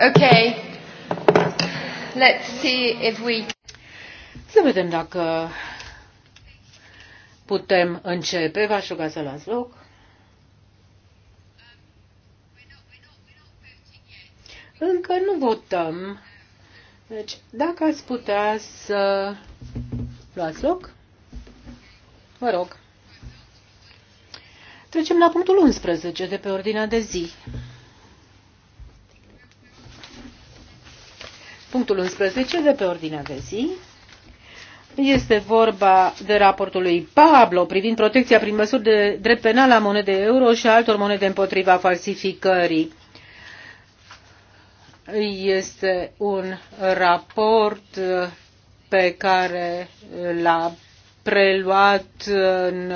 Okay. Let's see if we... Să vedem dacă putem începe. V-aș ruga să las loc. Încă nu votăm. Deci, dacă ați putea să luați loc, vă rog. Trecem la punctul 11 de pe ordinea de zi. punctul 11 de pe ordinea de zi. Este vorba de raportul lui Pablo privind protecția prin măsuri de drept penal a monedei euro și a altor monede împotriva falsificării. Este un raport pe care l-a preluat în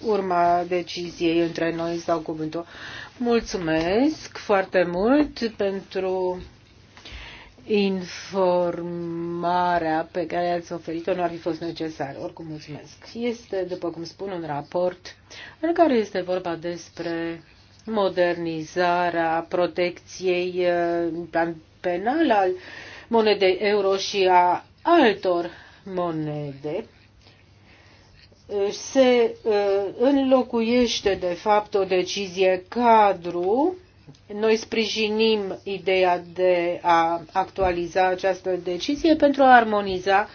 urma deciziei între noi sau cuvântul. Mulțumesc foarte mult pentru informarea pe care ați oferit-o nu ar fi fost necesară. Oricum, mulțumesc. Este, după cum spun un raport, în care este vorba despre modernizarea protecției eh, plan penal al monedei euro și a altor monede, se eh, înlocuiește de fapt o decizie cadru noi sprijinim ideea de a actualiza această decizie pentru a armoniza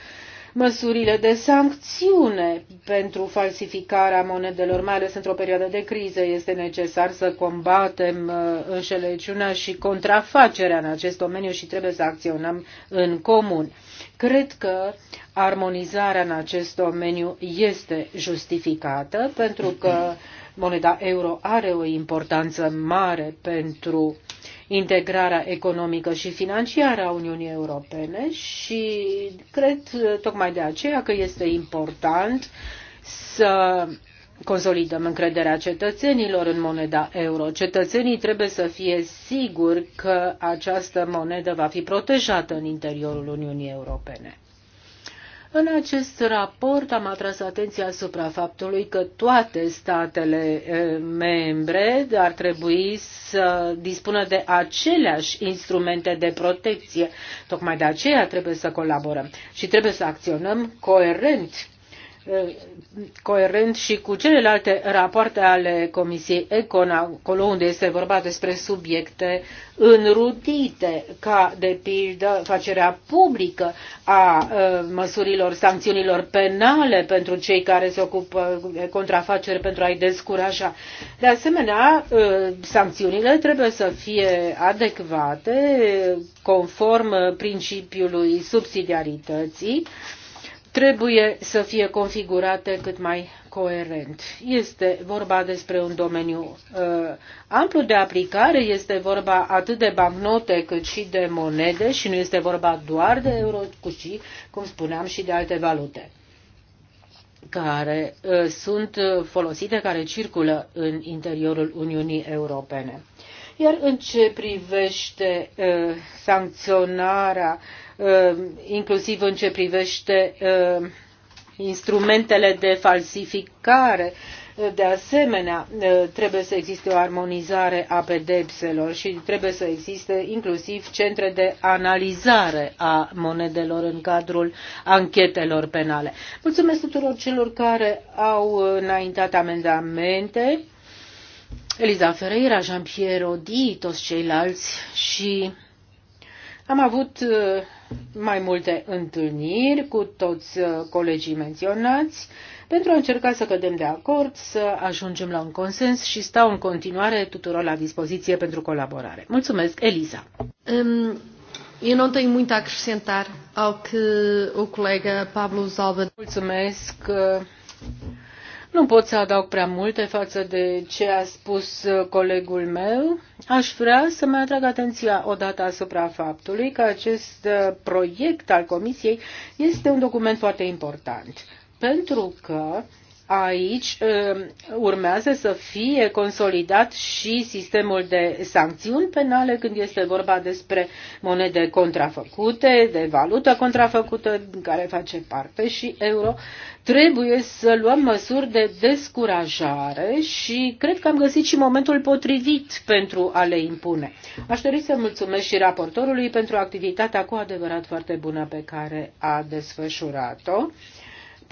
măsurile de sancțiune pentru falsificarea monedelor, mai ales într-o perioadă de criză. Este necesar să combatem uh, înșelăciunea și contrafacerea în acest domeniu și trebuie să acționăm în comun. Cred că armonizarea în acest domeniu este justificată pentru că uh, Moneda euro are o importanță mare pentru integrarea economică și financiară a Uniunii Europene și cred tocmai de aceea că este important să consolidăm încrederea cetățenilor în moneda euro. Cetățenii trebuie să fie siguri că această monedă va fi protejată în interiorul Uniunii Europene. În acest raport am atras atenția asupra faptului că toate statele membre ar trebui să dispună de aceleași instrumente de protecție. Tocmai de aceea trebuie să colaborăm și trebuie să acționăm coerent Uh, coerent și cu celelalte rapoarte ale Comisiei Econ, acolo unde este vorba despre subiecte înrudite ca de pildă facerea publică a uh, măsurilor, sancțiunilor penale pentru cei care se ocupă de contrafaceri pentru a-i descuraja. De asemenea, uh, sancțiunile trebuie să fie adecvate conform principiului subsidiarității, trebuie să fie configurate cât mai coerent. Este vorba despre un domeniu uh, amplu de aplicare, este vorba atât de bancnote cât și de monede și nu este vorba doar de euro, cu și, cum spuneam, și de alte valute care uh, sunt folosite, care circulă în interiorul Uniunii Europene. Iar în ce privește uh, sancționarea uh, Uh, inclusiv în ce privește uh, instrumentele de falsificare. Uh, de asemenea, trebuie să existe o armonizare a pedepselor și trebuie să existe inclusiv centre de analizare a monedelor în cadrul anchetelor penale. Mulțumesc tuturor celor care au înaintat amendamente. Eliza Ferreira, Jean-Pierre Odi, toți ceilalți și am avut uh, mai multe întâlniri cu toți uh, colegii menționați pentru a încerca să cădem de acord, să ajungem la un consens și stau în continuare tuturor la dispoziție pentru colaborare. Mulțumesc, Eliza. Um... Eu nu tenho muito a acrescentar ao que o colega Pablo Zalba. Mulțumesc. Uh, nu pot să adaug prea multe față de ce a spus uh, colegul meu. Aș vrea să mai atrag atenția odată asupra faptului că acest uh, proiect al Comisiei este un document foarte important, pentru că aici um, urmează să fie consolidat și sistemul de sancțiuni penale când este vorba despre monede contrafăcute, de valută contrafăcută, din care face parte și euro. Trebuie să luăm măsuri de descurajare și cred că am găsit și momentul potrivit pentru a le impune. Aș dori să mulțumesc și raportorului pentru activitatea cu adevărat foarte bună pe care a desfășurat-o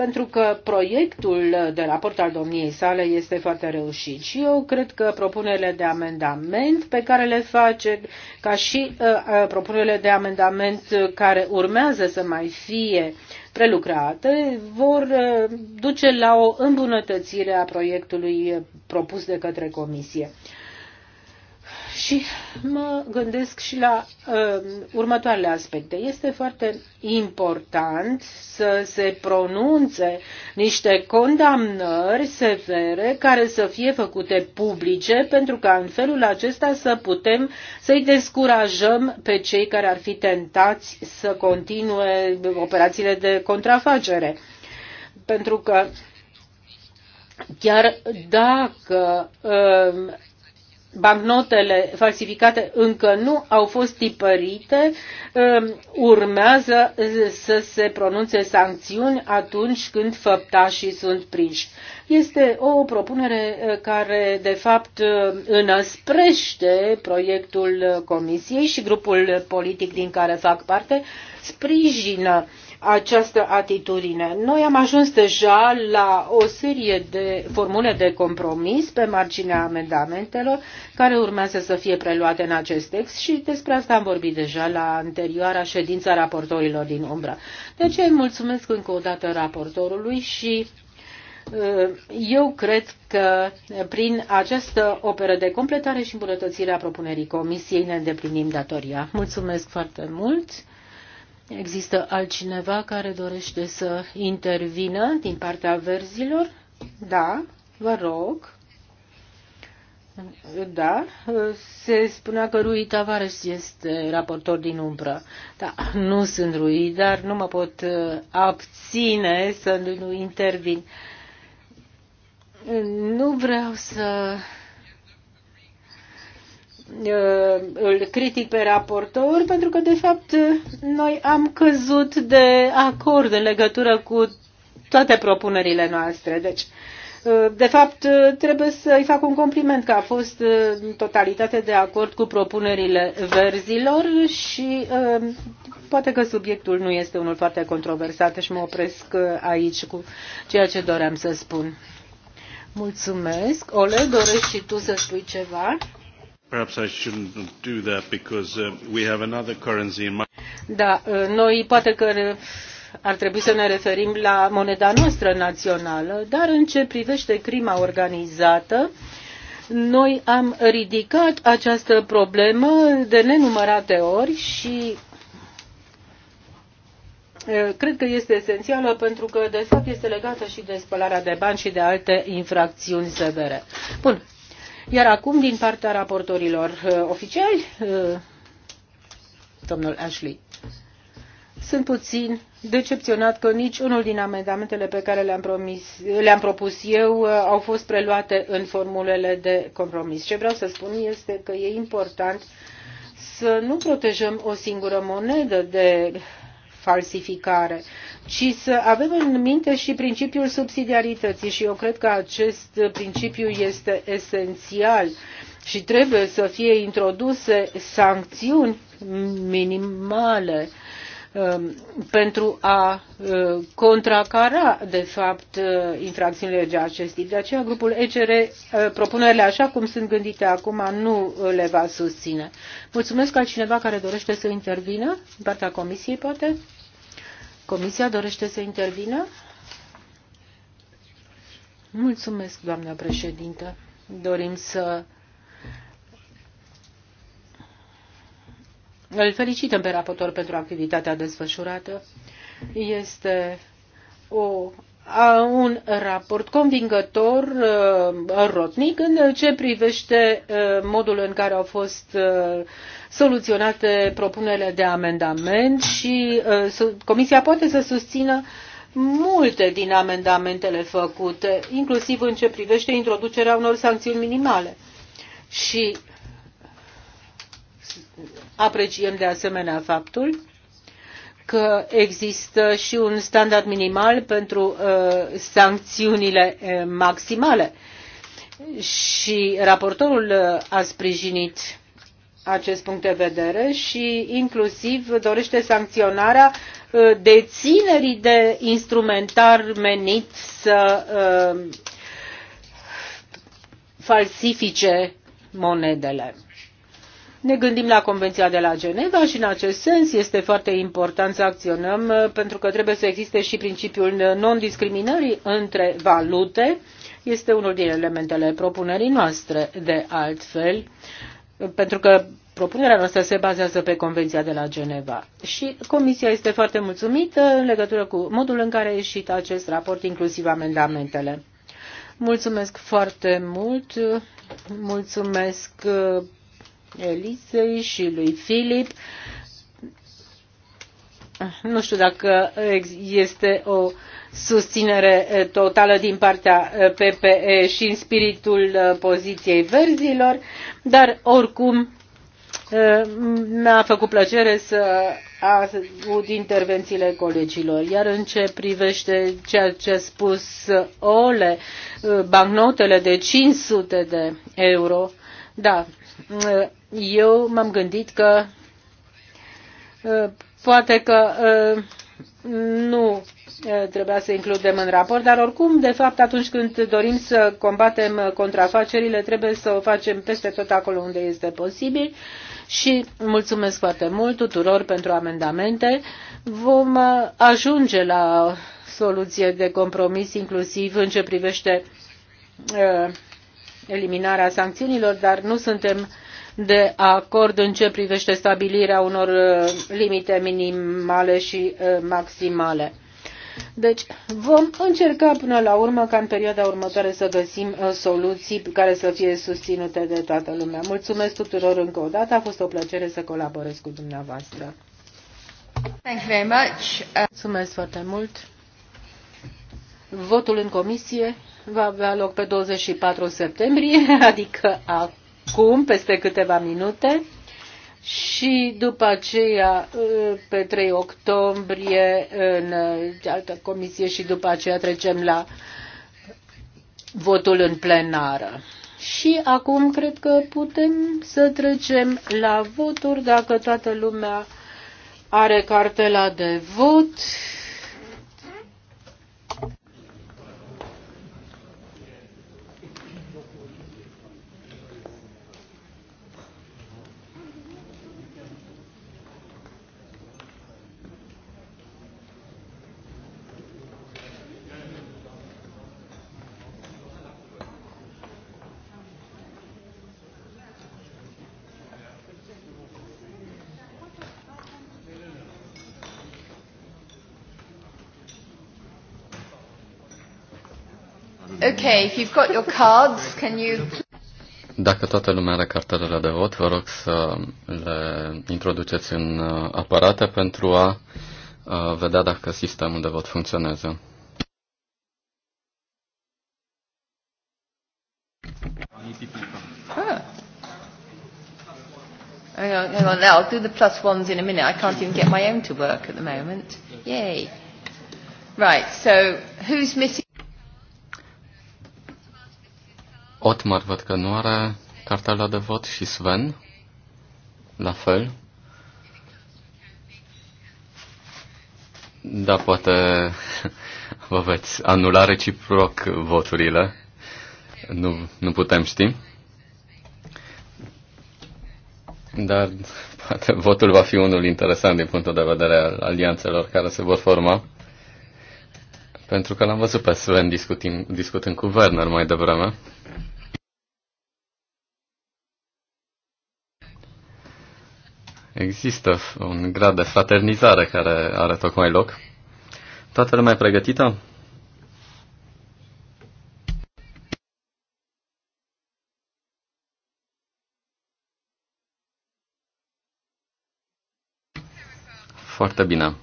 pentru că proiectul de raport al domniei sale este foarte reușit și eu cred că propunerile de amendament pe care le face, ca și uh, uh propunerile de amendament care urmează să mai fie prelucrate, vor uh, duce la o îmbunătățire a proiectului propus de către Comisie. Uh, și mă gândesc și la uh, următoarele aspecte. Este foarte important să se pronunțe niște condamnări severe care să fie făcute publice, pentru ca în felul acesta să putem să-i descurajăm pe cei care ar fi tentați să continue operațiile de contrafacere. Pentru că chiar dacă uh, bancnotele falsificate încă nu au fost tipărite, um, urmează să se pronunțe sancțiuni atunci când făptașii sunt prinși. Este o propunere uh, care, de fapt, uh, înăsprește proiectul Comisiei și grupul politic din care fac parte sprijină uh, această atitudine. Noi am ajuns deja la o serie de formule de compromis pe marginea amendamentelor care urmează să fie preluate în acest text și despre asta am vorbit deja la anterioara ședință a raportorilor din umbră. De deci, îi mulțumesc încă o dată raportorului și uh, eu cred că prin această operă de completare și îmbunătățire a propunerii Comisiei ne îndeplinim datoria. Mulțumesc foarte mult! Există altcineva care dorește să intervină din partea verzilor? Da, vă rog. Da, se spunea că Rui Tavares este raportor din umbră. Da, nu sunt Rui, dar nu mă pot uh, abține să nu intervin. Nu vreau să Uh, îl critic pe raportor pentru că, de fapt, noi am căzut de acord în legătură cu toate propunerile noastre. Deci, uh, de fapt, uh, trebuie să-i fac un compliment că a fost în totalitate de acord cu propunerile verzilor și poate că subiectul nu este unul foarte controversat și mă opresc aici cu ceea ce doream să spun. Mulțumesc. Ole, dorești și tu să spui ceva? Da, uh, noi poate că ar trebui să ne referim la moneda noastră națională, dar în ce privește crima organizată, noi am ridicat această problemă de nenumărate ori și uh, cred că este esențială pentru că, de fapt, este legată și de spălarea de bani și de alte infracțiuni severe. Bun, iar acum, din partea raportorilor uh, oficiali, uh, domnul Ashley. Sunt puțin decepționat că nici unul din amendamentele pe care le-am, promis, le-am propus eu uh, au fost preluate în formulele de compromis. Ce vreau să spun este că e important să nu protejăm o singură monedă de falsificare, ci să avem în minte și principiul subsidiarității și eu cred că acest principiu este esențial și trebuie să fie introduse sancțiuni minimale uh, Um, pentru a uh, contracara, de fapt, uh, infracțiunile de acest tip. De aceea, grupul ECR, uh, propunerile așa cum sunt gândite acum, nu le va susține. Mulțumesc al cineva care dorește să intervină, în partea Comisiei, poate? Comisia dorește să intervină? Mulțumesc, doamna președintă. Dorim să Îl felicităm pe raportor pentru activitatea desfășurată. Este o, a, un raport convingător, a, rotnic, în ce privește a, modul în care au fost a, soluționate propunerile de amendament și su, Comisia poate să susțină multe din amendamentele făcute, inclusiv în ce privește introducerea unor sancțiuni minimale. Și Apreciem de asemenea faptul că există și un standard minimal pentru uh, sancțiunile uh, maximale și raportorul uh, a sprijinit acest punct de vedere și inclusiv dorește sancționarea uh, deținerii de instrumentar menit să uh, falsifice monedele. Ne gândim la Convenția de la Geneva și în acest sens este foarte important să acționăm uh, pentru că trebuie să existe și principiul uh, non-discriminării între valute. Este unul din elementele propunerii noastre de altfel, uh, pentru că propunerea noastră se bazează pe Convenția de la Geneva. Și Comisia este foarte mulțumită în legătură cu modul în care a ieșit acest raport, inclusiv amendamentele. Mulțumesc foarte mult, mulțumesc Elisei și lui Filip. Nu știu dacă este o susținere totală din partea PPE și în spiritul poziției verzilor, dar oricum mi-a făcut plăcere să aud intervențiile colegilor. Iar în ce privește ceea ce a spus Ole, bancnotele de 500 de euro, da, eu m-am gândit că uh, poate că uh, nu uh, trebuia să includem în raport, dar oricum, de fapt, atunci când dorim să combatem contrafacerile, trebuie să o facem peste tot acolo unde este posibil și mulțumesc foarte mult tuturor pentru amendamente. Vom ajunge la soluție de compromis, inclusiv în ce privește uh, eliminarea sancțiunilor, dar nu suntem de acord în ce privește stabilirea unor uh, limite minimale și uh, maximale. Deci vom încerca până la urmă ca în perioada următoare să găsim uh, soluții care să fie susținute de toată lumea. Mulțumesc tuturor încă o dată, a fost o plăcere să colaborez cu dumneavoastră. Thank you very much. Mulțumesc foarte mult. Votul în comisie va avea loc pe 24 septembrie, adică acum, peste câteva minute. Și după aceea, pe 3 octombrie, în altă comisie și după aceea trecem la votul în plenară. Și acum cred că putem să trecem la voturi dacă toată lumea are cartela de vot. Okay, if you've got your cards, can you... Dacă toată lumea are cartelele de vot, vă rog să le introduceți în uh, aparate pentru a uh, vedea dacă sistemul de vot funcționează. Oh, Hang on, hang on now. I'll do the plus ones in a minute. I can't even get my own to work at the moment. Yay. Right, so who's missing? Otmar văd că nu are cartela de vot și Sven, la fel. Da, poate vă veți anula reciproc voturile. Nu, nu putem ști. Dar poate votul va fi unul interesant din punctul de vedere al alianțelor care se vor forma. Pentru că l-am văzut pe Sven discutim, discutând cu Werner mai devreme. Există un grad de fraternizare care are tocmai loc. Toată lumea e pregătită? Foarte bine.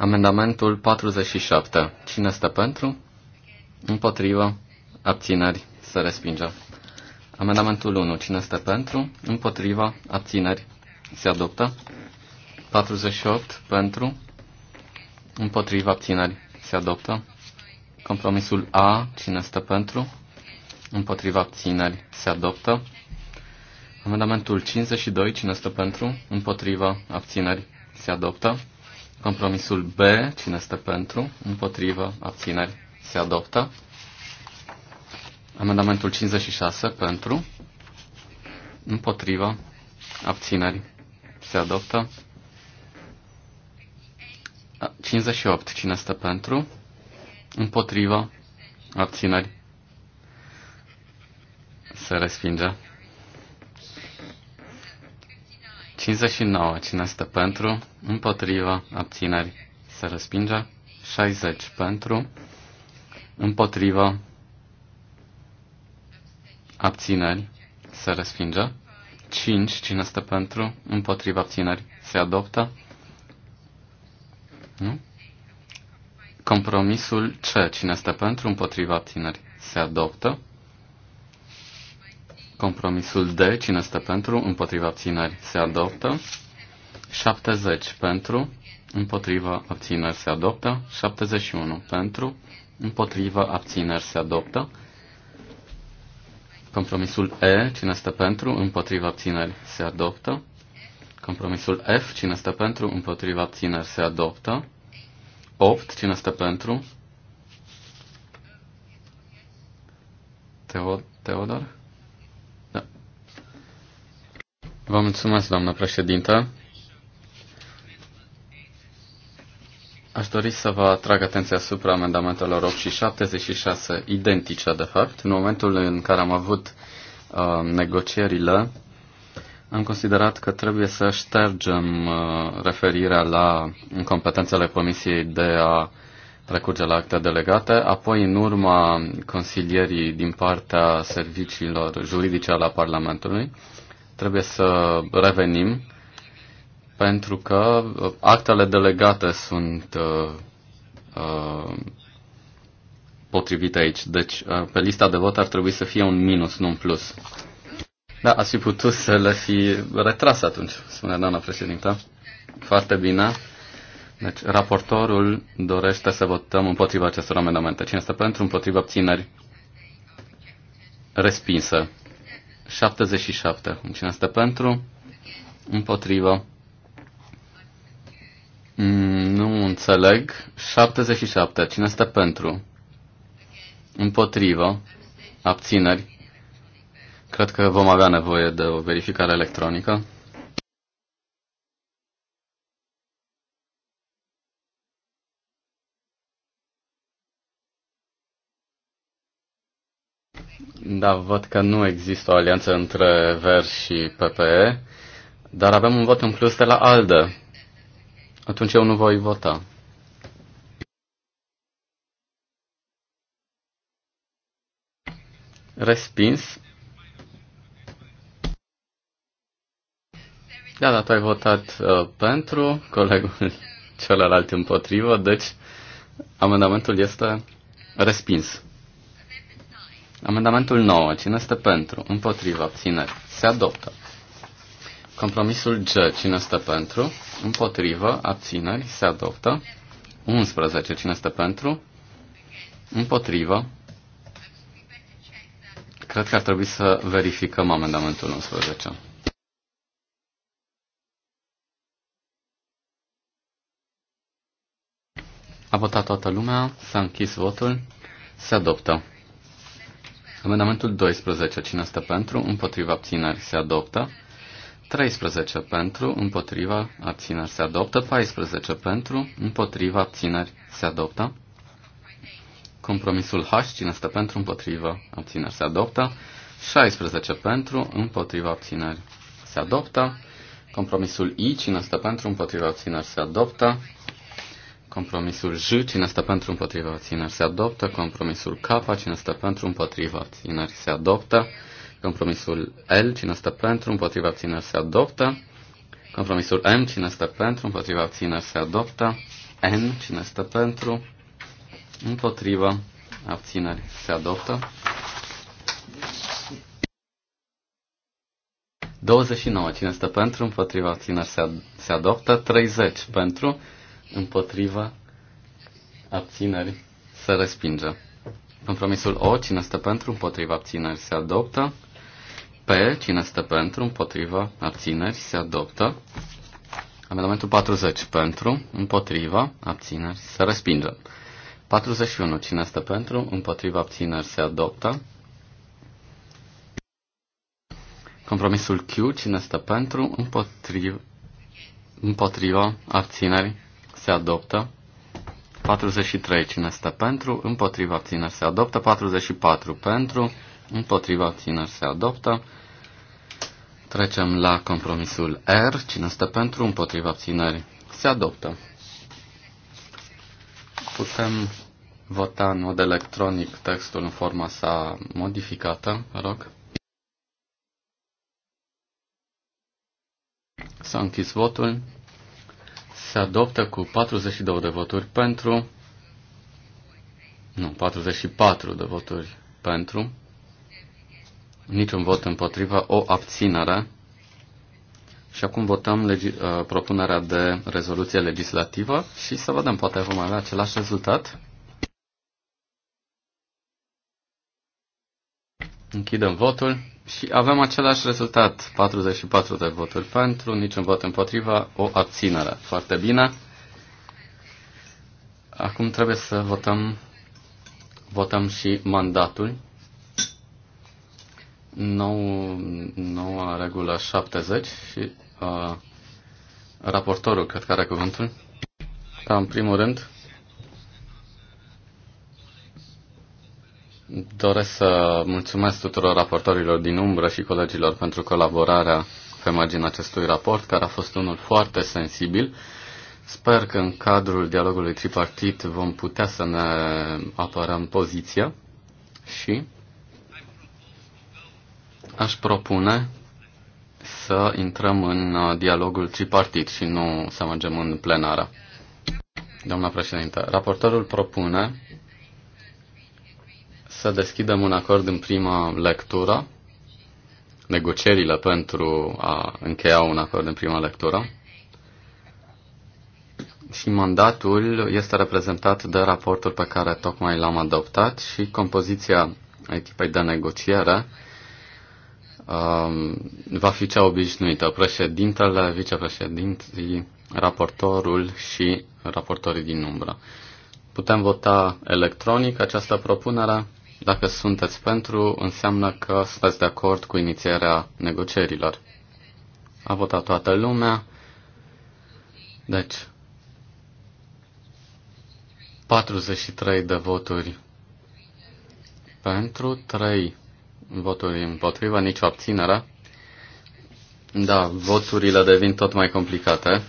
Amendamentul 47. Cine stă pentru? Împotrivă. Abțineri. Se respinge. Amendamentul 1. Cine stă pentru? Împotrivă. Abțineri. Se adoptă. 48. Pentru. Împotrivă. Abțineri. Se adoptă. Compromisul A. Cine stă pentru? Împotriva abțineri se adoptă. Amendamentul 52, cine stă pentru? Împotriva abțineri se adoptă. Compromisul B, cine este pentru, împotrivă, abțineri, se adoptă. Amendamentul 56 pentru, împotrivă, abțineri, se adoptă. 58, cine este pentru, împotrivă, abțineri, se respinge. 59. Cine este pentru? Împotriva. Abțineri. Se respinge. 60. Pentru. Împotriva. Abțineri. Se respinge. 5. Cine este pentru? Împotriva. Abțineri. Se adoptă. Nu? Compromisul C. Cine este pentru? Împotriva. Abțineri. Se adoptă. Compromisul D, cine stă pentru, împotriva abțineri se adoptă. 70 pentru, împotriva abțineri se adoptă. 71 pentru, împotriva abțineri se adoptă. Compromisul E, cine stă pentru, împotriva abțineri se adoptă. Compromisul F, cine stă pentru, împotriva abțineri se adoptă. 8, cine stă pentru? Teo Teodor? Vă mulțumesc, doamnă președintă. Aș dori să vă atrag atenția asupra amendamentelor 8 și 76, identice, de fapt. În momentul în care am avut uh, negocierile, am considerat că trebuie să ștergem uh, referirea la competențele Comisiei de a recurge la acte delegate, apoi în urma consilierii din partea serviciilor juridice ale Parlamentului, uh, trebuie să revenim pentru că uh, actele delegate sunt uh, uh, potrivite aici. Deci, uh, pe lista de vot ar trebui să fie un minus, nu un plus. Da, ați fi putut să le fi retras atunci, spune doamna președintă. Foarte bine. Deci, raportorul dorește să votăm împotriva acestor amendamente. Cine este pentru, împotriva obțineri, respinsă. 77. Cine este pentru? Împotrivă. Mm, nu înțeleg. 77. Cine este pentru? Împotrivă. Abțineri. Cred că vom avea nevoie de o verificare electronică. Da, văd că nu există o alianță între VER și PPE, dar avem un vot în plus de la ALDE. Atunci eu nu voi vota. Respins. Da, da, tu ai votat uh, pentru, colegul celălalt împotrivă, deci amendamentul este respins. Amendamentul 9. Cine este pentru? Împotrivă. Abțineri. Se adoptă. Compromisul G. Cine este pentru? Împotrivă. Abțineri. Se adoptă. 11. Cine este pentru? Împotrivă. Cred că ar trebui să verificăm amendamentul 11. A votat toată lumea, s-a închis votul, se adoptă. Amendamentul 12. Cine stă pentru? Împotriva abțineri se adoptă. 13 pentru, împotriva abțineri se adoptă. 14 pentru, împotriva abțineri se adoptă. Compromisul H. Cine stă pentru? Împotriva abțineri se adoptă. 16 pentru, împotriva abțineri se adoptă. Compromisul I. Cine stă pentru? Împotriva abțineri se adoptă. Compromisul J, cine stă pentru împotriva abțineri se adoptă. Compromisul K, cine stă pentru împotriva abțineri se adoptă. Compromisul L, cine stă pentru împotriva abțineri se adoptă. Compromisul M, cine stă pentru împotriva abțineri se adoptă. N, cine stă pentru împotriva abțineri se adoptă. 29. Cine stă pentru, împotriva abțineri se, ad- se adoptă. 30. Pentru, împotriva, abținerii se respinge. Compromisul O, cine este pentru, împotriva, abținerii se adoptă. P, cine este pentru, împotriva, abținerii se adoptă. Amendamentul 40, pentru, împotriva, abținerii se respinge. 41, cine este pentru, împotriva, abținerii se adoptă. Compromisul Q, cine stă pentru, împotriva, împotriva abținerii se adoptă. 43. Cine este pentru? Împotriva țineri se adoptă. 44. Pentru. Împotriva țineri se adoptă. Trecem la compromisul R. Cine este pentru? Împotriva țineri se adoptă. Putem vota în mod electronic textul în forma sa modificată, rog. S-a închis votul se adoptă cu 42 de voturi pentru, nu, 44 de voturi pentru, niciun vot împotriva, o abținere. Și acum votăm legi- uh, propunerea de rezoluție legislativă și să vedem, poate vom avea același rezultat. Închidem votul. Și avem același rezultat, 44 de voturi pentru, niciun vot împotriva, o abținere. Foarte bine. Acum trebuie să votăm, votăm și mandatul. Nou, noua regulă 70 și uh, raportorul, cred că are cuvântul. Da, în primul rând, Doresc să mulțumesc tuturor raportorilor din umbră și colegilor pentru colaborarea pe marginea acestui raport, care a fost unul foarte sensibil. Sper că în cadrul dialogului tripartit vom putea să ne apărăm poziția și aș propune să intrăm în dialogul tripartit și nu să mergem în plenară. Doamna președintă, raportorul propune să deschidem un acord în prima lectură, negocierile pentru a încheia un acord în prima lectură. Și mandatul este reprezentat de raportul pe care tocmai l-am adoptat și compoziția echipei de negociere um, va fi cea obișnuită. Președintele, vicepreședinții, raportorul și raportorii din umbră. Putem vota electronic această propunere? Dacă sunteți pentru, înseamnă că sunteți de acord cu inițierea negocierilor. A votat toată lumea. Deci, 43 de voturi pentru, 3 voturi împotriva, nicio abținere. Da, voturile devin tot mai complicate.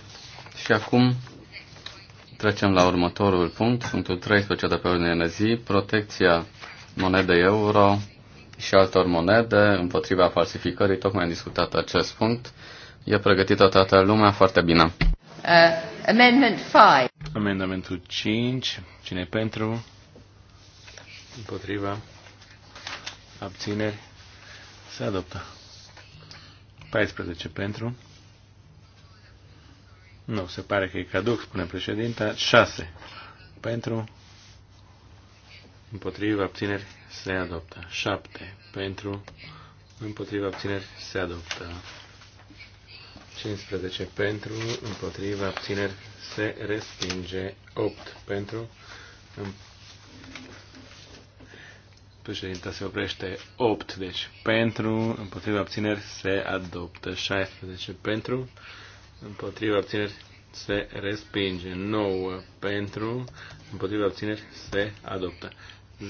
Și acum trecem la următorul punct, punctul 13 de pe ordine de zi, protecția monede euro și altor monede împotriva falsificării. Tocmai am discutat acest punct. E pregătită toată lumea foarte bine. Uh, amendment 5. Amendamentul 5. Cine pentru? Împotriva? Abțineri? Se adoptă. 14 pentru. Nu, se pare că e caduc, spune președinta. 6 pentru împotriva abțineri se adoptă. 7 pentru, împotriva abțineri se adoptă. 15 pentru, împotriva abțineri se respinge. 8 pentru, președinta se oprește 8, deci pentru, împotriva abțineri se adoptă. 16 pentru, împotriva abțineri se respinge. 9 pentru, împotriva abțineri se adoptă.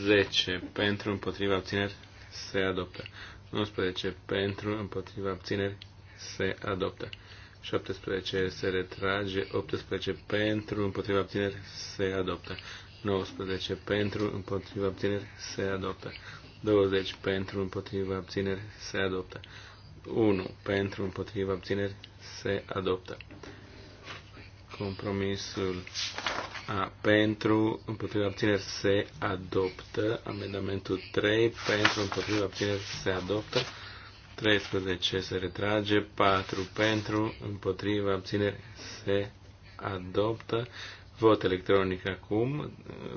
10 pentru împotriva abțineri se adoptă. 19 pentru împotriva abțineri se adoptă. 17 se retrage, 18 pentru împotriva abțineri se adoptă. 19 pentru împotriva abțineri se adoptă. 20 pentru împotriva abțineri se adoptă. 1 pentru împotriva abțineri se adoptă. Compromisul a pentru, împotriva abțineri se adoptă. Amendamentul 3 pentru, împotriva abțineri se adoptă. 13 se retrage. 4 pentru, împotriva abțineri se adoptă. Vot electronic acum.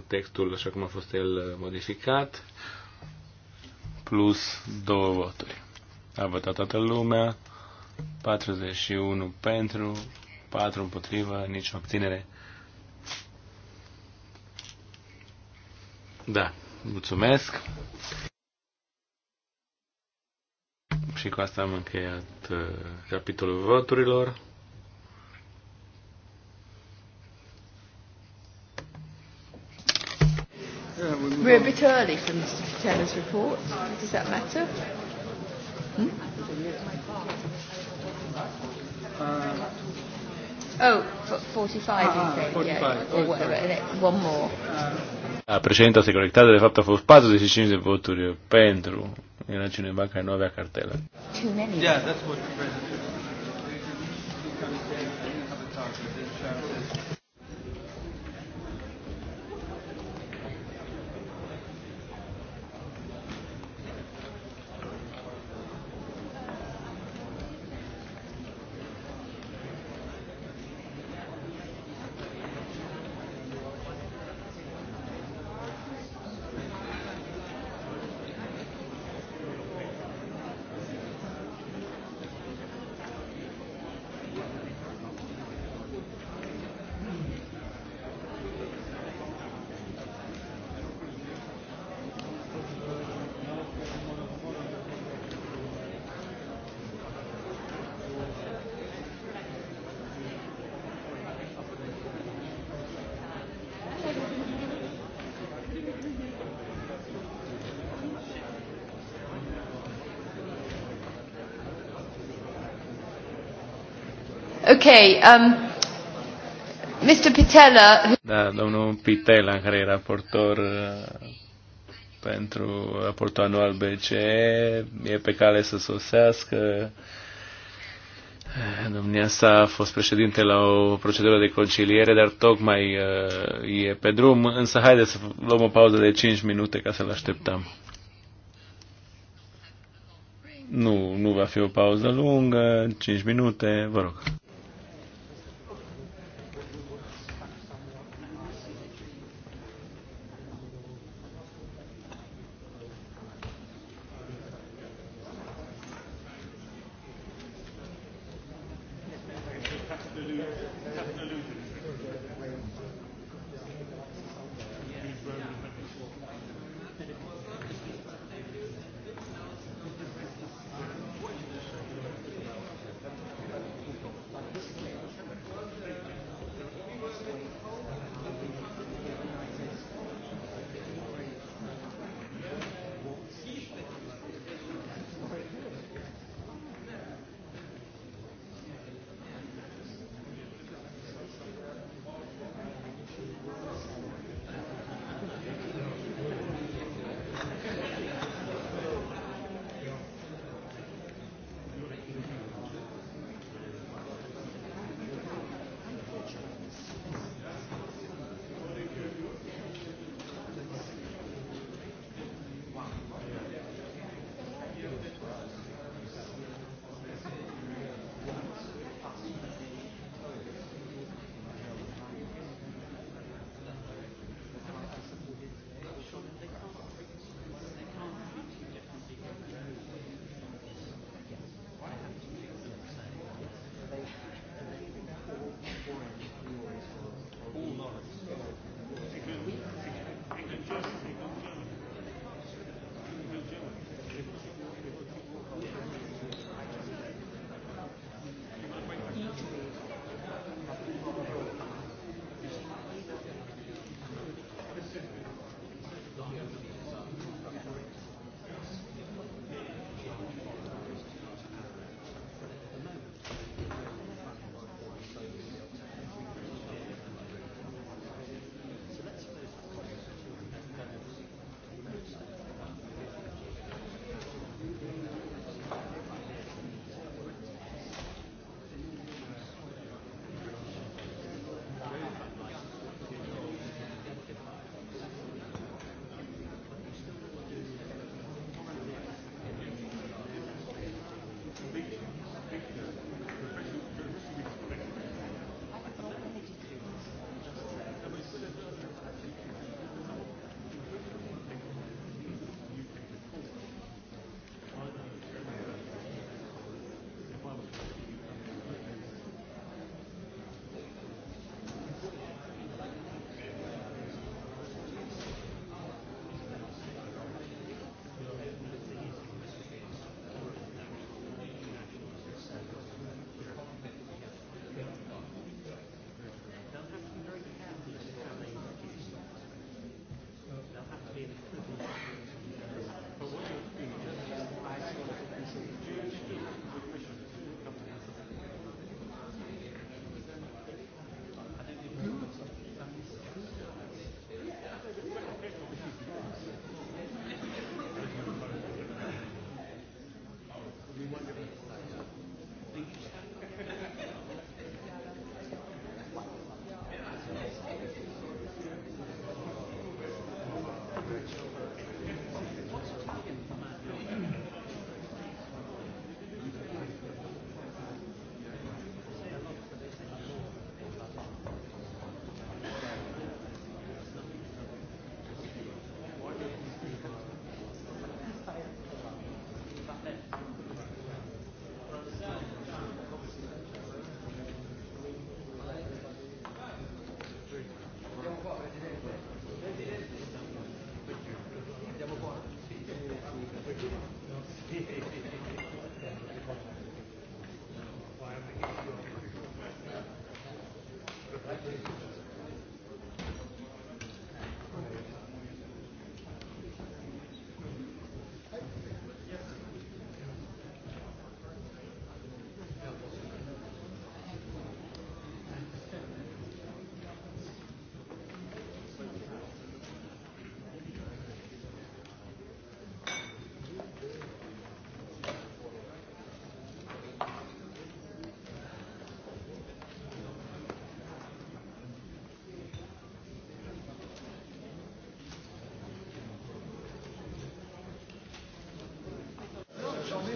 Textul așa cum a fost el modificat. Plus două voturi. A votat toată lumea. 41 pentru, 4 împotriva, nicio abținere Da, mulțumesc. Și cu asta am încheiat uh, capitolul voturilor. We're a bit early for Mr. Taylor's report. Does that matter? Hmm? Uh, oh, 45, uh, you say? Ah, 45. Yeah, or whatever. One more. Uh, a da, președinta securitate, de fapt, a fost 45 de voturi pentru. Era cineva care nu avea cartelă. Too many. Yeah, that's what Okay, um, Mr. Pitella... Da, domnul Pitella, care e raportor uh, pentru raportul anual BCE, e pe cale să sosească. Domnia sa a fost președinte la o procedură de conciliere, dar tocmai uh, e pe drum, însă haideți să luăm o pauză de 5 minute ca să-l așteptăm. Nu, nu va fi o pauză lungă, 5 minute, vă rog.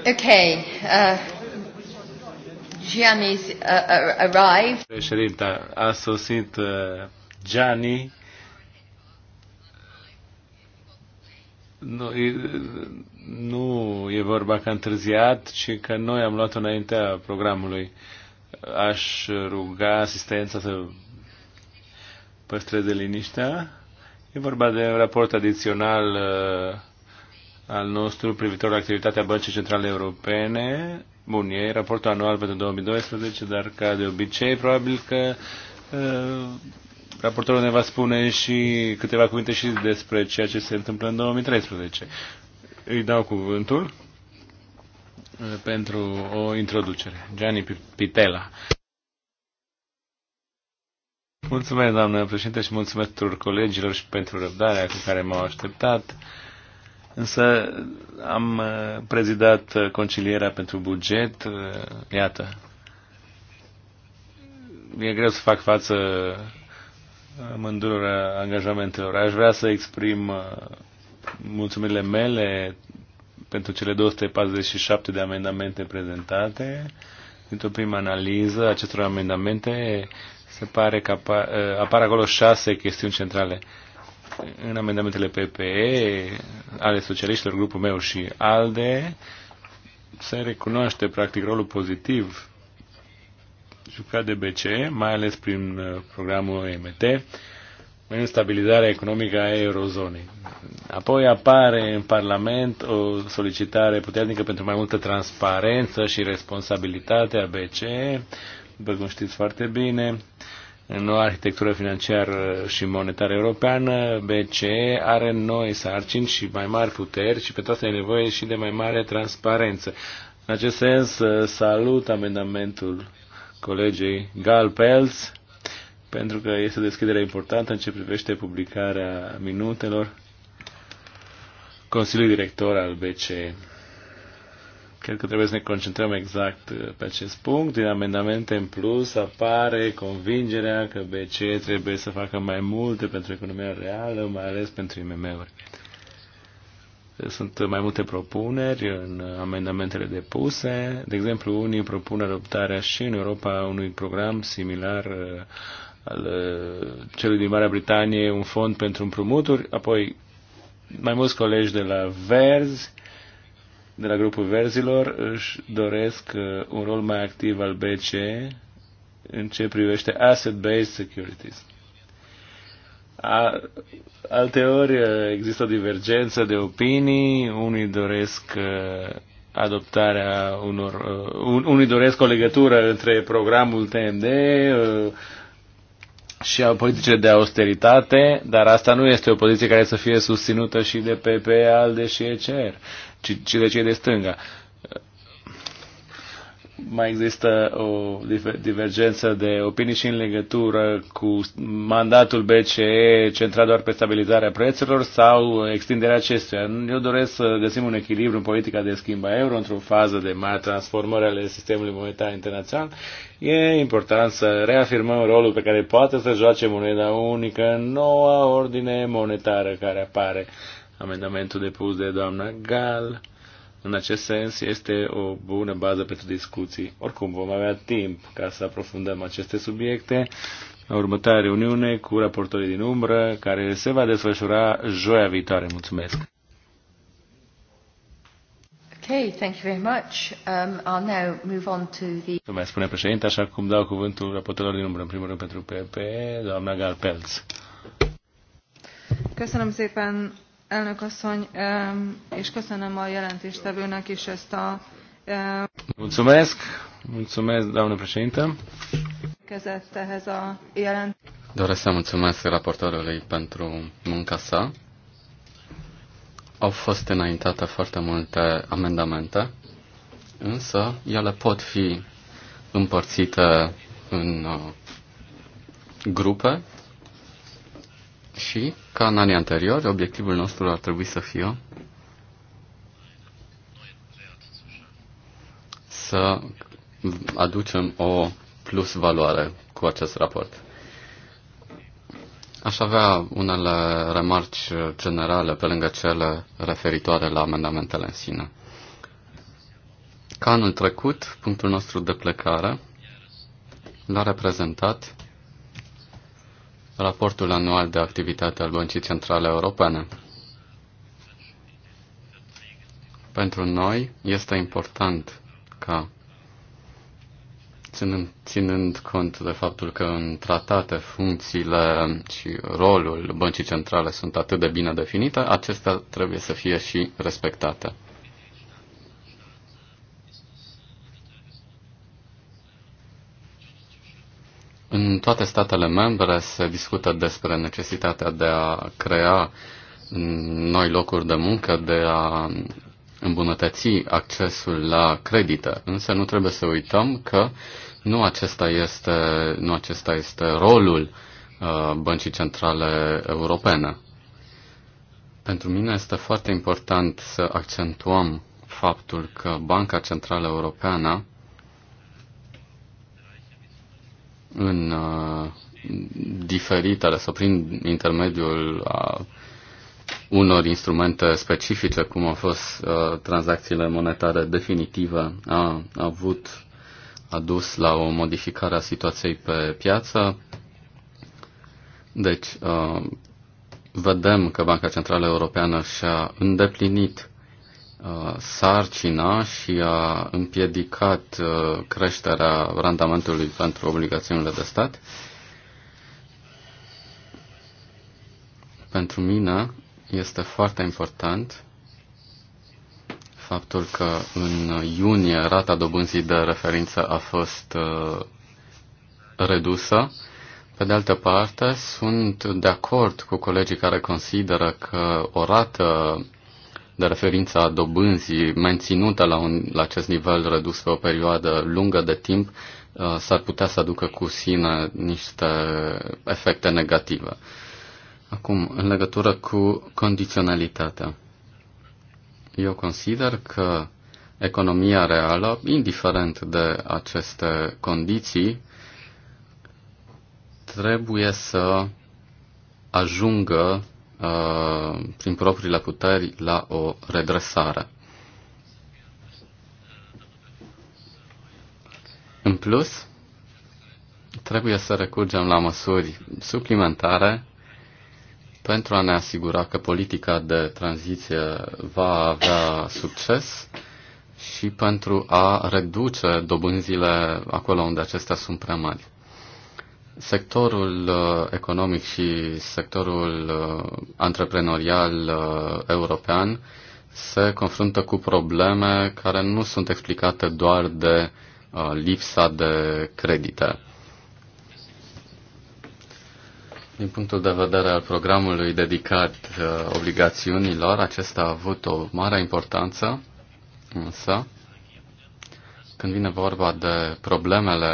Okay. Uh, Gianni's uh, uh, arrived. Președinte, a sosit uh, Gianni. Nu, e, nu e vorba că a întârziat, ci că noi am luat înaintea programului. Aș ruga asistența să păstreze liniștea. E vorba de un raport adițional uh, al nostru privitor la activitatea Băncii Centrale Europene. Bun, e raportul anual pentru 2012, dar ca de obicei, probabil că uh, raportorul ne va spune și câteva cuvinte și despre ceea ce se întâmplă în 2013. Îi dau cuvântul ă, pentru o introducere. Gianni Pitela. Mulțumesc, doamnă președinte, și mulțumesc tuturor colegilor și pentru răbdarea cu care m-au așteptat. Însă am uh, prezidat uh, concilierea pentru buget, uh, iată. E greu să fac față mândurilor angajamentelor. Aș vrea să exprim mulțumirile mele pentru cele 247 de amendamente prezentate. Dintr-o prima analiză acestor amendamente, se pare că apar, apar acolo șase chestiuni centrale. Uh, în amendamentele PPE ale socialiștilor, grupul meu și ALDE, se recunoaște practic rolul pozitiv jucat de BCE, mai ales prin uh, programul EMT, în stabilizarea economică a eurozonei. Apoi apare în Parlament o solicitare puternică pentru mai multă transparență și responsabilitate a BCE, după cum știți foarte bine, noua arhitectură financiară și monetară europeană, BCE are noi sarcini și mai mari puteri și pe toate e nevoie și de mai mare transparență. În acest sens, uh, salut amendamentul colegei Gal pentru că este o deschidere importantă în ce privește publicarea minutelor Consiliului Director al BCE. Cred că trebuie să ne concentrăm exact uh, pe acest punct. Din amendamente în plus apare convingerea că BCE trebuie să facă mai multe pentru economia reală, mai ales pentru IMM-uri. Sunt mai multe propuneri în amendamentele depuse. De exemplu, unii propun adoptarea și în Europa unui program similar uh, al uh, celui din Marea Britanie, un fond pentru împrumuturi, apoi mai mulți colegi de la Verzi de la grupul verzilor își doresc uh, un rol mai activ al BCE în ce privește asset-based securities. A, alteori uh, există o divergență de opinii, unii doresc uh, adoptarea unor, un, unii doresc o legătură între programul TMD și a politicile de austeritate, dar asta nu este o poziție care să fie susținută și de PPE, de și ECR ci, ci de cei de stânga. Mai există o divergență de opinii și în legătură cu mandatul BCE centrat doar pe stabilizarea prețurilor sau extinderea acestuia. Eu doresc să găsim un echilibru în politica de schimb a euro într-o fază de mare transformări ale sistemului monetar internațional. E important să reafirmăm rolul pe care poate să joace moneda unică în noua ordine monetară care apare Amendamentul depus de doamna Gal, în acest sens, este o bună bază pentru discuții. Oricum, vom avea timp ca să aprofundăm aceste subiecte la următoarea reuniune cu raportorii din umbră, care se va desfășura joia viitoare. Mulțumesc! Okay, thank you very much. Um, I'll now move on to the... Mai spune președinte, așa cum dau cuvântul raportorilor din umbră, în primul rând pentru PP, doamna Galpelț. Köszönöm szépen Elnök asszony, és köszönöm a jelentéstevőnek is ezt a... Mulțumesc, mulțumesc, doamnă președinte. Kezett ehhez a jelent. Doresc să mulțumesc raportorului pentru munca sa. Au fost înaintate foarte multe amendamente, însă ele pot fi împărțite în uh, grupe și, ca în anii anteriori, obiectivul nostru ar trebui să fie să aducem o plus valoare cu acest raport. Aș avea unele remarci generale pe lângă cele referitoare la amendamentele în sine. Ca anul trecut, punctul nostru de plecare l-a reprezentat raportul anual de activitate al Băncii Centrale Europene. Pentru noi este important ca, ținând, ținând cont de faptul că în tratate funcțiile și rolul Băncii Centrale sunt atât de bine definite, acestea trebuie să fie și respectate. În toate statele membre se discută despre necesitatea de a crea noi locuri de muncă, de a îmbunătăți accesul la credite. Însă nu trebuie să uităm că nu acesta este, nu acesta este rolul uh, Băncii Centrale Europene. Pentru mine este foarte important să accentuăm faptul că Banca Centrală Europeană în uh, diferitele sau prin intermediul a uh, unor instrumente specifice, cum au fost uh, tranzacțiile monetare definitive, a, a avut adus la o modificare a situației pe piață. Deci, uh, vedem că Banca Centrală Europeană și-a îndeplinit sarcina și a împiedicat creșterea randamentului pentru obligațiunile de stat. Pentru mine este foarte important faptul că în iunie rata dobânzii de referință a fost redusă. Pe de altă parte, sunt de acord cu colegii care consideră că o rată de referință a dobânzii menținută la, un, la acest nivel redus pe o perioadă lungă de timp uh, s-ar putea să aducă cu sine niște efecte negative. Acum, în legătură cu condiționalitatea. Eu consider că economia reală, indiferent de aceste condiții, trebuie să ajungă Uh, prin propriile puteri la o redresare. În plus, trebuie să recurgem la măsuri suplimentare pentru a ne asigura că politica de tranziție va avea succes și pentru a reduce dobânzile acolo unde acestea sunt prea mari. Sectorul uh, economic și sectorul uh, antreprenorial uh, european se confruntă cu probleme care nu sunt explicate doar de lipsa de credite. Din punctul de vedere al programului dedicat obligațiunilor, acesta a avut o mare importanță, însă când vine vorba de problemele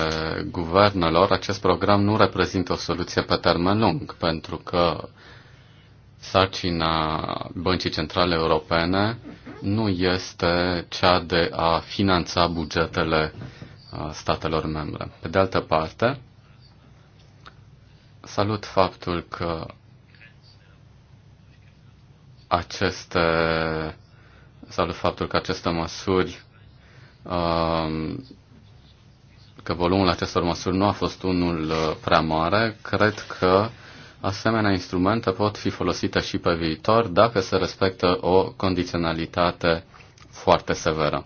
guvernelor, acest program nu reprezintă o soluție pe termen lung, pentru că sarcina Băncii Centrale Europene nu este cea de a finanța bugetele statelor membre. Pe de altă parte, salut faptul că aceste salut faptul că aceste măsuri Um, că volumul acestor măsuri nu a fost unul uh, prea mare. Cred că asemenea instrumente pot fi folosite și pe viitor dacă se respectă o condiționalitate foarte severă.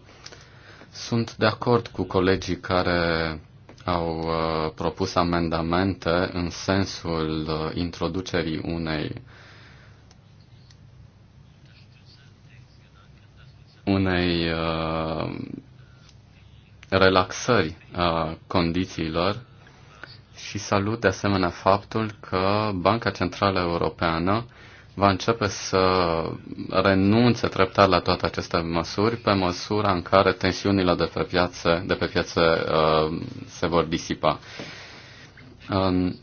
Sunt de acord cu colegii care au uh, propus amendamente în sensul uh, introducerii unei unei uh, relaxări a uh, condițiilor și salut de asemenea faptul că Banca Centrală Europeană va începe să renunțe treptat la toate aceste măsuri pe măsura în care tensiunile de pe piață, de pe piață uh, se vor disipa. Um,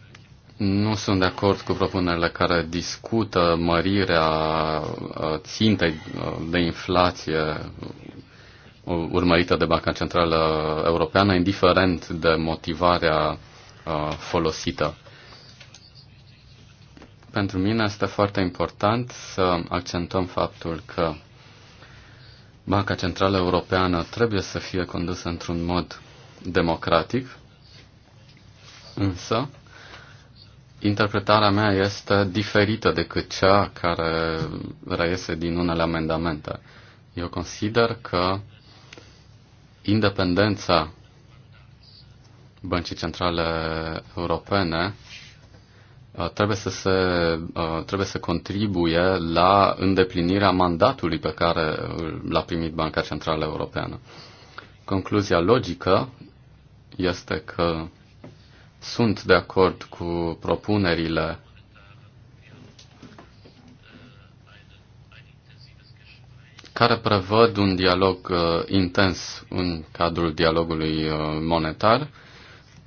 nu sunt de acord cu propunerile care discută mărirea uh, țintei uh, de inflație urmărită de Banca Centrală Europeană, indiferent de motivarea uh, folosită. Pentru mine este foarte important să accentuăm faptul că Banca Centrală Europeană trebuie să fie condusă într-un mod democratic, însă interpretarea mea este diferită decât cea care reiese din unele amendamente. Eu consider că independența Băncii Centrale Europene uh, trebuie să, se, uh, trebuie să contribuie la îndeplinirea mandatului pe care l-a primit Banca Centrală Europeană. Concluzia logică este că sunt de acord cu propunerile care prevăd un dialog uh, intens în cadrul dialogului uh, monetar.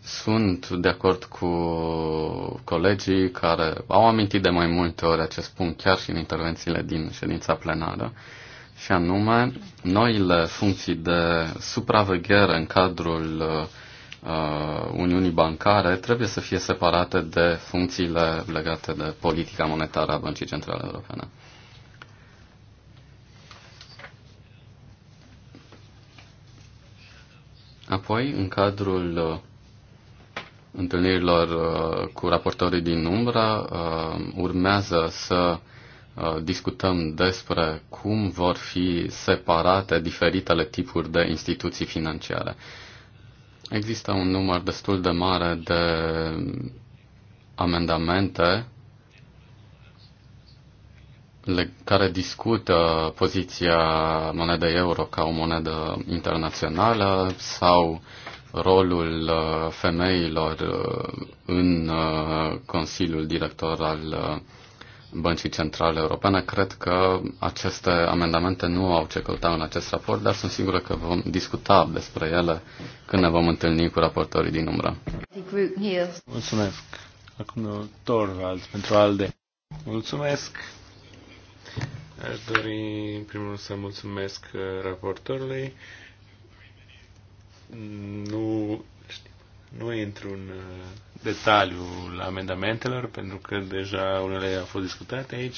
Sunt de acord cu colegii care au amintit de mai multe ori acest punct, chiar și în intervențiile din ședința plenară, și anume noile funcții de supraveghere în cadrul uh, uh Uniunii Bancare trebuie să fie separate de funcțiile legate de politica monetară a Băncii Centrale Europene. Apoi, în cadrul uh, întâlnirilor uh, cu raportorii din umbră, uh, urmează să discutăm despre cum vor fi separate diferitele tipuri de instituții financiare. Există un număr destul de mare de amendamente care discută poziția monedei euro ca o monedă internațională sau rolul uh, femeilor uh, în uh, Consiliul Director al Băncii Centrale Europene. Cred că aceste amendamente nu au ce căuta în acest raport, dar sunt sigură că vom discuta despre ele când ne vom întâlni cu raportorii din umbră. Mulțumesc. Acum Torvald, pentru ALDE. Mulțumesc. Aș dori, în primul rând, să mulțumesc uh, raportorului. Nu, nu intru în uh, detaliu la amendamentelor, pentru că deja unele au fost discutate aici,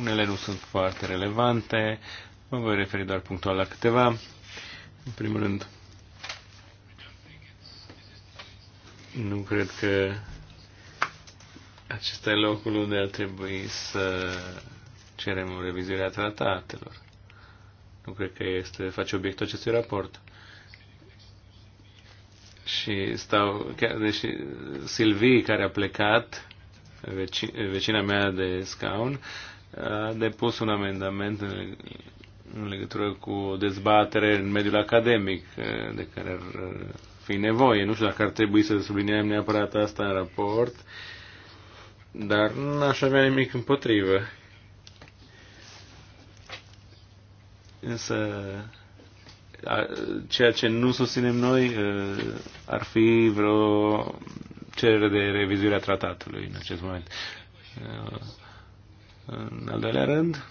unele nu sunt foarte relevante, mă voi referi doar punctual la câteva. În primul rând, nu cred că acesta e locul unde ar trebui să cerem revizuirea tratatelor. Nu cred că este, face obiectul acestui raport. Și stau, chiar deși Silvii, care a plecat, vecina mea de scaun, a depus un amendament în legătură cu o dezbatere în mediul academic de care ar fi nevoie. Nu știu dacă ar trebui să subliniem neapărat asta în raport, dar n-aș avea nimic împotrivă. Însă, ceea ce nu susținem noi ar fi vreo cerere de revizuire a tratatului în acest moment. În al doilea rând,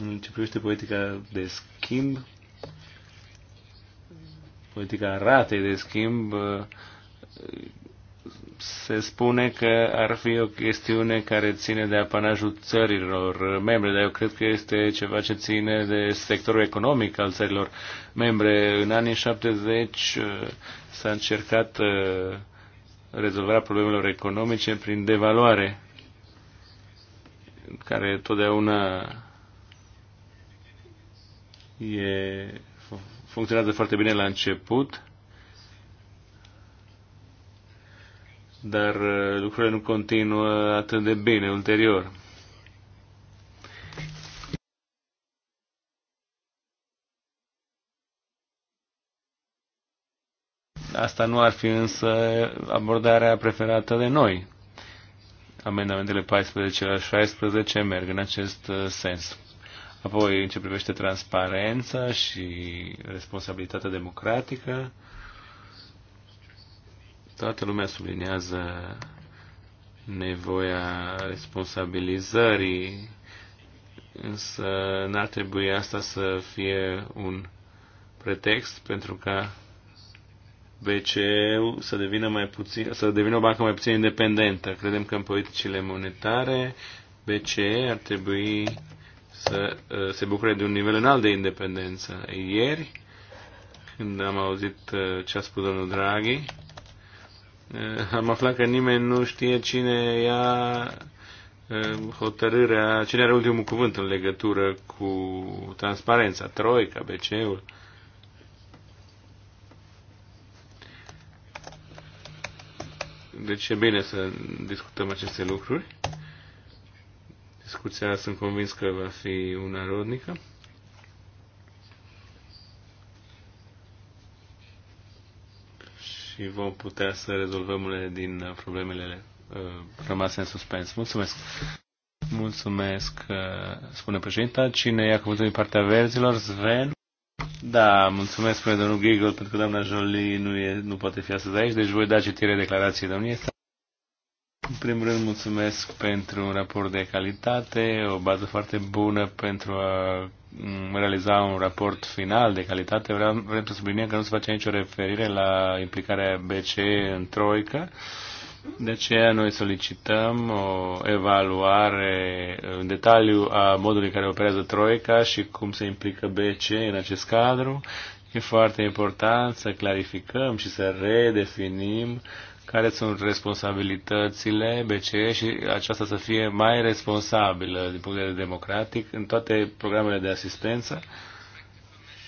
în ce privește politica de schimb, politica ratei de schimb, se spune că ar fi o chestiune care ține de apanajul țărilor membre, dar eu cred că este ceva ce ține de sectorul economic al țărilor membre. În anii 70 uh, s-a încercat uh, rezolvarea problemelor economice prin devaluare, care totdeauna e, funcționează foarte bine la început, dar uh, lucrurile nu continuă atât de bine ulterior. Asta nu ar fi însă abordarea preferată de noi. Amendamentele 14 la 16 merg în acest uh, sens. Apoi, în ce privește transparența și responsabilitatea democratică, Toată lumea sublinează nevoia responsabilizării, însă n-ar trebui asta să fie un pretext pentru ca BCE să devină, mai puțin, să devină o bancă mai puțin independentă. Credem că în politicile monetare BCE ar trebui să uh, se bucure de un nivel înalt de independență. Ieri, când am auzit uh, ce a spus domnul Draghi, Eh, am aflat că nimeni nu știe cine ia eh, hotărârea, cine are ultimul cuvânt în legătură cu transparența, Troica, bc ul Deci e bine să discutăm aceste lucruri. Discuția sunt convins că va fi una rodnică. și vom putea să rezolvăm unele din uh, problemele uh, rămase în suspens. Mulțumesc! Mulțumesc, uh, spune președinta. Cine ia cuvântul din partea verzilor? Sven? Da, mulțumesc, spune domnul Giggle, pentru că doamna Jolie nu, e, nu poate fi astăzi aici, deci voi da citire declarației este. În primul rând, mulțumesc pentru un raport de calitate, o bază foarte bună pentru a realiza un raport final de calitate, vreau, vrem să subliniem că nu se face nicio referire la implicarea BCE în Troică. De aceea noi solicităm o evaluare în detaliu a modului în care operează Troica și cum se implică BCE în acest cadru. E foarte important să clarificăm și să redefinim uh, care sunt responsabilitățile BCE și aceasta să fie mai responsabilă din punct de vedere democratic în toate programele de asistență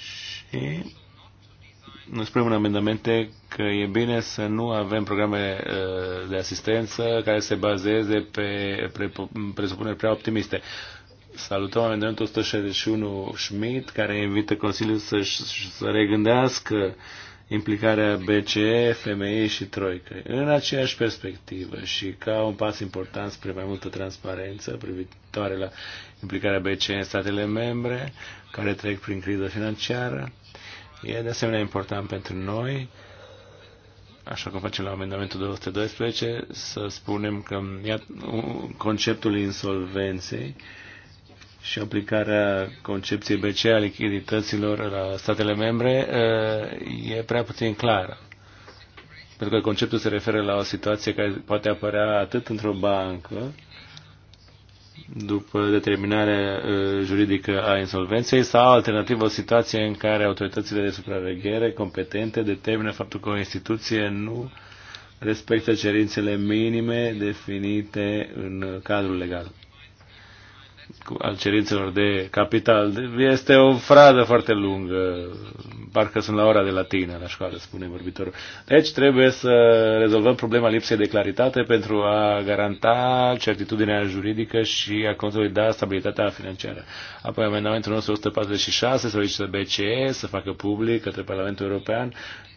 și nu spunem în amendamente că e bine să nu avem programe uh, de asistență care se bazeze pe presupuneri prea optimiste. Salutăm amendamentul 161 Schmidt, care invită Consiliul să să regândească uh, implicarea BCE, FMI și Troică în aceeași perspectivă și ca un pas important spre mai multă transparență privitoare la implicarea BCE în statele membre care trec prin criză financiară. E de asemenea important pentru noi, așa cum facem la amendamentul 212, să spunem că iată, conceptul insolvenței uh, și aplicarea concepției BC a lichidităților la statele membre eh, e prea puțin clară. Pentru că conceptul se referă la o situație care poate apărea atât într-o bancă, după determinarea eh, juridică a insolvenței, sau alternativ o situație în care autoritățile de supraveghere competente determină faptul că o instituție nu respectă cerințele minime definite în cadrul legal al cerințelor de capital. Este o fradă foarte lungă, parcă sunt la ora de latină la școală, spune vorbitorul. Deci trebuie să rezolvăm problema lipsei de claritate pentru a garanta certitudinea juridică și a consolida stabilitatea financiară. Apoi amendamentul nostru 146 solicită BCE să facă public către Parlamentul European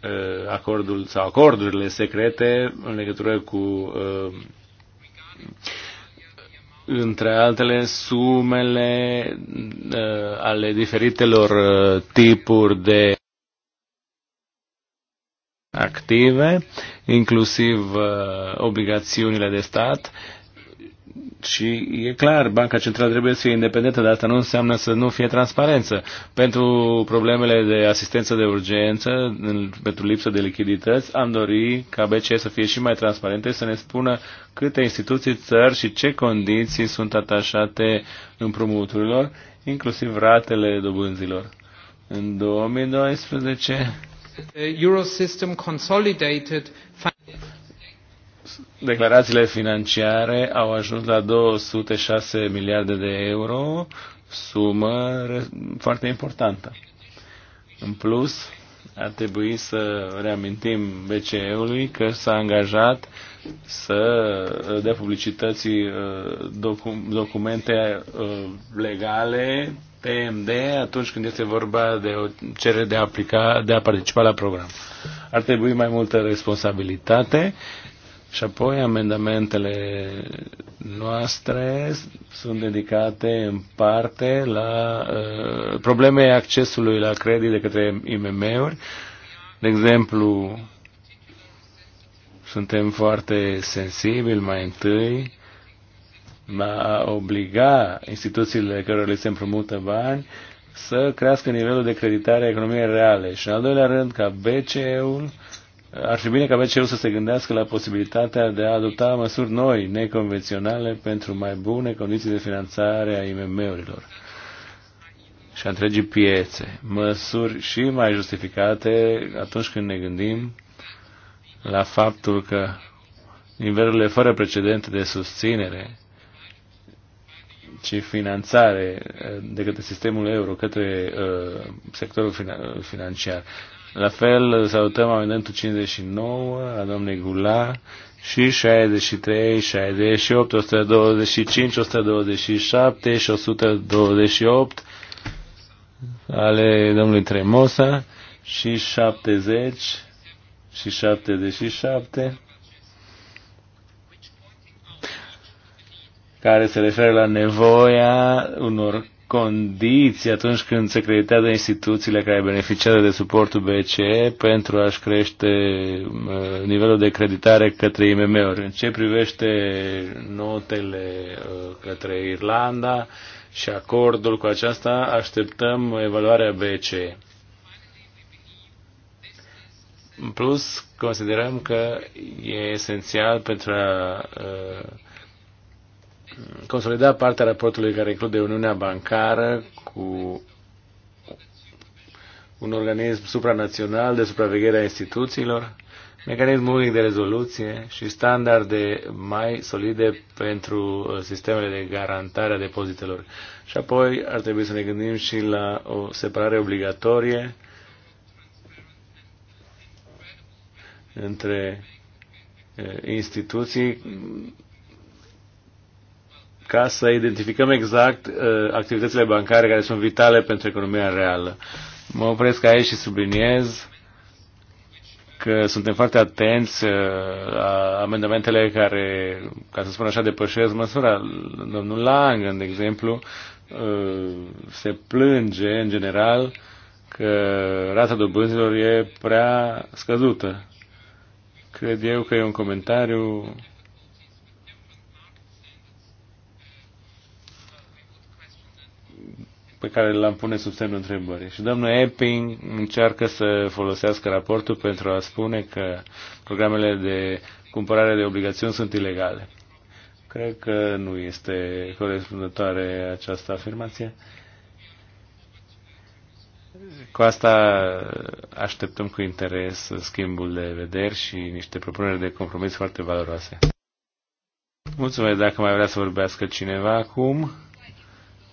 uh, acordul sau acordurile secrete în legătură cu uh, între altele, sumele uh, ale diferitelor uh, tipuri de active, inclusiv uh, obligațiunile de stat și e clar, Banca Centrală trebuie să fie independentă, dar asta nu înseamnă să nu fie transparență. Pentru problemele de asistență de urgență, pentru lipsă de lichidități, am dori ca BCE să fie și mai transparente și să ne spună câte instituții, țări și ce condiții sunt atașate împrumuturilor, inclusiv ratele dobânzilor. În 2012, Eurosystem consolidated declarațiile financiare au ajuns la 206 miliarde de euro, sumă foarte importantă. În plus, ar trebui să reamintim BCE-ului că s-a angajat să dea publicității uh, documente uh, legale PMD atunci când este vorba de o cerere de a, aplica, de a participa la program. Ar trebui mai multă responsabilitate și apoi amendamentele noastre sunt dedicate în parte la uh, probleme accesului la credit de către IMM-uri. De exemplu, suntem foarte sensibili mai întâi la a obliga instituțiile care le se împrumută bani să crească nivelul de creditare a economiei reale. Și în al doilea rând, ca BCE-ul ar fi bine ca BCE-ul să se gândească la posibilitatea de a adopta măsuri noi, neconvenționale, pentru mai bune condiții de finanțare a IMM-urilor și a întregii piețe. Măsuri și mai justificate atunci când ne gândim la faptul că nivelurile fără precedent de susținere și finanțare eh, de către sistemul euro, către uh, sectorul finan financiar, la fel, salutăm amendamentul 59 a domnului Gula și 63, 68, 125, 127 și 128 ale domnului Tremosa și 70 și 77 care se referă la nevoia unor condiții atunci când se creditează instituțiile care beneficiază de suportul BCE pentru a-și crește uh, nivelul de creditare către IMM-uri. În ce privește notele uh, către Irlanda și acordul cu aceasta, așteptăm evaluarea BCE. În plus, considerăm că e esențial pentru a uh, consolida partea raportului care include Uniunea Bancară cu un organism supranațional de supraveghere a instituțiilor, mecanismul unic de rezoluție și standarde mai solide pentru uh, sistemele de garantare a depozitelor. Și apoi ar trebui să ne gândim și la o separare obligatorie între uh, instituții ca să identificăm exact uh, activitățile bancare care sunt vitale pentru economia reală. Mă opresc aici și subliniez că suntem foarte atenți uh, la amendamentele care, ca să spun așa, depășesc măsura. Domnul Lang, de exemplu, uh, se plânge în general că rata dobânzilor e prea scăzută. Cred eu că e un comentariu pe care l-am pune sub semnul întrebării. Și domnul Epping încearcă să folosească raportul pentru a spune că programele de cumpărare de obligațiuni sunt ilegale. Cred că nu este corespunzătoare această afirmație. Cu asta așteptăm cu interes schimbul de vederi și niște propuneri de compromis foarte valoroase. Mulțumesc dacă mai vrea să vorbească cineva acum.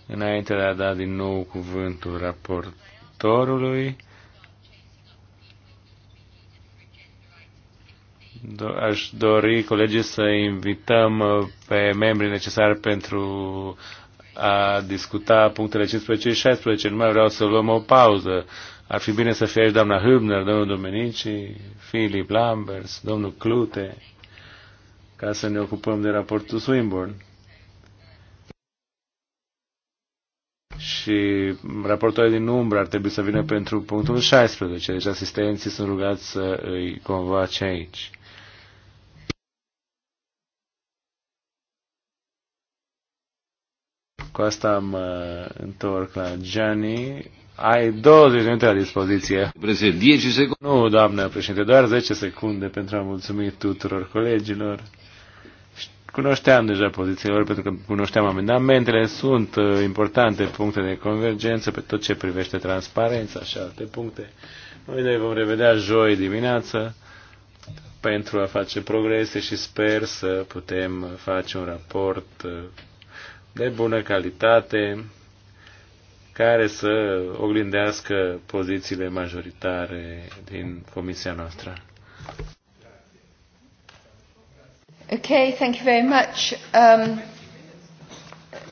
Înainte de a da din nou cuvântul raportorului, do- aș dori colegii să invităm uh, pe membrii necesari pentru a discuta punctele 15 și 16. Nu mai vreau să luăm o pauză. Ar fi bine să fie aici doamna Hübner, domnul Domenici, Philip Lambers, domnul Clute, ca să ne ocupăm de raportul Swinburne. și raportorii din umbră ar trebui să vină pentru punctul 16, deci asistenții sunt rugați să îi convoace aici. Cu asta mă întorc la Gianni. Ai 20 minute la dispoziție. Președinte, 10 secunde. Nu, doamnă președinte, doar 10 secunde pentru a mulțumi tuturor colegilor cunoșteam deja pozițiile lor pentru că cunoșteam amendamentele, sunt uh, importante puncte de convergență pe tot ce privește transparența și alte puncte. Noi ne vom revedea joi dimineață pentru a face progrese și sper să putem face un raport uh, de bună calitate care să oglindească pozițiile majoritare din comisia noastră. Okay, thank you very much. Um...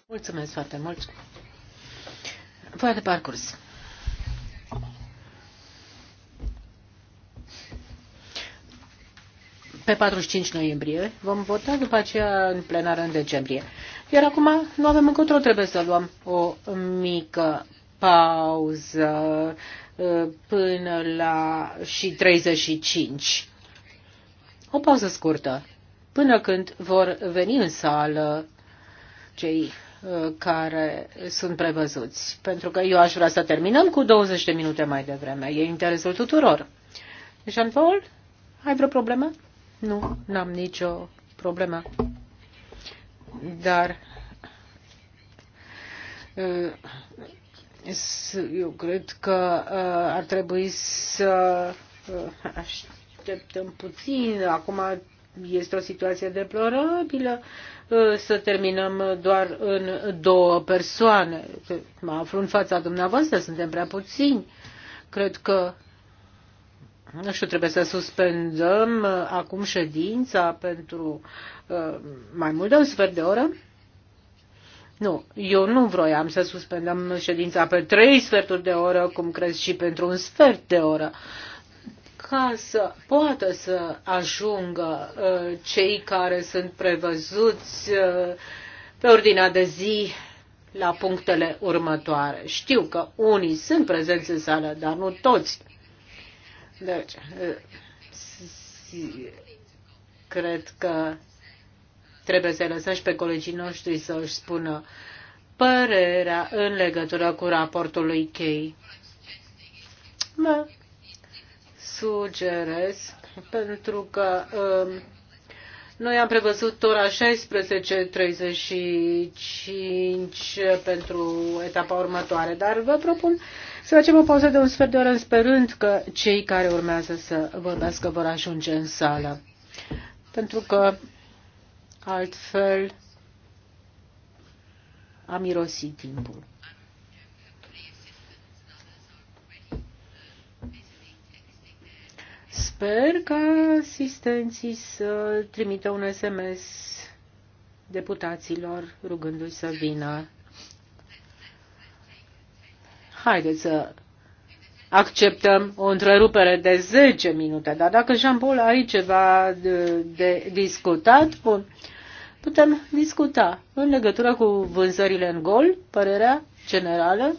Mulțumesc foarte mult. Foaia de parcurs. Pe 45 noiembrie vom vota, după aceea în plenară în decembrie. Iar acum nu avem încotro, trebuie să luăm o mică pauză uh, până la și 35. O pauză scurtă până când vor veni în sală cei uh, care sunt prevăzuți. Pentru că eu aș vrea să terminăm cu 20 de minute mai devreme. E interesul tuturor. Jean-Paul, ai vreo problemă? Nu, n-am nicio problemă. Dar uh, eu cred că uh, ar trebui să așteptăm puțin. Acum este o situație deplorabilă uh, să terminăm doar în două persoane. Mă aflu în fața dumneavoastră, suntem prea puțini. Cred că, nu știu, trebuie să suspendăm uh, acum ședința pentru uh, mai mult de un sfert de oră. Nu, eu nu vroiam să suspendăm ședința pe trei sferturi de oră, cum crezi și pentru un sfert de oră. Uh, ca să poată să ajungă uh, cei care sunt prevăzuți uh, pe ordinea de zi la punctele următoare. Știu că unii sunt prezenți în sală, dar nu toți. Deci, uh, cred că trebuie să lăsăm și pe colegii noștri să își spună părerea în legătură cu raportul lui Chei. Mă sugerez, pentru că um, noi am prevăzut ora 16.35 pentru etapa următoare, dar vă propun să facem o pauză de un sfert de oră, sperând că cei care urmează să vorbească vor ajunge în sală. Pentru că altfel am irosit timpul. Sper ca asistenții să trimită un SMS deputaților rugându-i să vină. Haideți să acceptăm o întrerupere de 10 minute, dar dacă Jean-Paul ai ceva de, de discutat, bun, putem discuta în legătură cu vânzările în gol, părerea generală.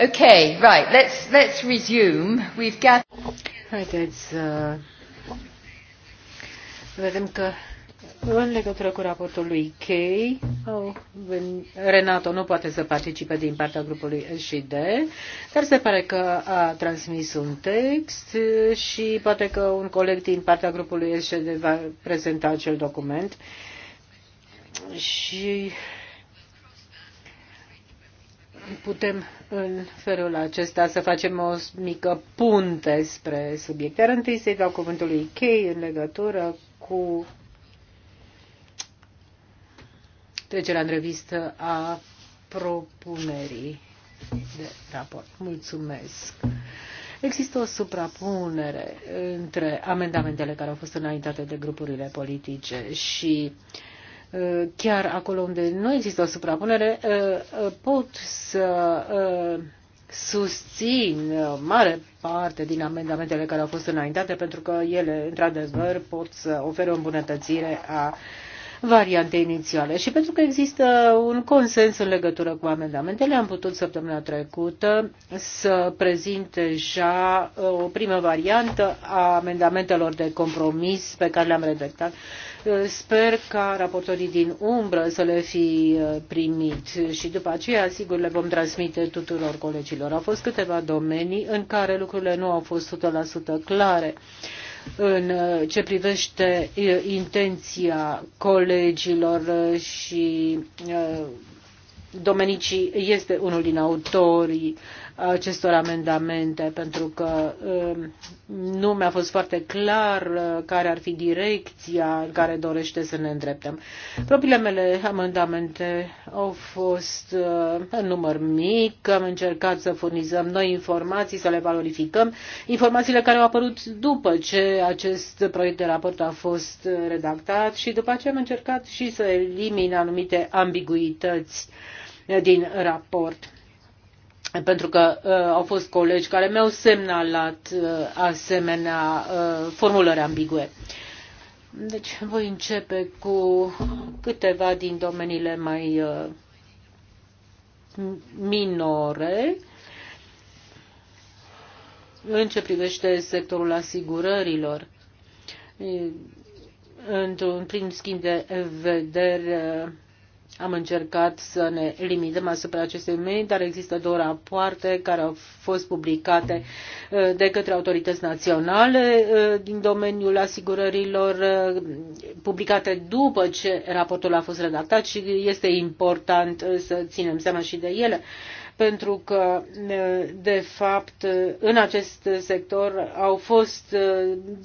Okay, right. Let's let's resume. We've got. Haideți să vedem că în legătură cu raportul lui K. Oh, Renato nu poate să participe din partea grupului SD, dar se pare că a transmis un text și poate că un coleg din partea grupului SD va prezenta acel document. Și putem în felul acesta să facem o mică punte spre subiect. Dar întâi să-i dau cuvântul lui Kay în legătură cu trecerea în revistă a propunerii de raport. Mulțumesc. Există o suprapunere între amendamentele care au fost înaintate de grupurile politice și uh, chiar acolo unde nu există o suprapunere, uh, uh, pot să uh, susțin mare parte din amendamentele care au fost înaintate, pentru că ele, într-adevăr, pot să ofere o îmbunătățire a uh, variante inițiale. Și pentru că există un consens în legătură cu amendamentele, am putut săptămâna trecută să prezint deja uh, o primă variantă a amendamentelor de compromis pe care le-am redactat. Uh, sper ca raportorii din umbră să le fi uh, primit și după aceea, sigur, le vom transmite tuturor colegilor. Au fost câteva domenii în care lucrurile nu au fost 100% clare în uh, ce privește uh, intenția colegilor uh, și Domenici este unul din autorii acestor amendamente, pentru că um, nu mi-a fost foarte clar uh, care ar fi direcția în care dorește să ne îndreptăm. Propriile mele amendamente au fost uh, în număr mic, am încercat să furnizăm noi informații, să le valorificăm, informațiile care au apărut după ce acest proiect de raport a fost uh, redactat și după aceea am încercat și să elimin anumite ambiguități din raport pentru că uh, au fost colegi care mi-au semnalat uh, asemenea uh, formulări ambigue. Deci voi începe cu câteva din domeniile mai uh, minore în ce privește sectorul asigurărilor. Într-un prim schimb de vedere, uh, am încercat să ne limităm asupra acestui mei, dar există două rapoarte care au fost publicate uh, de către autorități naționale uh, din domeniul asigurărilor, uh, publicate după ce raportul a fost redactat și este important să ținem seama și de ele pentru că, de fapt, în acest sector au fost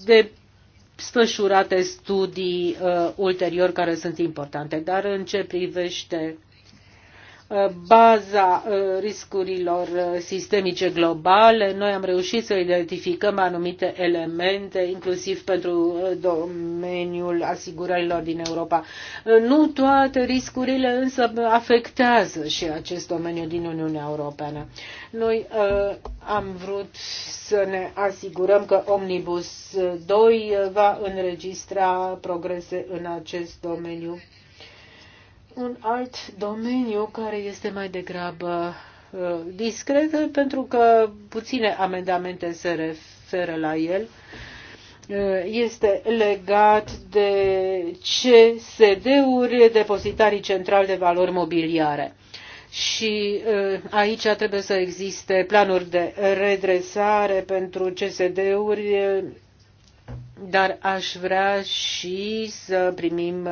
de desfășurate studii uh, ulterior care sunt importante. Dar în ce privește Uh, baza uh, riscurilor uh, sistemice globale. Noi am reușit să identificăm anumite elemente, inclusiv pentru domeniul asigurărilor din Europa. Nu toate riscurile însă afectează și acest domeniu din Uniunea Europeană. Noi am vrut să ne asigurăm că Omnibus 2 va înregistra progrese în acest domeniu un alt domeniu care este mai degrabă uh, discret, pentru că puține amendamente se referă la el, uh, este legat de CSD-uri, depozitarii centrali de valori mobiliare. Și uh, aici trebuie să existe planuri de redresare pentru CSD-uri, dar aș vrea și să primim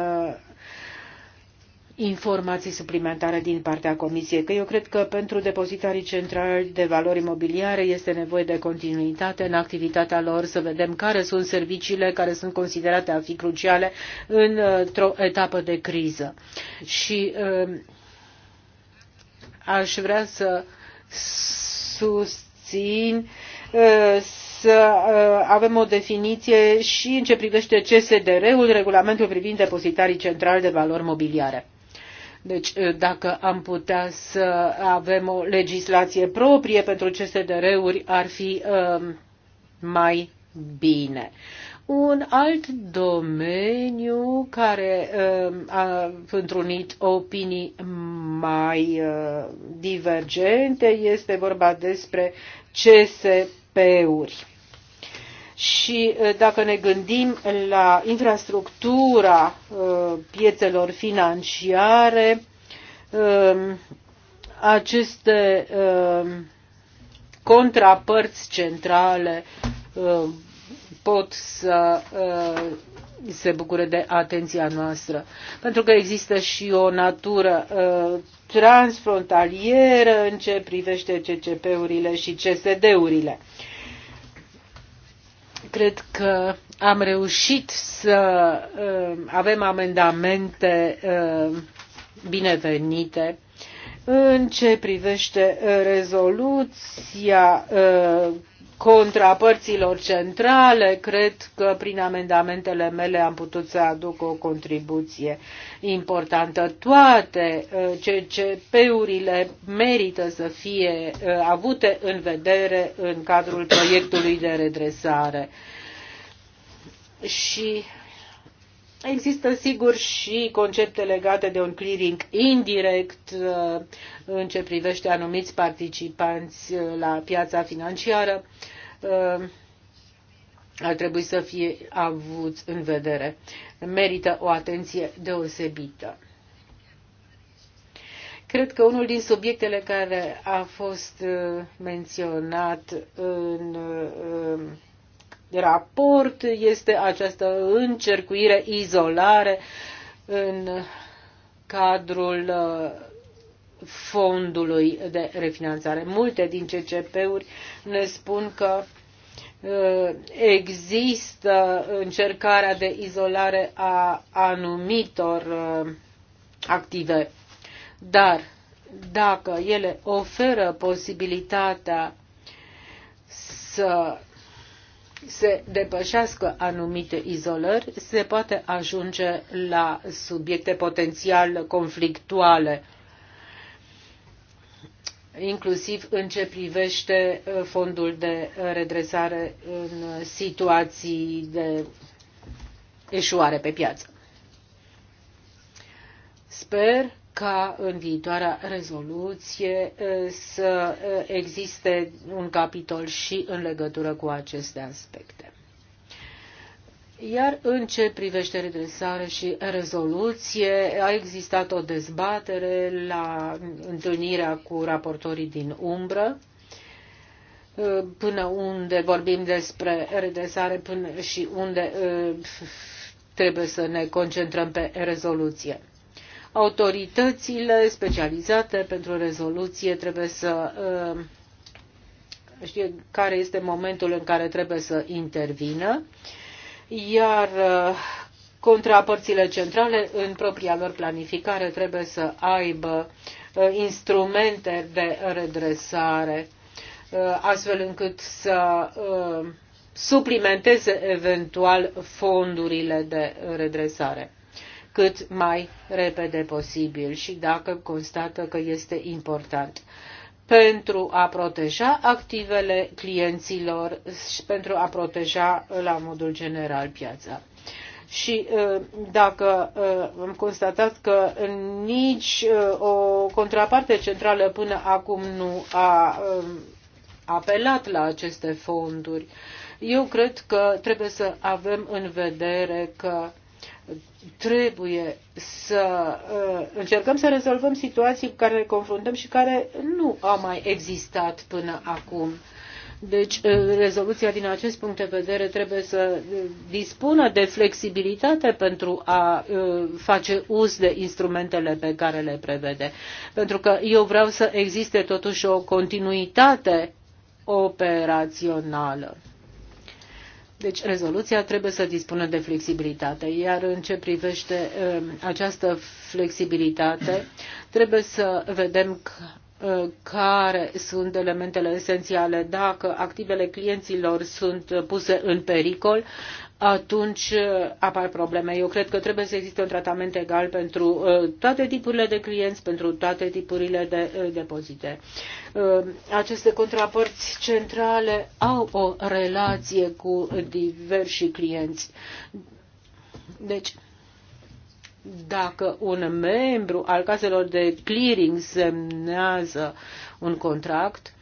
informații suplimentare din partea Comisiei, că eu cred că pentru depozitarii centrali de valori imobiliare este nevoie de continuitate în activitatea lor, să vedem care sunt serviciile care sunt considerate a fi cruciale într-o etapă de criză. Și um, aș vrea să susțin uh, să uh, avem o definiție și în ce privește CSDR-ul, regulamentul privind depozitarii centrali de valori mobiliare. Deci ă, dacă am putea să avem o legislație proprie pentru aceste uri ar fi ă, mai bine. Un alt domeniu care ă, a întrunit opinii mai divergente este vorba despre CSP-uri și uh, dacă ne gândim la infrastructura uh, piețelor financiare, um, aceste um, contrapărți centrale um, pot să uh, se bucure de atenția noastră. Pentru că există și o natură transfrontalieră în ce privește CCP-urile și CSD-urile cred că am reușit să um, avem amendamente um, binevenite în ce privește uh, rezoluția uh, contrapărților centrale. Cred că prin amendamentele mele am putut să aduc o contribuție importantă. Toate uh, CCP-urile merită să fie uh, avute în vedere în cadrul proiectului de redresare. Și Există sigur și concepte legate de un clearing indirect uh, în ce privește anumiți participanți uh, la piața financiară. Uh, ar trebui să fie avut în vedere. Merită o atenție deosebită. Cred că unul din subiectele care a fost menționat în raport este această încercuire, izolare în cadrul uh, fondului de refinanțare. Multe din CCP-uri ne spun că uh, există încercarea de izolare a anumitor uh, active. Dar dacă ele oferă posibilitatea să se depășească anumite izolări, se poate ajunge la subiecte potențial conflictuale, inclusiv în ce privește uh, fondul de redresare în situații de eșuare pe piață. Sper ca în viitoarea rezoluție să existe un capitol și în legătură cu aceste aspecte. Iar în ce privește redresare și rezoluție, a existat o dezbatere la întâlnirea cu raportorii din umbră, până unde vorbim despre redresare până și unde trebuie să ne concentrăm pe rezoluție autoritățile specializate pentru rezoluție trebuie să uh, știe care este momentul în care trebuie să intervină, iar uh, contrapărțile centrale în propria lor planificare trebuie să aibă uh, instrumente de redresare, astfel încât să suplimenteze eventual fondurile de redresare cât mai repede posibil și dacă constată că este important pentru a proteja activele clienților și pentru a proteja la modul general piața. Și uh, dacă uh, am constatat că nici uh, o contraparte centrală până acum nu a um, apelat la aceste fonduri, eu cred că trebuie să avem în vedere că Trebuie să uh, încercăm să rezolvăm situații cu care ne confruntăm și care nu au mai existat până acum. Deci, uh, rezoluția din acest punct de vedere trebuie să uh, dispună de flexibilitate pentru a face uz de instrumentele pe care le prevede. Pentru că eu vreau să existe totuși o continuitate operațională. Deci rezoluția trebuie să dispună de flexibilitate, iar în ce privește um, această flexibilitate, trebuie să vedem uh, care sunt elementele esențiale. Dacă activele clienților sunt puse în pericol, atunci uh, apar probleme. Eu cred că trebuie să existe un tratament egal pentru uh, toate tipurile de clienți, pentru toate tipurile de uh, depozite. Aceste contrapărți centrale au o relație cu diversi clienți. Deci, dacă un membru al caselor de clearing semnează un contract,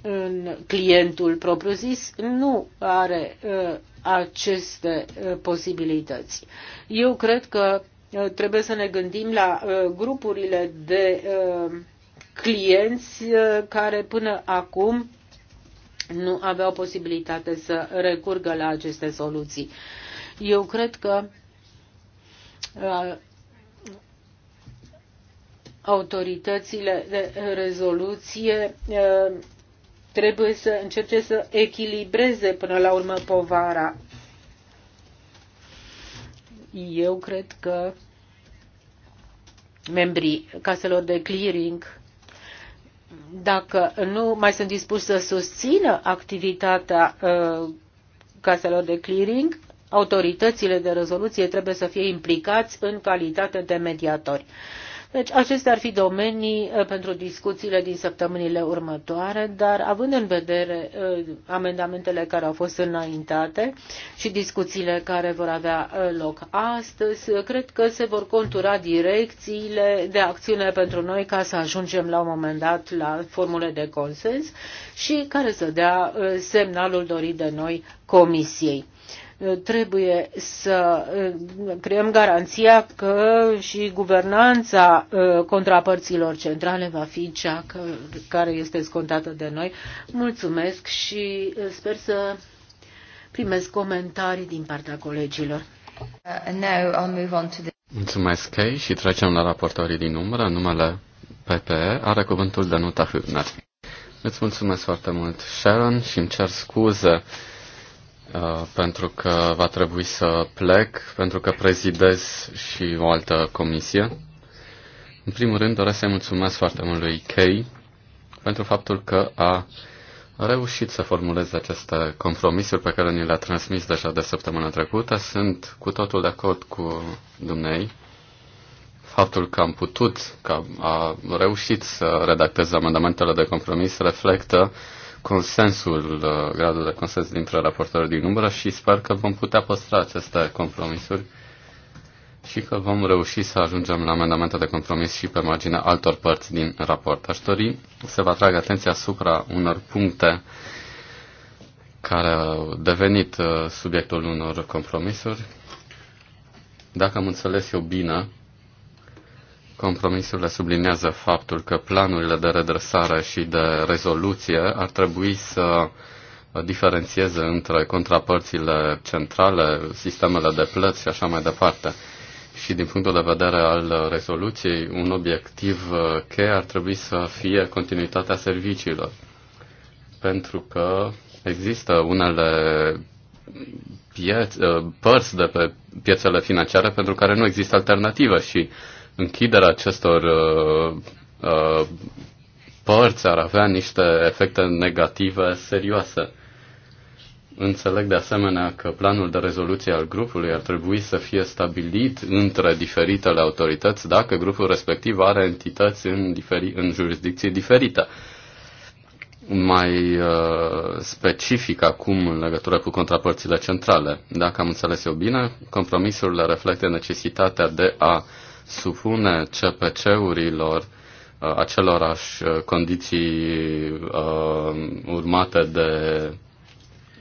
în clientul propriu-zis nu are uh, aceste uh, posibilități. Eu cred că uh, trebuie să ne gândim la grupurile de clienți care până acum nu aveau posibilitate să recurgă la aceste soluții. Eu cred că autoritățile de rezoluție trebuie să încerce să echilibreze până la urmă povara. Eu cred că membrii caselor de clearing, dacă nu mai sunt dispuși să susțină activitatea uh, caselor de clearing, autoritățile de rezoluție trebuie să fie implicați în calitate de mediatori. Deci acestea ar fi domenii uh, pentru discuțiile din săptămânile următoare, dar având în vedere uh, amendamentele care au fost înaintate și discuțiile care vor avea uh, loc astăzi, cred că se vor contura direcțiile de acțiune pentru noi ca să ajungem la un moment dat la formule de consens și care să dea semnalul dorit de noi Comisiei trebuie să uh, creăm garanția că și guvernanța uh, contrapărților centrale va fi cea care este scontată de noi. Mulțumesc și uh, sper să primesc comentarii din partea colegilor. Mulțumesc, Kay, și trecem la raportorii din umbră. Numele PPE are cuvântul Danuta Hübner. Îți mulțumesc foarte mult, Sharon, și îmi cer scuze Uh, pentru că va trebui să plec, pentru că prezidez și o altă comisie. În primul rând, doresc să-i mulțumesc foarte mult lui Kay pentru faptul că a reușit să formuleze aceste compromisuri pe care ni le-a transmis deja de săptămâna trecută. Sunt cu totul de acord cu dumnei. Faptul că am putut, că a reușit să redacteze amendamentele de compromis reflectă consensul, uh, gradul de consens dintre raportorii din umbră și sper că vom putea păstra aceste compromisuri și că vom reuși să ajungem la amendamente de compromis și pe marginea altor părți din raport. Aș dori să vă atrag atenția asupra unor puncte care au devenit uh, subiectul unor compromisuri. Dacă am înțeles eu bine, Compromisurile sublinează faptul că planurile de redresare și de rezoluție ar trebui să diferențieze între contrapărțile centrale, sistemele de plăți și așa mai departe. Și din punctul de vedere al rezoluției, un obiectiv cheie ar trebui să fie continuitatea serviciilor. Pentru că există unele pieț, părți de pe piețele financiare pentru care nu există alternativă și închiderea acestor uh, uh, părți ar avea niște efecte negative serioase. Înțeleg de asemenea că planul de rezoluție al grupului ar trebui să fie stabilit între diferitele autorități dacă grupul respectiv are entități în, diferi, în jurisdicții diferite. Mai uh, specific acum în legătură cu contrapărțile centrale. Dacă am înțeles eu bine, compromisurile reflectă necesitatea de a uh, supune CPC-urilor uh, acelorași uh, condiții uh, urmate de,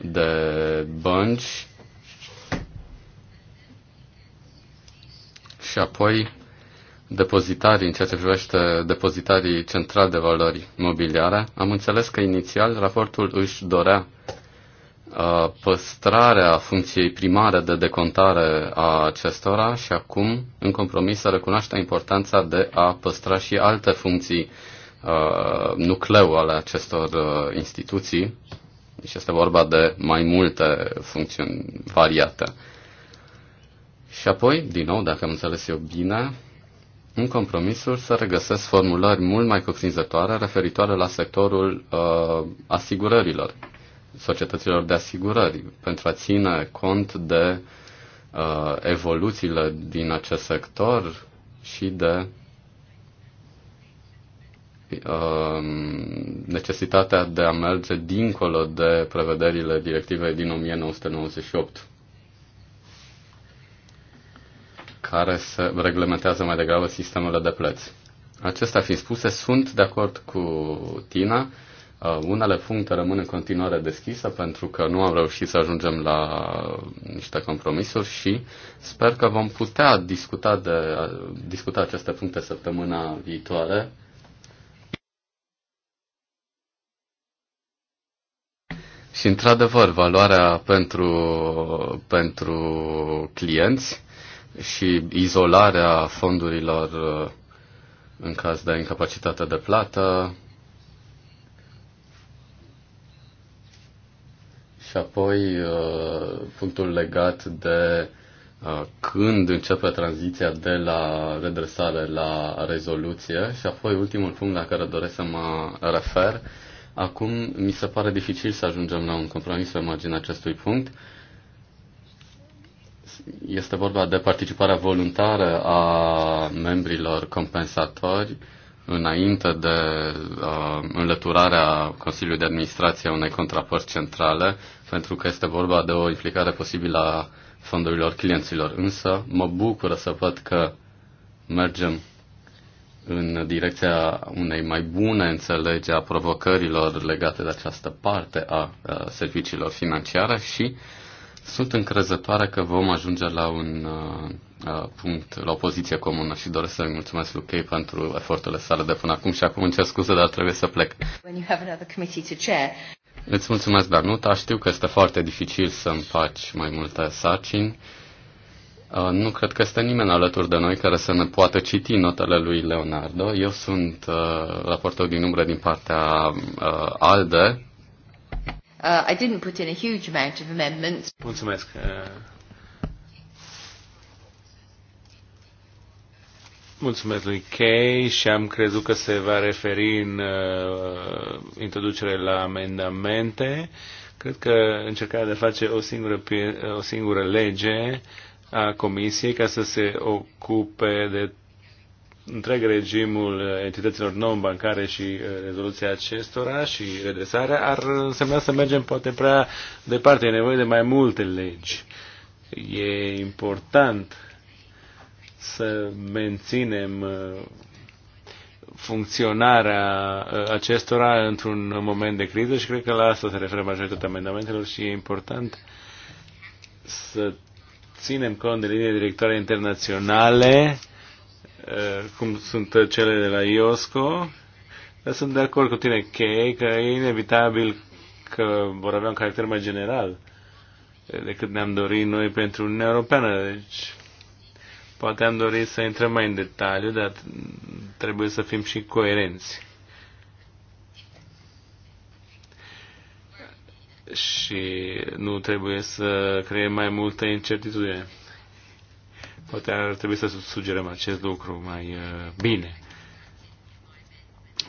de bănci și apoi depozitarii, în ceea ce privește depozitarii central de valori mobiliare. Am înțeles că inițial raportul își dorea păstrarea funcției primare de decontare a acestora și acum, în compromis, să recunoaște importanța de a păstra și alte funcții nucleu ale acestor instituții și deci este vorba de mai multe funcțiuni variate. Și apoi, din nou, dacă am înțeles eu bine, în compromisul să regăsesc formulări mult mai cuprinzătoare referitoare la sectorul uh, asigurărilor societăților de asigurări pentru a ține cont de uh, evoluțiile din acest sector și de um, necesitatea de a merge dincolo de prevederile directivei din 1998, care se reglementează mai degrabă sistemele de plăți. Acestea fiind spuse, sunt de acord cu tine Uh, unele puncte rămân în continuare deschise pentru că nu am reușit să ajungem la niște compromisuri și sper că vom putea discuta, de, uh, discuta aceste puncte săptămâna viitoare. Și într-adevăr, valoarea pentru, pentru clienți și izolarea fondurilor uh, în caz de incapacitate de plată Și apoi uh, punctul legat de uh, când începe tranziția de la redresare la rezoluție și apoi ultimul punct la care doresc să mă refer. Acum mi se pare dificil să ajungem la un compromis pe marginea acestui punct. Este vorba de participarea voluntară a membrilor compensatori uh, înainte de uh, înlăturarea Consiliului de Administrație a unei contrapărți centrale, pentru că este vorba de o implicare posibilă a fondurilor clienților. Însă mă bucură să văd că mergem în direcția unei mai bune înțelege a provocărilor legate de această parte a, a uh, serviciilor financiare și sunt încrezătoare că vom ajunge la un Uh, Uh, punct, la o poziție comună și doresc să-i mulțumesc lui Kay pentru eforturile sale de până acum și acum încerc scuze, dar trebuie să plec. Îți mulțumesc, Bernuta. Știu că este foarte dificil să împaci mai multe sarcini. Uh, nu cred că este nimeni alături de noi care să ne poată citi notele lui Leonardo. Eu sunt uh, raportor din umbră din partea uh, ALDE. Uh, I didn't put in a huge amount of amendments. Mulțumesc. Uh mulțumesc lui Kay și am crezut că se va referi în uh, introducere la amendamente. Cred că încercarea de a face o singură, o singură lege a Comisiei ca să se ocupe de întreg regimul entităților non-bancare și uh, rezoluția acestora și redresarea ar însemna să mergem poate prea departe. E nevoie de mai multe legi. E important să menținem uh, funcționarea uh, acestora într-un moment de criză și cred că la asta se referă majoritatea amendamentelor și e important să ținem cont de linii directoare internaționale, uh, cum sunt cele de la IOSCO, dar sunt de acord cu tine, Kay, că e inevitabil că vor avea un caracter mai general decât ne-am dorit noi pentru Uniunea Europeană. Deci Poate am dorit să intrăm mai în detaliu, dar trebuie să fim și coerenți. Și nu trebuie să creăm mai multă incertitudine. Poate ar trebui să sugerăm acest lucru mai uh, bine.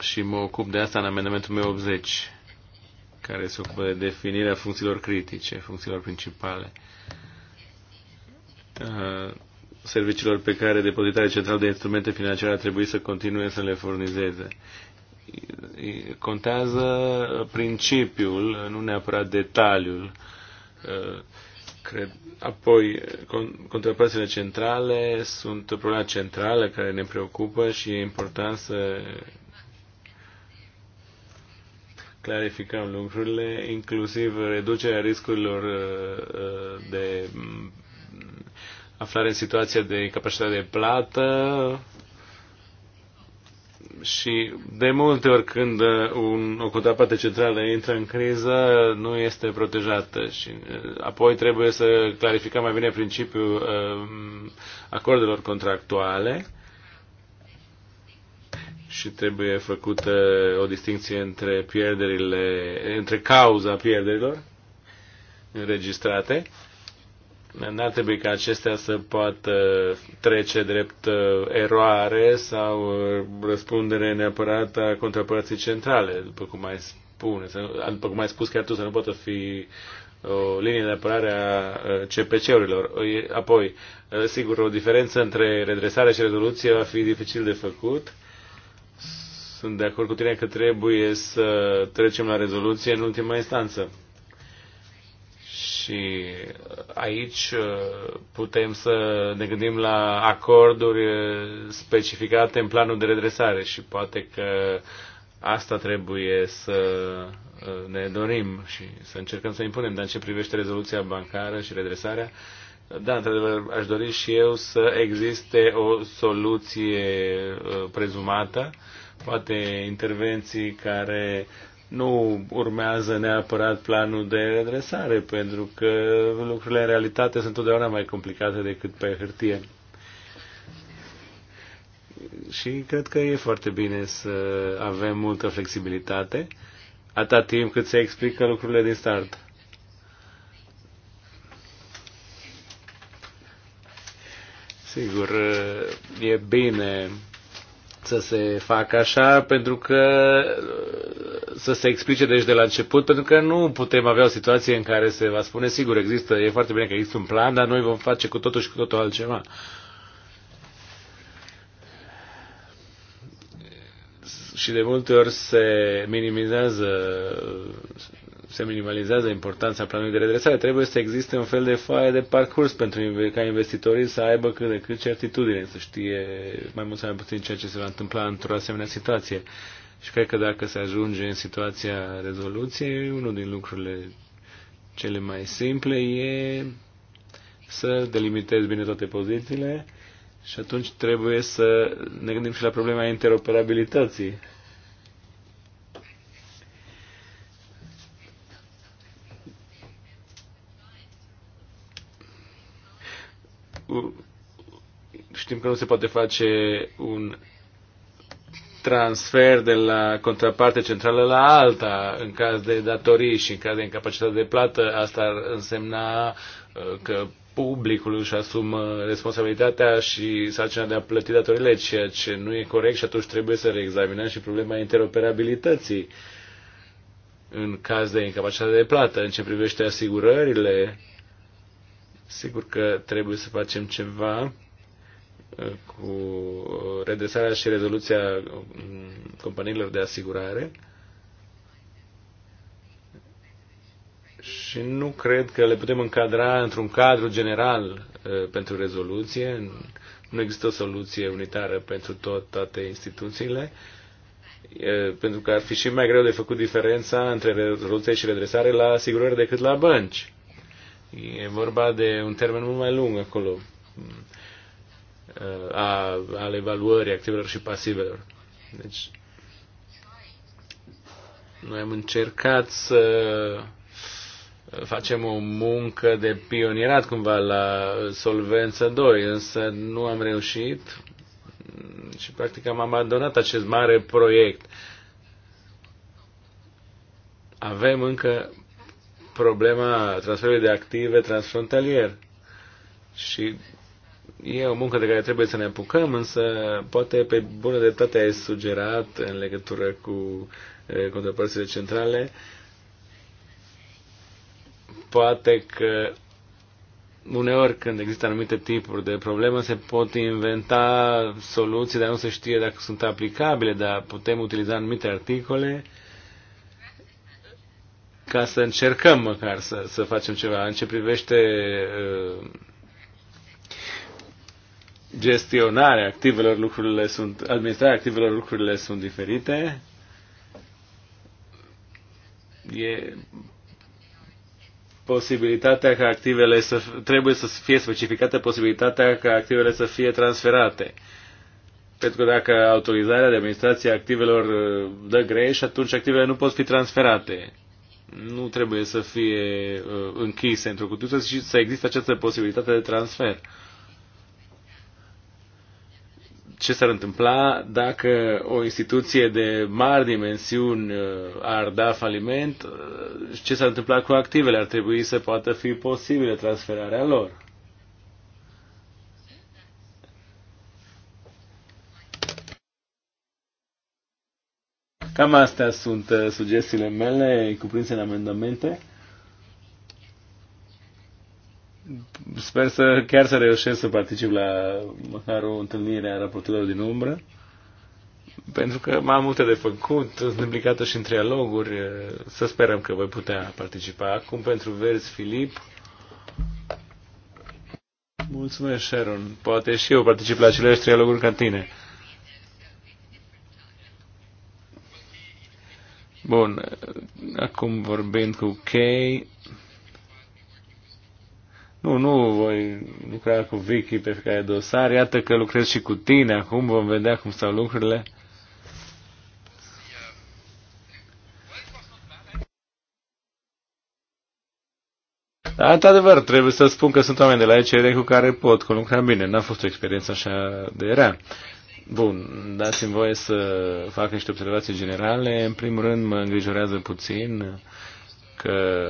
Și mă ocup de asta în amendamentul meu 80, care se ocupă de definirea funcțiilor critice, funcțiilor principale. Uh, serviciilor pe care depozitarea centrală de instrumente financiare ar trebui să continue să le furnizeze. Contează uh, principiul, uh, nu neapărat detaliul. Uh, cred. Apoi, contrapasele centrale sunt problemă centrală care ne preocupă și e important să clarificăm lucrurile, inclusiv reducerea riscurilor de aflare în situația de incapacitate de plată și de multe ori când uh, un, o contrapartă centrală intră în criză, nu este protejată și uh, apoi trebuie să clarificăm mai bine principiul um, acordelor contractuale și trebuie făcută o distinție între pierderile, între cauza pierderilor înregistrate N-ar trebui ca acestea să poată trece drept uh, eroare sau uh, răspundere neapărat a contrapărății centrale, după cum ai spune, după cum ai spus chiar tu, să nu poată fi o linie de apărare a uh, CPC-urilor. Apoi, sigur, o diferență între redresare și rezoluție va fi dificil de făcut. Sunt de acord cu tine că trebuie să trecem la rezoluție în ultima instanță. Și uh, aici uh, putem să ne gândim la acorduri uh, specificate în planul de redresare și poate că asta trebuie să ne dorim și să încercăm să impunem. Dar în ce privește rezoluția bancară și redresarea, da, într-adevăr, aș dori și eu să existe o soluție prezumată, poate intervenții care nu urmează neapărat planul de redresare, pentru că lucrurile în realitate sunt întotdeauna mai complicate decât pe hârtie. Și cred că e foarte bine să avem multă flexibilitate, atât timp cât se explică lucrurile din start. Sigur, e bine să se facă așa, pentru că să se explice deci de la început, pentru că nu putem avea o situație în care se va spune, sigur, există, e foarte bine că există un plan, dar noi vom face cu totul și cu totul altceva. Și de multe ori se minimizează se minimalizează importanța planului de redresare. Trebuie să existe un fel de foaie de parcurs pentru ca investitorii să aibă cât de cât certitudine, să știe mai mult sau mai puțin ceea ce se va întâmpla într-o asemenea situație. Și cred că dacă se ajunge în situația rezoluției, unul din lucrurile cele mai simple e să delimitezi bine toate pozițiile și atunci trebuie să ne gândim și la problema interoperabilității știm că nu se poate face un transfer de la contraparte centrală la alta în caz de datorii și în caz de incapacitate de plată. Asta ar însemna uh, că publicul își asumă responsabilitatea și sarcina de a plăti datorile, ceea ce nu e corect și atunci trebuie să reexaminăm și problema interoperabilității în caz de incapacitate de plată. În ce privește asigurările, Sigur că trebuie să facem ceva uh, cu redresarea și rezoluția mm, companiilor de asigurare și nu cred că le putem încadra într-un cadru general uh, pentru rezoluție. Nu există o soluție unitară pentru tot, toate instituțiile uh, pentru că ar fi și mai greu de făcut diferența între rezoluție și redresare la asigurări decât la bănci. E vorba de un termen mult mai lung acolo mm, a, al evaluării activelor și pasivelor. Deci, noi am încercat să facem o muncă de pionierat cumva la Solvență 2, însă nu am reușit și practic am abandonat acest mare proiect. Avem încă problema transferului de active transfrontalier. Și e o muncă de care trebuie să ne apucăm, însă poate pe bună dreptate ai sugerat în legătură cu contrapărțile centrale, poate că uneori când există anumite tipuri de probleme se pot inventa soluții, dar nu se știe dacă sunt aplicabile, dar putem utiliza anumite articole ca să încercăm măcar să, să facem ceva. În ce privește uh, gestionarea activelor, lucrurile sunt, administrarea activelor, lucrurile sunt diferite. E posibilitatea ca activele să trebuie să fie specificată posibilitatea ca activele să fie transferate. Pentru că dacă autorizarea de administrație activelor uh, dă greș, atunci activele nu pot fi transferate nu trebuie să fie uh, închise într-o cutiuță și să există această posibilitate de transfer. Ce s-ar întâmpla dacă o instituție de mari dimensiuni uh, ar da faliment? Uh, ce s-ar întâmpla cu activele? Ar trebui să poată fi posibile transferarea lor. Cam astea sunt uh, sugestiile mele cuprinse în amendamente. Sper să chiar să reușesc să particip la măcar o întâlnire a raportelor din umbră, pentru că mai am multe de făcut, sunt implicată și în trialoguri, uh, să sperăm că voi putea participa. Acum pentru verzi, Filip. Mulțumesc, Sharon. Poate și eu particip la aceleași trialoguri ca tine. Bun, acum vorbind cu Kay, nu, nu voi lucra cu Vicky pe fiecare dosar, iată că lucrez și cu tine acum, vom vedea cum stau lucrurile. Da, într-adevăr, trebuie să spun că sunt oameni de la ECR cu care pot, că lucra bine. N-a fost o experiență așa de rea. Bun, dați-mi voie să fac niște observații generale. În primul rând, mă îngrijorează puțin că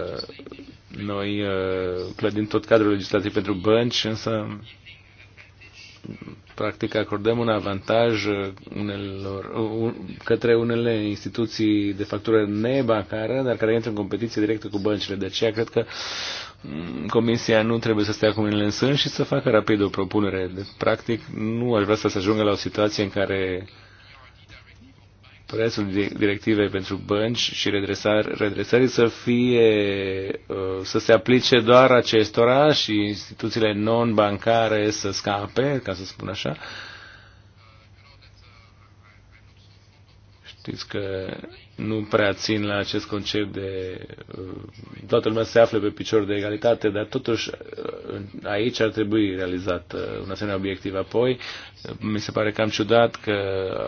noi uh, clădim tot cadrul legislativ pentru bănci, însă practic acordăm un avantaj uh, unelor, uh, către unele instituții de factură nebancară, dar care intră în competiție directă cu băncile. De aceea cred că Mm, comisia nu trebuie să stea cu mâinile în sân și să facă rapid o propunere. De, deci, practic, nu aș vrea să se ajungă la o situație în care prețul directivei pentru bănci și redresar, redresării să fie uh, să se aplice doar acestora și instituțiile non-bancare să scape, ca să spun așa, Știți că nu prea țin la acest concept de uh, toată lumea se află pe picior de egalitate, dar totuși uh, aici ar trebui realizat uh, un asemenea obiectiv. Apoi, mi se pare cam ciudat că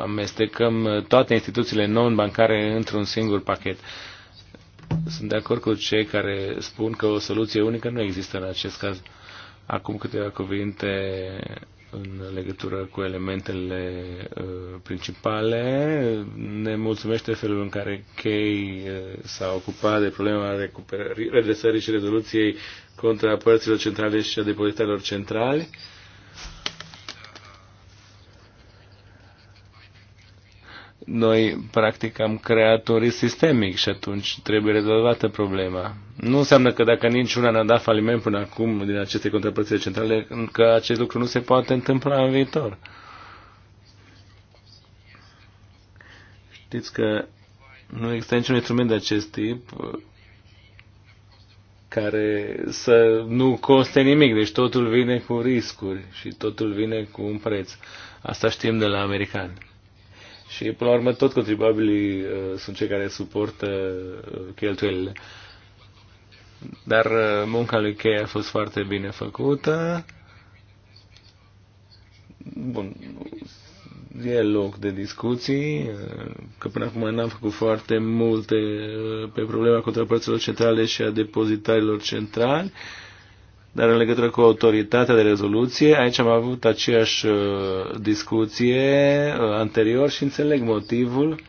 amestecăm toate instituțiile non-bancare într-un singur pachet. Sunt de acord cu cei care spun că o soluție unică nu există în acest caz. Acum câteva cuvinte în legătură cu elementele uh, principale. Ne mulțumește felul în care Kay uh, s-a ocupat de problema recuperării, redresării și rezoluției contra părților centrale și a depozitelor centrali. Uh, noi practic am creat un risc sistemic și atunci trebuie rezolvată problema. Nu înseamnă că dacă niciuna n-a dat faliment până acum din aceste contrapărțile centrale, că acest lucru nu se poate întâmpla în viitor. Știți că nu există niciun instrument de acest tip care să nu coste nimic, deci totul vine cu riscuri și totul vine cu un preț. Asta știm de la americani și până la urmă tot contribuabilii uh, sunt cei care suportă uh, cheltuielile. Dar uh, munca lui Kay a fost foarte bine făcută. Bun, e loc de discuții, uh, că până acum n-am făcut foarte multe uh, pe problema contrapărților centrale și a depozitarilor centrali. Uh, dar în legătură cu autoritatea de rezoluție, aici am avut aceeași uh, discuție uh, anterior și înțeleg motivul,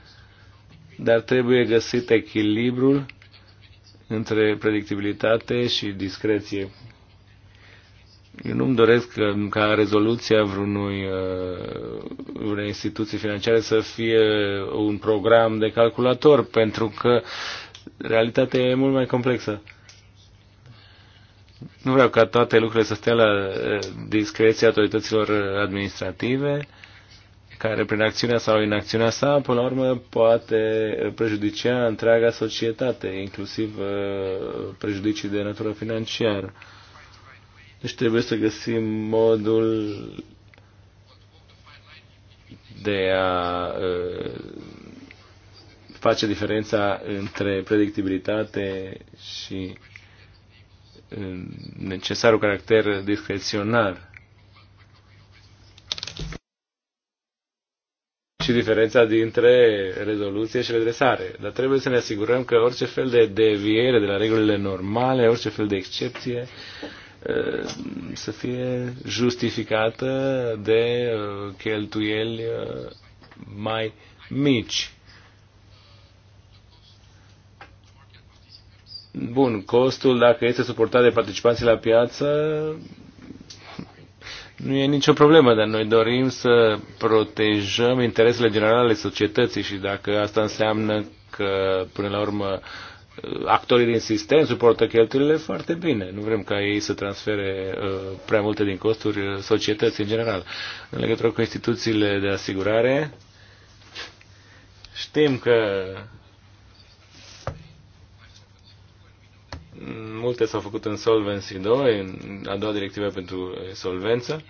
dar trebuie găsit echilibrul între predictibilitate și discreție. Eu nu-mi doresc ca rezoluția vreunui, uh, vreunei instituții financiare să fie un program de calculator, pentru că realitatea e mult mai complexă. Nu vreau ca toate lucrurile să stea la eh, discreția autorităților administrative, care prin acțiunea sau inacțiunea sa, până la urmă, poate prejudicia întreaga societate, inclusiv eh, prejudicii de natură financiară. Deci trebuie să găsim modul de a eh, face diferența între predictibilitate și necesarul caracter discreționar. Și diferența dintre rezoluție și redresare. Dar trebuie să ne asigurăm că orice fel de deviere de la regulile normale, orice fel de excepție, ă, să fie justificată de ă, cheltuieli ă, mai mici. Bun, costul, dacă este suportat de participanții la piață, nu e nicio problemă, dar noi dorim să protejăm interesele generale ale societății și dacă asta înseamnă că, până la urmă, actorii din sistem suportă cheltuielile foarte bine. Nu vrem ca ei să transfere uh, prea multe din costuri uh, societății în general. În legătură cu instituțiile de asigurare, știm că Multe s-au făcut în Solvency 2, în a doua directivă pentru eh, solvență.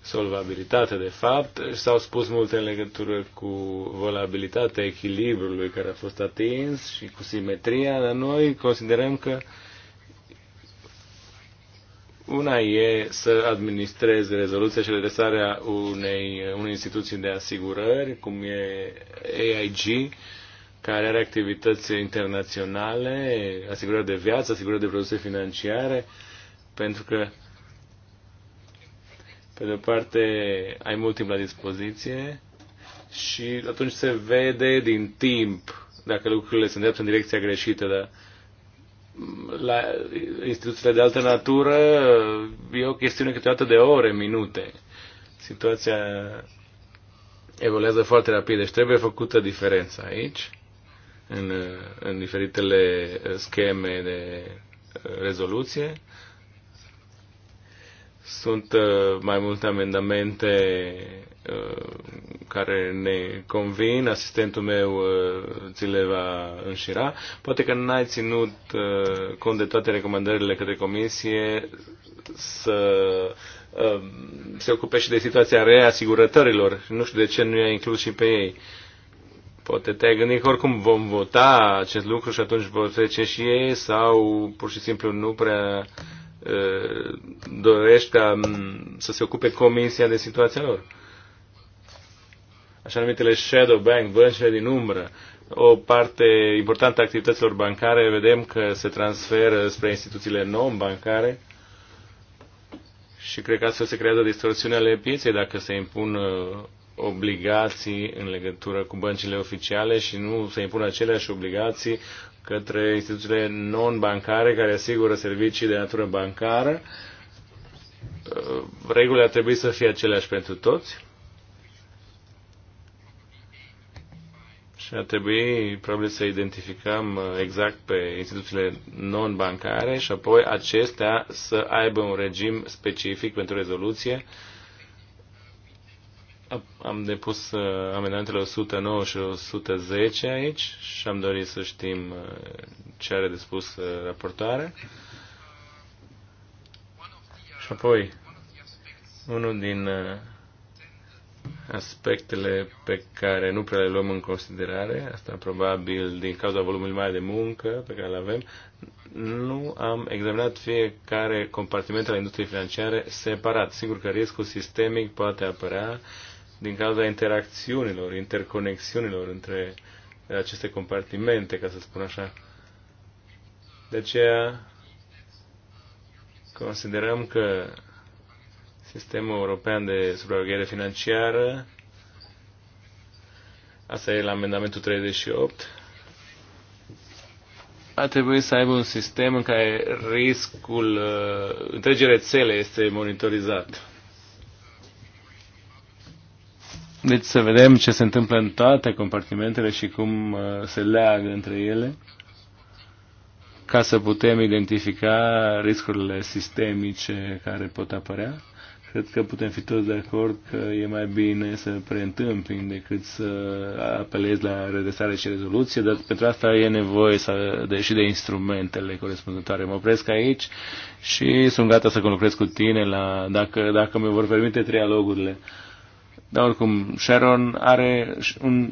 solvabilitate, de fapt, s-au spus multe în legătură cu volabilitatea echilibrului care a fost atins și cu simetria, dar noi considerăm că una e să administrezi rezoluția și redresarea unei, unei instituții de asigurări, cum e AIG, care are activități internaționale, asigurări de viață, asigurări de produse financiare, pentru că, pe de o parte, ai mult timp la dispoziție și atunci se vede din timp dacă lucrurile se îndreaptă în direcția greșită, dar la instituțiile de altă natură e o chestiune câteodată de ore, minute. Situația evoluează foarte rapid, deci trebuie făcută diferența aici în, în diferitele scheme de uh, rezoluție. Sunt uh, mai multe amendamente uh, care ne convin, asistentul meu ți le va înșira. Poate că n-ai ținut cont de toate recomandările către comisie să se ocupe și de situația reasigurătorilor. Nu știu de ce nu i-a inclus și pe ei. Uh, Poate te-ai gândit că oricum vom vota acest lucru și atunci vor trece și ei sau pur și simplu nu prea uh, dorești ca um, să se ocupe comisia de situația lor. Așa numitele shadow bank, băncile din umbră. O parte importantă a activităților bancare vedem că se transferă spre instituțiile non-bancare și cred că astfel se creează distorsiune ale pieței dacă se impun obligații în legătură cu băncile oficiale și nu se impună aceleași obligații către instituțiile non-bancare care asigură servicii de natură bancară. Uh, regulile ar trebui să fie aceleași pentru toți. Și ar trebui probabil să identificăm uh, exact pe instituțiile non-bancare și apoi acestea să aibă un regim specific pentru rezoluție uh, am depus uh, amendamentele 109 și 110 aici și am dorit să știm uh, ce are de spus uh, raportoarea. Și apoi, unul din aspectele pe care nu prea le luăm în considerare, asta probabil din cauza volumului mare de muncă pe care îl avem, nu am examinat fiecare compartiment al industriei financiare separat. Sigur că riscul sistemic poate apărea din cauza interacțiunilor, interconexiunilor între aceste compartimente, ca să spun așa. De aceea considerăm că sistemul european de supraveghere financiară, asta e la amendamentul 38, a trebuit să aibă un sistem în care riscul uh, întregii rețele este monitorizat. Deci să vedem ce se întâmplă în toate compartimentele și cum uh, se leagă între ele ca să putem identifica riscurile sistemice care pot apărea. Cred că putem fi toți de acord că e mai bine să preîntâmpin decât să apelezi la redresare și rezoluție, dar pentru asta e nevoie să, de, și de instrumentele corespunzătoare. Mă opresc aici și sunt gata să conlucrez cu tine la, dacă, dacă mi vor permite trialogurile. Dar oricum, Sharon are un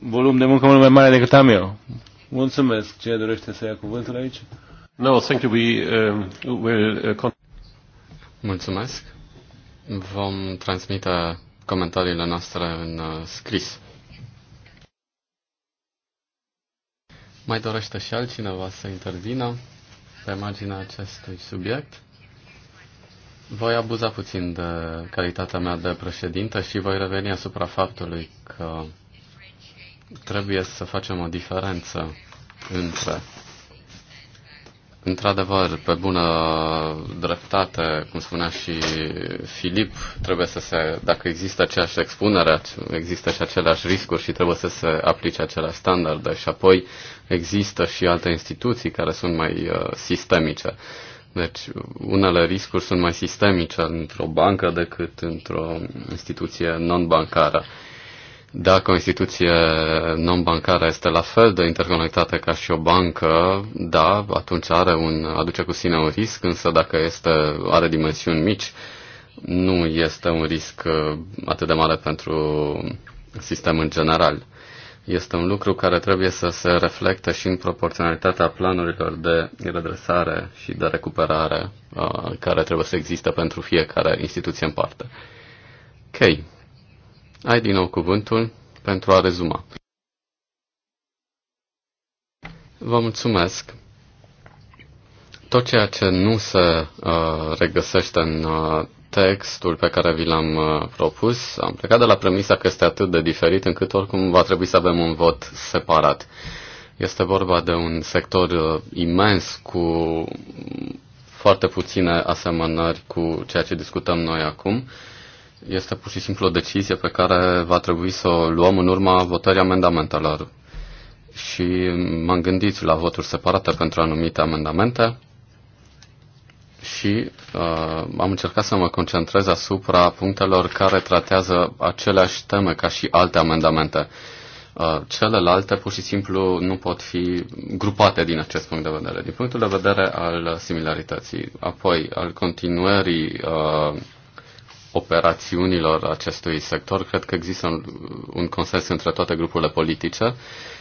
volum de muncă mult mai mare decât am eu. Mulțumesc. ce dorește să ia cuvântul aici? No, thank you. We uh, will uh, Mulțumesc. Vom transmite comentariile noastre în uh, scris. Mai dorește și altcineva să intervină pe marginea acestui subiect? Voi abuza puțin de calitatea mea de președintă și voi reveni asupra faptului că trebuie să facem o diferență între Într-adevăr, pe bună dreptate, cum spunea și Filip, trebuie să se, dacă există aceeași expunere, există și aceleași riscuri și trebuie să se aplice aceleași standarde și apoi există și alte instituții care sunt mai uh, sistemice. Deci, unele riscuri sunt mai sistemice într-o bancă decât într-o instituție non-bancară. Dacă o instituție non-bancară este la fel de interconectată ca și o bancă, da, atunci are un, aduce cu sine un risc, însă dacă este, are dimensiuni mici, nu este un risc uh, atât de mare pentru sistemul în general este un lucru care trebuie să se reflecte și în proporționalitatea planurilor de redresare și de recuperare uh, care trebuie să existe pentru fiecare instituție în parte. Ok. Ai din nou cuvântul pentru a rezuma. Vă mulțumesc. Tot ceea ce nu se uh, regăsește în uh, textul pe care vi l-am uh, propus, am plecat de la premisa că este atât de diferit încât oricum va trebui să avem un vot separat. Este vorba de un sector uh, imens cu foarte puține asemănări cu ceea ce discutăm noi acum. Este pur și simplu o decizie pe care va trebui să o luăm în urma votării amendamentelor. Și m-am gândit la voturi separate pentru anumite amendamente și uh, am încercat să mă concentrez asupra punctelor care tratează aceleași teme ca și alte amendamente. Uh, celelalte pur și simplu nu pot fi grupate din acest punct de vedere, din punctul de vedere al similarității, apoi al continuării uh, operațiunilor acestui sector. Cred că există un, un consens între toate grupurile politice. Uh,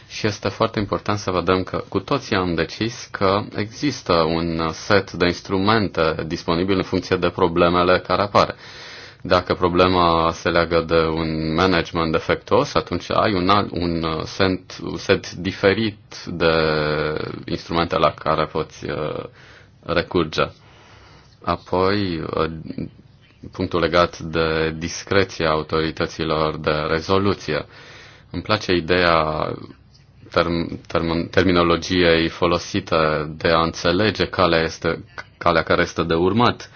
și este foarte important să vedem că cu toții am decis că există un set de instrumente disponibile în funcție de problemele care apar. Dacă problema se leagă de un management defectuos, atunci ai un, alt, un, uh, set, un set diferit de instrumente la care poți uh, recurge. Apoi, uh, punctul legat de discreția autorităților de rezoluție. Îmi place ideea term, term, terminologiei folosite, de a înțelege calea, este, calea care este de urmat.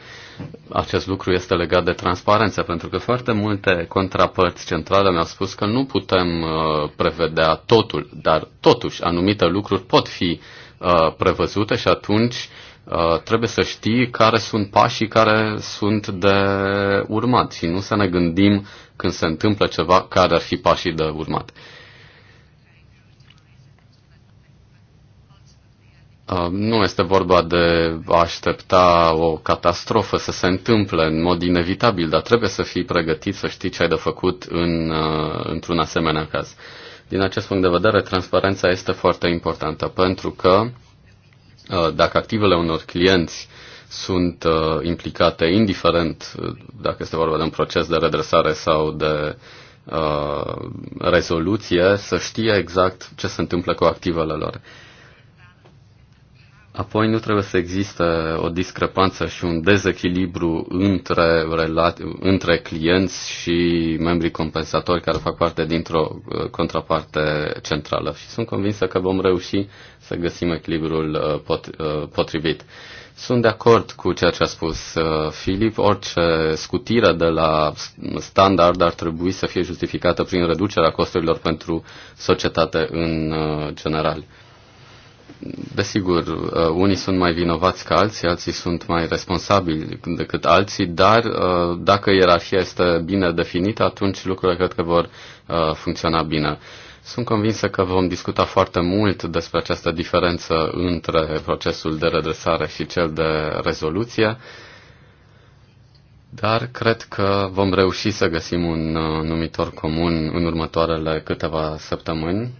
Acest lucru este legat de transparență, pentru că foarte multe contrapărți centrale mi-au spus că nu putem uh, prevedea totul, dar totuși anumite lucruri pot fi uh, prevăzute și atunci uh, trebuie să știi care sunt pașii care sunt de urmat și nu să ne gândim când se întâmplă ceva care ar fi pașii de urmat. Uh, Uh, nu este vorba de a aștepta o catastrofă să se întâmple în mod inevitabil, dar trebuie să fii pregătit să știi ce ai de făcut în, uh, într-un asemenea caz. Din acest punct de vedere, transparența este foarte importantă, pentru că uh, dacă activele unor clienți sunt implicate, indiferent dacă este vorba de un proces de redresare sau de rezoluție, să știe exact ce se întâmplă cu activele lor. Apoi nu trebuie să existe o discrepanță și un dezechilibru între, între clienți și membrii compensatori care fac parte dintr-o uh, contraparte centrală. Și sunt convinsă că vom reuși să găsim echilibrul uh, pot, uh, potrivit. Sunt de acord cu ceea ce a spus Filip. Orice scutire de la standard ar trebui să fie justificată prin reducerea costurilor pentru societate în general. Desigur, uh, unii sunt mai vinovați ca alții, alții sunt mai responsabili decât alții, dar uh, dacă ierarhia este bine definită, atunci lucrurile cred că vor uh, funcționa bine. Sunt convinsă că vom discuta foarte mult despre această diferență între procesul de redresare și cel de rezoluție, dar cred că vom reuși să găsim un numitor comun în următoarele câteva săptămâni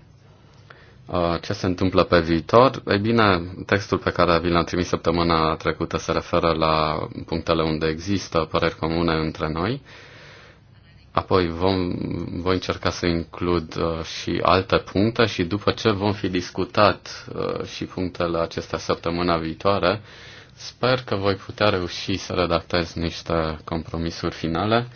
Uh, ce se întâmplă pe viitor? Ei bine, textul pe care vi l-am trimis săptămâna trecută se referă la punctele unde există păreri comune între noi. Apoi vom, voi încerca să includ uh, și alte puncte și după ce vom fi discutat uh, și punctele acestea săptămâna viitoare, sper că voi putea reuși să redactez niște compromisuri finale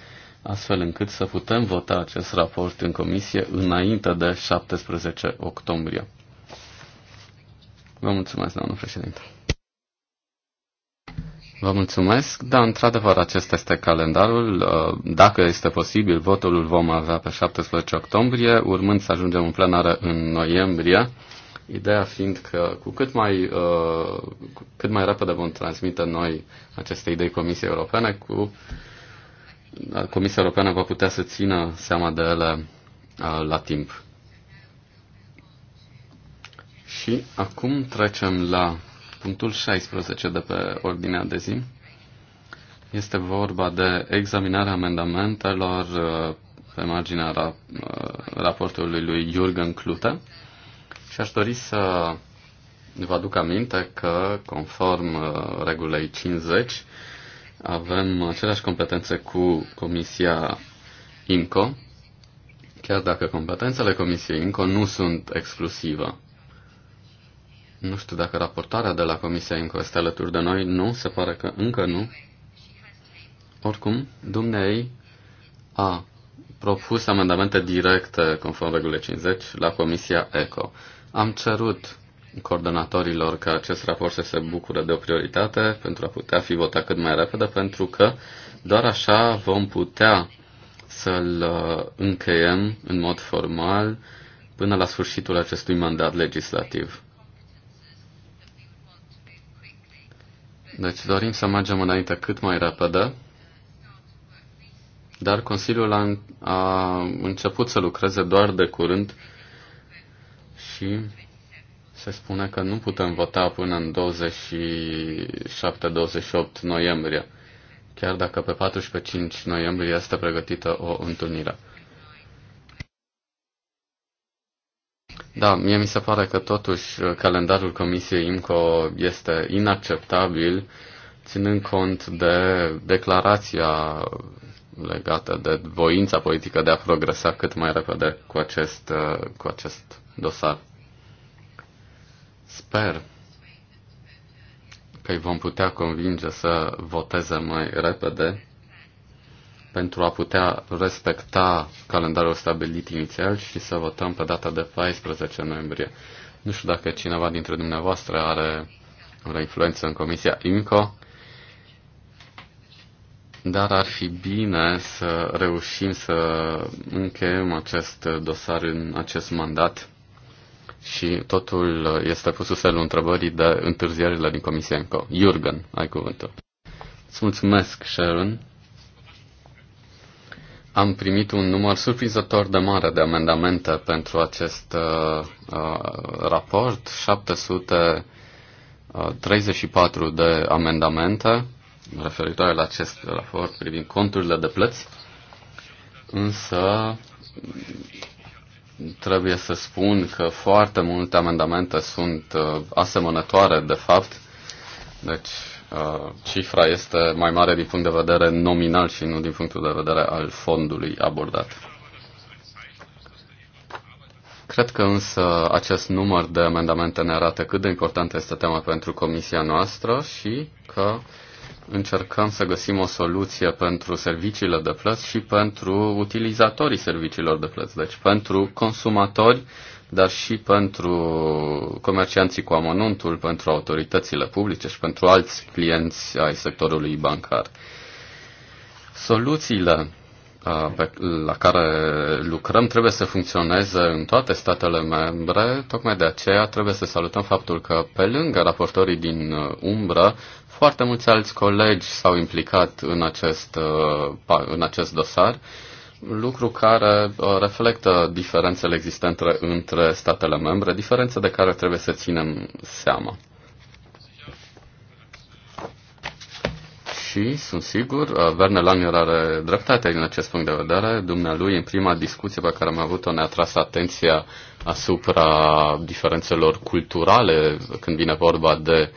astfel încât să putem vota acest raport în comisie înainte de 17 octombrie. Vă mulțumesc, doamnă președinte. Vă mulțumesc. Da, într-adevăr, acesta este calendarul. Uh, dacă este posibil, votul îl vom avea pe 17 octombrie, urmând să ajungem în plenară în noiembrie. Ideea fiind că cu cât mai, uh, cât mai repede vom transmite noi aceste idei Comisiei Europene, cu Comisia Europeană va putea să țină seama de ele uh, la timp. Și acum trecem la punctul 16 de pe ordinea de zi. Este vorba de examinarea amendamentelor uh, pe marginea uh, raportului lui Jürgen Klute și aș dori să vă aduc aminte că, conform regulei 50, avem aceleași competențe cu Comisia INCO, chiar dacă competențele Comisiei INCO nu sunt exclusive. Nu știu dacă raportarea de la Comisia INCO este alături de noi, nu, se pare că încă nu. Oricum, dumnei a propus amendamente directe conform regulii 50 la Comisia ECO. Am cerut coordonatorilor ca acest raport să se bucure de o prioritate pentru a putea fi votat cât mai repede, pentru că doar așa vom putea să-l uh, încheiem în mod formal până la sfârșitul acestui mandat legislativ. Deci dorim să mergem înainte cât mai repede, dar Consiliul a, a început să lucreze doar de curând și se spune că nu putem vota până în 27-28 noiembrie, chiar dacă pe 14-5 noiembrie este pregătită o întâlnire. Da, mie mi se pare că totuși uh, calendarul Comisiei IMCO este inacceptabil, ținând cont de declarația legată de voința politică de a progresa cât mai repede cu acest, uh, cu acest dosar. Sper că îi vom putea convinge să voteze mai repede pentru a putea respecta calendarul stabilit inițial și să votăm pe data de 14 noiembrie. Nu știu dacă cineva dintre dumneavoastră are o influență în Comisia IMCO, dar ar fi bine să reușim să încheiem acest dosar în acest mandat și totul uh, este pus sub semnul întrebării de întârzierile din Comisia încă. Jurgen, ai cuvântul. Îți mulțumesc, Sharon. Am primit un număr surprinzător de mare de amendamente pentru acest uh, uh raport, 734 uh, de amendamente referitoare la acest raport privind conturile de plăți, însă trebuie să spun că foarte multe amendamente sunt uh, asemănătoare, de fapt. Deci, uh, cifra este mai mare din punct de vedere nominal și nu din punctul de vedere al fondului abordat. Cred că însă acest număr de amendamente ne arată cât de importantă este tema pentru comisia noastră și că uh, încercăm să găsim o soluție pentru serviciile de plăți și pentru utilizatorii serviciilor de plăți, deci pentru consumatori, dar și pentru comercianții cu amănuntul, pentru autoritățile publice și pentru alți clienți ai sectorului bancar. Soluțiile pe, la care lucrăm trebuie să funcționeze în toate statele membre, tocmai de aceea trebuie să salutăm faptul că pe lângă raportorii din umbră foarte mulți alți colegi s-au implicat în acest, uh, în acest dosar, lucru care uh, reflectă diferențele existente între statele membre, diferențe de care trebuie să ținem seama. și sunt sigur, Verne uh, Langer are dreptate din acest punct de vedere. Dumnealui, în prima discuție pe care am avut-o, ne-a tras atenția asupra diferențelor culturale când vine vorba de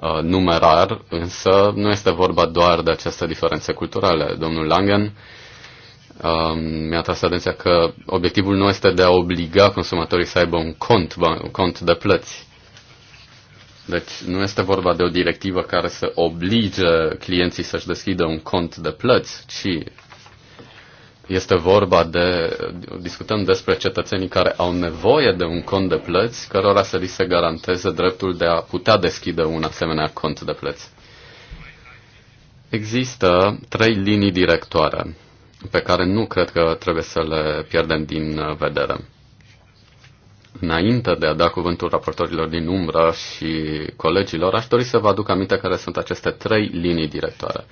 Uh, numerar, însă nu este vorba doar de aceste diferențe culturale. Domnul Langen um, mi-a tras atenția că obiectivul nu este de a obliga consumatorii să aibă un cont, un cont de plăți. Deci nu este vorba de o directivă care să oblige clienții să-și deschidă un cont de plăți, ci este vorba de, discutăm despre cetățenii care au nevoie de un cont de plăți, cărora să li se garanteze dreptul de a putea deschide un asemenea cont de plăți. Există trei linii directoare pe care nu cred că trebuie să le pierdem din vedere. Înainte de a da cuvântul raportorilor din umbră și colegilor, aș dori să vă aduc aminte care sunt aceste trei linii directoare.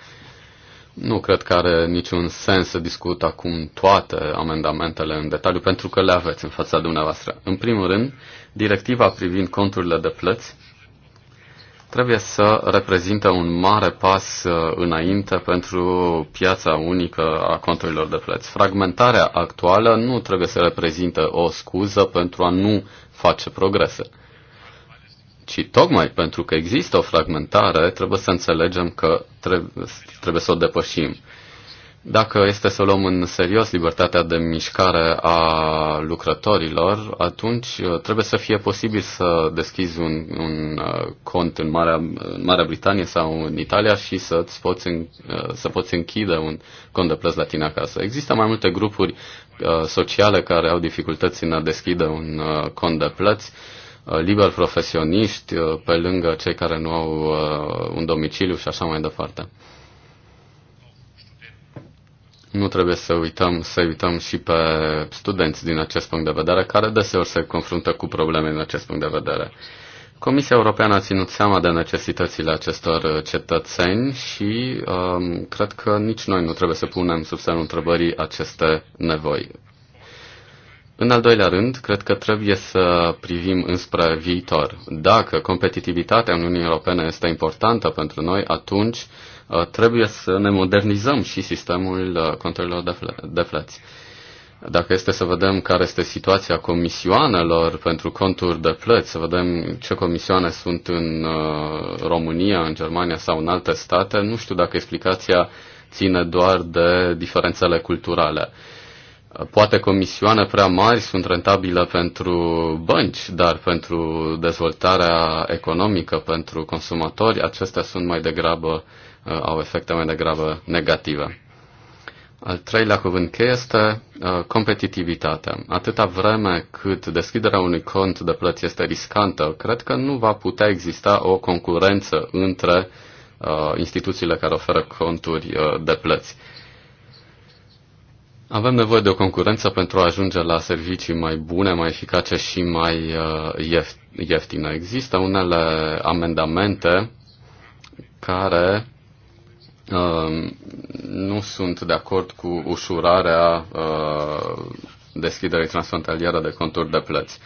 Nu cred că are niciun sens să discut acum toate amendamentele în detaliu, pentru că le aveți în fața dumneavoastră. În primul rând, directiva privind conturile de plăți trebuie să reprezintă un mare pas uh, înainte pentru piața unică a conturilor de plăți. Fragmentarea actuală nu trebuie să reprezintă o scuză pentru a nu face progrese ci tocmai pentru că există o fragmentare, trebuie să înțelegem că trebuie, trebuie să o depășim. Dacă este să luăm în serios libertatea de mișcare a lucrătorilor, atunci uh, trebuie să fie posibil să deschizi un, un uh, cont în Marea, în Marea Britanie sau în Italia și să-ți poți, în, uh, să poți închide un cont de plăți la tine acasă. Există mai multe grupuri sociale care au dificultăți în a deschide un cont de plăți Uh, liberi profesioniști, uh, pe lângă cei care nu au uh, un domiciliu și așa mai departe. Nu trebuie să uităm, să uităm și pe studenți din acest punct de vedere, care deseori se confruntă cu probleme din acest punct de vedere. Comisia Europeană a ținut seama de necesitățile acestor cetățeni și um, cred că nici noi nu trebuie să punem sub semnul întrebării aceste nevoi. În al doilea rând, cred că trebuie să privim înspre viitor. Dacă competitivitatea Uniunii Europene este importantă pentru noi, atunci uh, trebuie să ne modernizăm și sistemul uh, controlelor de plăți. Dacă este să vedem care este situația comisioanelor pentru conturi de plăți, să vedem ce comisioane sunt în uh, România, în Germania sau în alte state, nu știu dacă explicația ține doar de diferențele culturale. Poate comisioane prea mari sunt rentabile pentru bănci, dar pentru dezvoltarea economică, pentru consumatori, acestea sunt mai degrabă, uh, au efecte mai degrabă negative. Al treilea cuvânt cheie este uh, competitivitatea. Atâta vreme cât deschiderea unui cont de plăți este riscantă, cred că nu va putea exista o concurență între uh, instituțiile care oferă conturi de plăți. Avem nevoie de o concurență pentru a ajunge la servicii mai bune, mai eficace și mai uh, ieftine. Există unele amendamente care um, nu sunt de acord cu ușurarea uh, deschiderii transfrontaliere de conturi de plăți.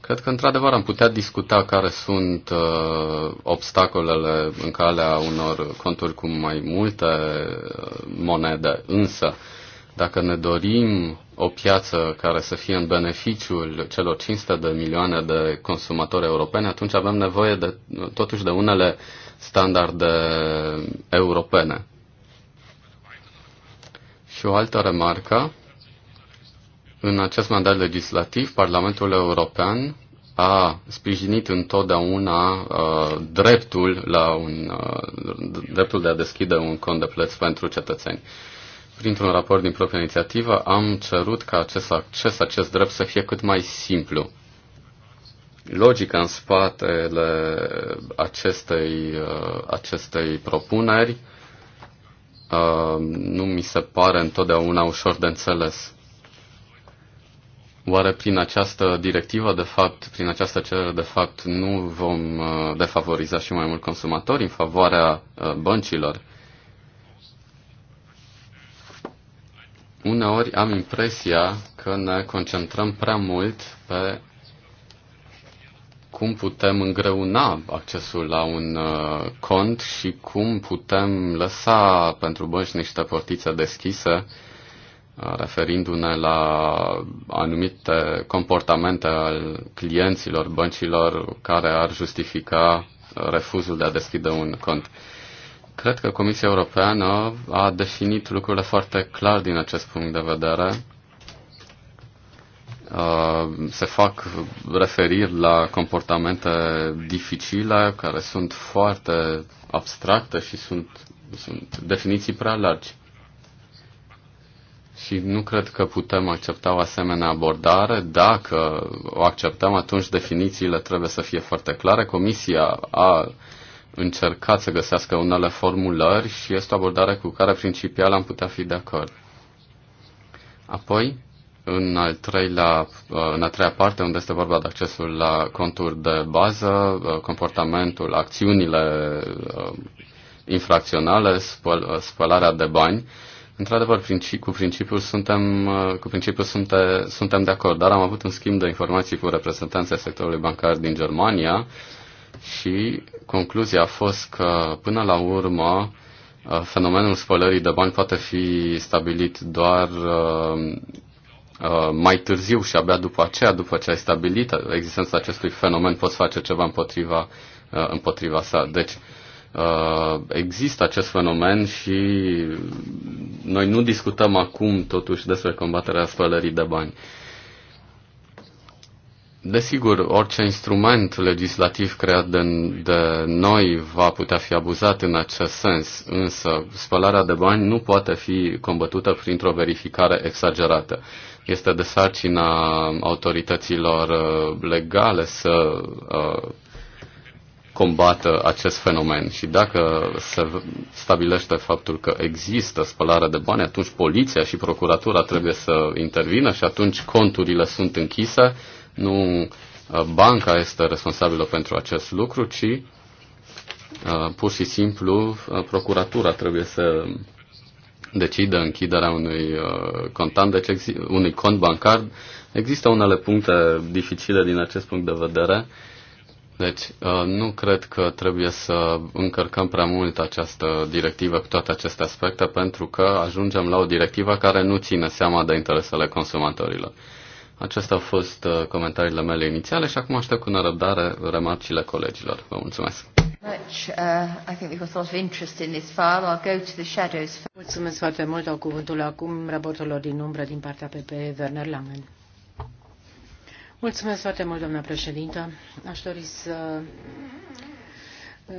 Cred că, într-adevăr, am putea discuta care sunt uh, obstacolele în calea unor conturi cu mai multe uh, monede, însă uh, dacă ne dorim o piață care să fie în beneficiul celor 500 de milioane de consumatori europeni, atunci avem nevoie de, totuși de unele standarde europene. Și o altă remarcă, în acest mandat legislativ, Parlamentul European a sprijinit întotdeauna uh, dreptul, la un, uh, dreptul de a deschide un cont de plăți pentru cetățeni. Uh, printr-un raport din propria inițiativă, am cerut ca acest acces, acest drept să fie cât mai simplu. Logica în spatele acestei, uh, acestei propuneri uh, nu mi se pare întotdeauna ușor de înțeles. Oare prin această directivă, de fapt, prin această cerere, de fapt, nu vom uh, defavoriza și mai mult consumatori în favoarea băncilor? uneori am impresia că ne concentrăm prea mult pe cum putem îngreuna accesul la un uh, cont și cum putem lăsa pentru bănci niște portițe deschise, uh, referindu-ne la anumite comportamente al clienților băncilor care ar justifica refuzul de a deschide un cont. Cred că Comisia Europeană a definit lucrurile foarte clar din acest punct de vedere. Uh, se fac referiri la comportamente dificile, care sunt foarte abstracte și sunt, sunt definiții prea largi. Și nu cred că putem accepta o asemenea abordare. Dacă o acceptăm, atunci definițiile trebuie să fie foarte clare. Comisia a încercat să găsească unele formulări și este o abordare cu care principial am putea fi de acord. Apoi, în, al treilea, în a treia parte, unde este vorba de accesul la conturi de bază, comportamentul, acțiunile uh, infracționale, uh, spălarea de bani, Într-adevăr, cu principiul suntem, uh, cu principiul suntem suntem de acord, dar am avut un schimb de informații cu reprezentanții sectorului bancar din Germania și concluzia a fost că, până la urmă, uh, fenomenul spălării de bani poate fi stabilit doar uh, uh, mai târziu și abia după aceea, după ce ai stabilit existența acestui fenomen, poți face ceva împotriva, împotriva sa. Deci, există acest fenomen și noi nu discutăm acum totuși despre combaterea spălării de bani. Desigur, orice instrument legislativ creat de, de noi va putea fi abuzat în acest sens, însă spălarea de bani nu poate fi combătută printr-o verificare exagerată. Este de sarcina autorităților uh, legale să uh, combată acest fenomen și dacă se stabilește faptul că există spălare de bani, atunci poliția și procuratura trebuie să intervină și atunci conturile sunt închise nu uh, banca este responsabilă pentru acest lucru, ci uh, pur și simplu uh, procuratura trebuie să decidă închiderea unui contant, deci unui cont bancar. Există unele puncte dificile din acest punct de vedere. Deci, nu cred că trebuie să încărcăm prea mult această directivă cu toate aceste aspecte, pentru că ajungem la o directivă care nu ține seama de interesele consumatorilor. Acestea au fost uh, comentariile mele inițiale și acum aștept cu nerăbdare remarcile colegilor. Vă mulțumesc! Uh, mulțumesc foarte mult. Au cuvântul acum raportorilor din umbră din partea PP, Werner Langen. Mulțumesc foarte mult, doamna președintă. Aș dori să uh,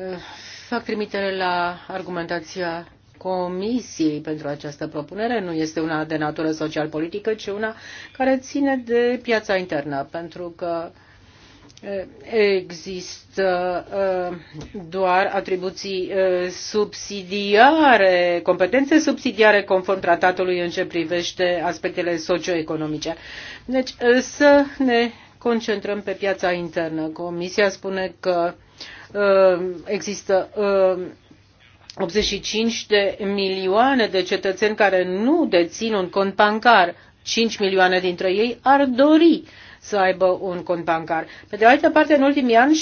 fac trimitere la argumentația Comisiei pentru această propunere nu este una de natură social-politică, ci una care ține de piața internă, pentru că există doar atribuții subsidiare, competențe subsidiare conform tratatului în ce privește aspectele socioeconomice. Deci să ne concentrăm pe piața internă. Comisia spune că există 85 de milioane de cetățeni care nu dețin un cont bancar, 5 milioane dintre ei ar dori să aibă un cont bancar. Pe de altă parte, în ultimii ani,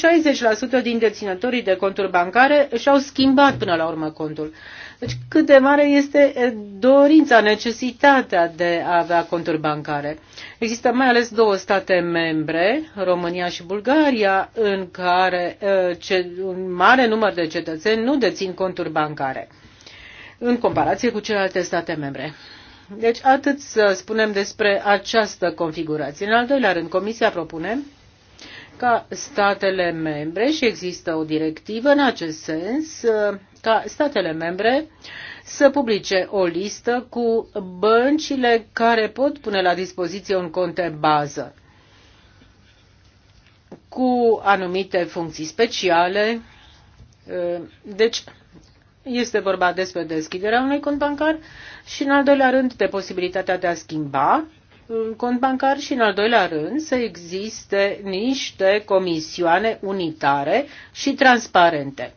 60% din deținătorii de conturi bancare și-au schimbat până la urmă contul. Deci cât de mare este dorința, necesitatea de a avea conturi bancare. Există mai ales două state membre, România și Bulgaria, în care ce, un mare număr de cetățeni nu dețin conturi bancare în comparație cu celelalte state membre. Deci atât să spunem despre această configurație. În al doilea rând, Comisia propune ca statele membre și există o directivă în acest sens ca statele membre să publice o listă cu băncile care pot pune la dispoziție un cont de bază cu anumite funcții speciale. Eh, deci, este vorba despre deschiderea unui cont bancar și, în al doilea rând, de posibilitatea de a schimba un cont bancar și, în al doilea rând, să existe niște comisioane unitare și transparente.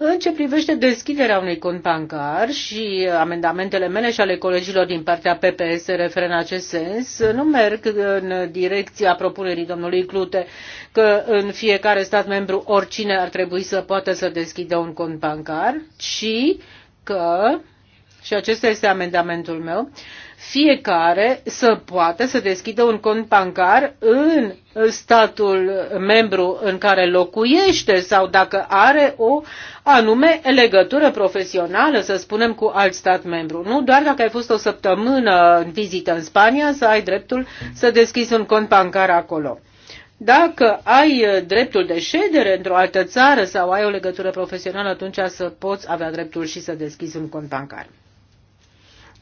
În ce privește deschiderea unui cont bancar și amendamentele mele și ale colegilor din partea PPS referă în acest sens, nu merg în direcția propunerii domnului Clute că în fiecare stat membru oricine ar trebui să poată să deschidă un cont bancar, ci că și acesta este amendamentul meu, fiecare să poată să deschidă un cont bancar în statul membru în care locuiește sau dacă are o anume legătură profesională, să spunem, cu alt stat membru. Nu doar dacă ai fost o săptămână în vizită în Spania să ai dreptul să deschizi un cont bancar acolo. Dacă ai dreptul de ședere într-o altă țară sau ai o legătură profesională, atunci să poți avea dreptul și să deschizi un cont bancar.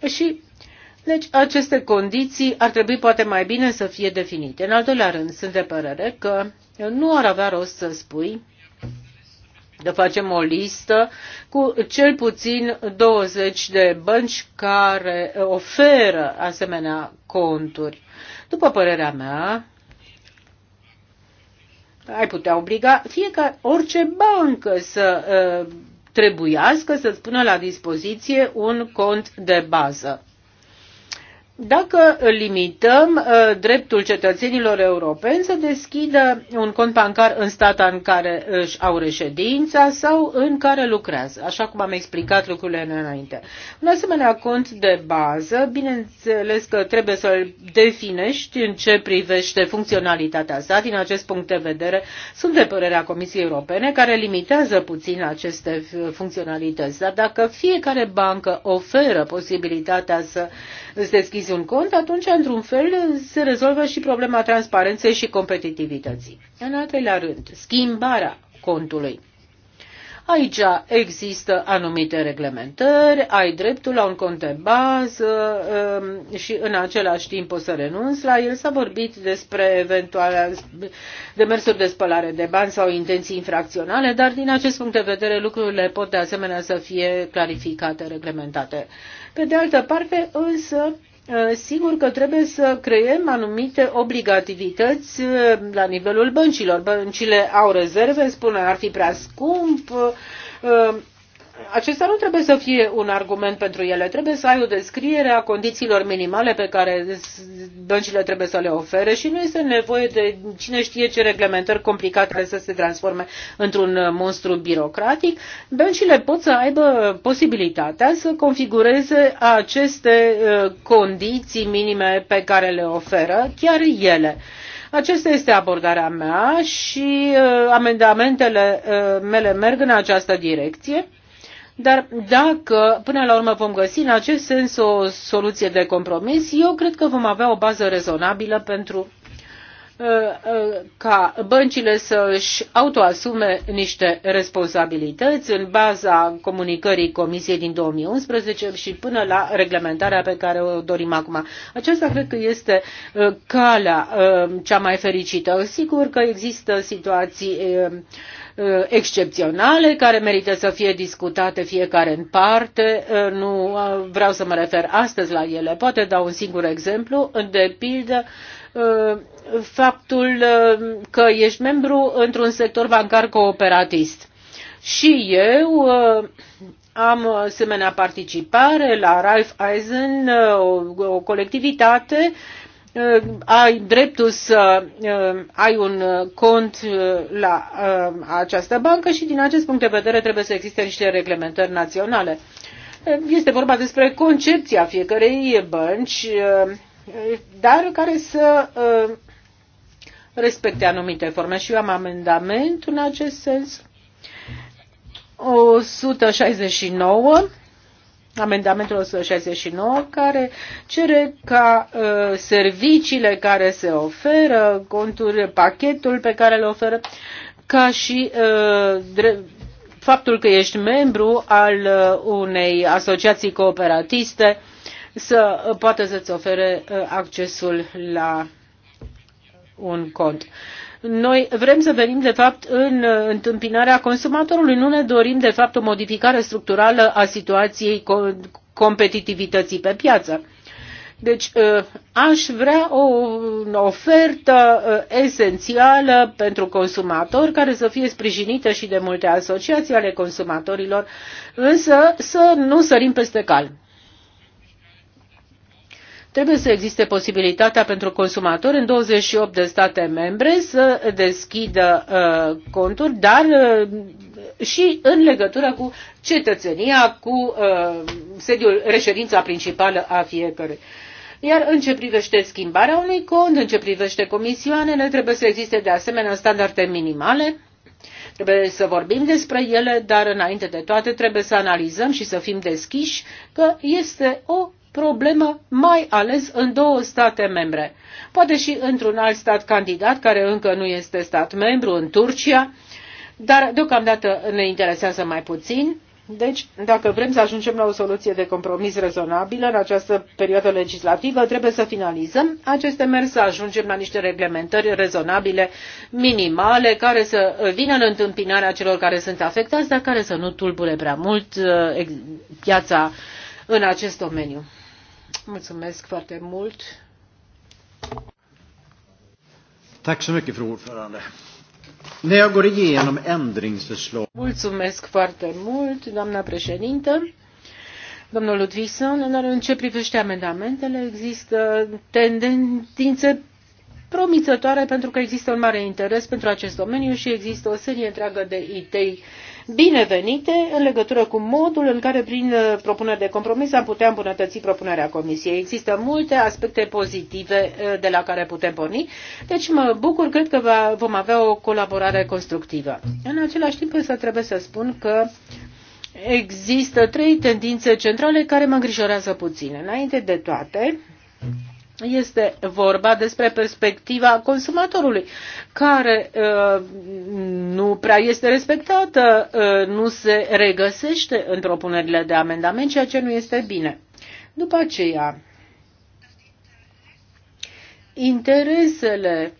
Și deci aceste condiții ar trebui poate mai bine să fie definite. În al doilea rând, sunt de părere că nu ar avea rost să spui că facem o listă cu cel puțin 20 de bănci care oferă asemenea conturi. După părerea mea, ai putea obliga fiecare, orice bancă să uh, trebuiască să spună la dispoziție un cont de bază dacă limităm uh, dreptul cetățenilor europeni să deschidă un cont bancar în stat în care își au reședința sau în care lucrează, așa cum am explicat lucrurile înainte. Un asemenea cont de bază, bineînțeles că trebuie să-l definești în ce privește funcționalitatea sa. Din acest punct de vedere, sunt de părerea Comisiei Europene, care limitează puțin aceste funcționalități. Dar dacă fiecare bancă oferă posibilitatea să îți deschizi deschizi un cont, atunci, într-un fel, se rezolvă și problema transparenței și competitivității. În al treilea rând, schimbarea contului. Aici există anumite reglementări, ai dreptul la un cont de bază um, și în același timp o să renunți la el. S-a vorbit despre eventuale demersuri de spălare de bani sau intenții infracționale, dar din acest punct de vedere lucrurile pot de asemenea să fie clarificate, reglementate. Pe de altă parte, însă, Uh, sigur că trebuie să creăm anumite obligativități uh, la nivelul băncilor. Băncile au rezerve, spun ar fi prea scump, uh, acesta nu trebuie să fie un argument pentru ele, trebuie să ai o descriere a condițiilor minimale pe care băncile trebuie să le ofere și nu este nevoie de cine știe ce reglementări complicate să se transforme într-un monstru birocratic. Băncile pot să aibă posibilitatea să configureze aceste uh, condiții minime pe care le oferă chiar ele. Aceasta este abordarea mea și uh, amendamentele uh, mele merg în această direcție dar dacă până la urmă vom găsi în acest sens o soluție de compromis, eu cred că vom avea o bază rezonabilă pentru uh, uh, ca băncile să și autoasume niște responsabilități în baza comunicării Comisiei din 2011 și până la reglementarea pe care o dorim acum. Aceasta cred că este uh, calea cea mai fericită. Sigur că există situații Uh, excepționale care merită să fie discutate fiecare în parte. Uh, nu uh, vreau să mă refer astăzi la ele. Poate dau un singur exemplu. De pildă, faptul că ești membru într-un sector bancar cooperatist. Și eu am asemenea participare la Raiffeisen, o, o colectivitate Uh, ai dreptul să uh, ai un uh, cont la această bancă și din acest punct de vedere trebuie să existe niște reglementări naționale. Este vorba despre concepția fiecărei bănci, dar care să respecte anumite forme. Și eu am amendament în acest sens. 169 amendamentul 169 care cere ca uh, serviciile care se oferă, conturi, pachetul pe care le oferă, ca și uh, faptul că ești membru al uh, unei asociații cooperatiste să uh, poată să-ți ofere uh, accesul la un cont. Uh, noi vrem să venim, de fapt, în uh, întâmpinarea consumatorului. Nu ne dorim, de fapt, o modificare structurală a situației competitivității pe piață. Deci uh, aș vrea o ofertă uh, esențială pentru consumator care să fie sprijinită și de multe asociații ale consumatorilor, însă să nu sărim peste cal. Trebuie să existe posibilitatea pentru consumator în 28 de state membre să deschidă uh, conturi, dar uh, și în legătură cu cetățenia, cu uh, sediul, reședința principală a fiecărui. Iar în ce privește schimbarea unui cont, în ce privește comisioanele, trebuie să existe de asemenea standarde minimale Trebuie să vorbim despre ele, dar înainte de toate trebuie să analizăm și să fim deschiși că este o problemă, mai ales în două state membre. Poate și într-un alt stat candidat care încă nu este stat membru, în Turcia, dar deocamdată ne interesează mai puțin. Deci, dacă vrem să ajungem la o soluție de compromis rezonabilă în această perioadă legislativă, trebuie să finalizăm aceste mers, să ajungem la niște reglementări rezonabile, minimale, care să vină în întâmpinarea celor care sunt afectați, dar care să nu tulbure prea mult eh, piața în acest domeniu. Mulțumesc foarte mult. Tack så mycket, fru ordförande. När jag går igenom ändringsförslag... Mulțumesc foarte mult, doamna președintă. Domnul Ludvison, în, în ce privește amendamentele, există tendințe promițătoare pentru că există un mare interes pentru acest domeniu și există o serie întreagă de idei binevenite în legătură cu modul în care prin uh, propuneri de compromis am putea îmbunătăți propunerea Comisiei. Există multe aspecte pozitive uh, de la care putem porni, deci mă bucur, cred că va, vom avea o colaborare constructivă. În același timp însă trebuie să spun că există trei tendințe centrale care mă îngrijorează puțin. Înainte de toate, este vorba despre perspectiva consumatorului, care uh, nu prea este respectată, uh, nu se regăsește în propunerile de amendament, ceea ce nu este bine. După aceea, interesele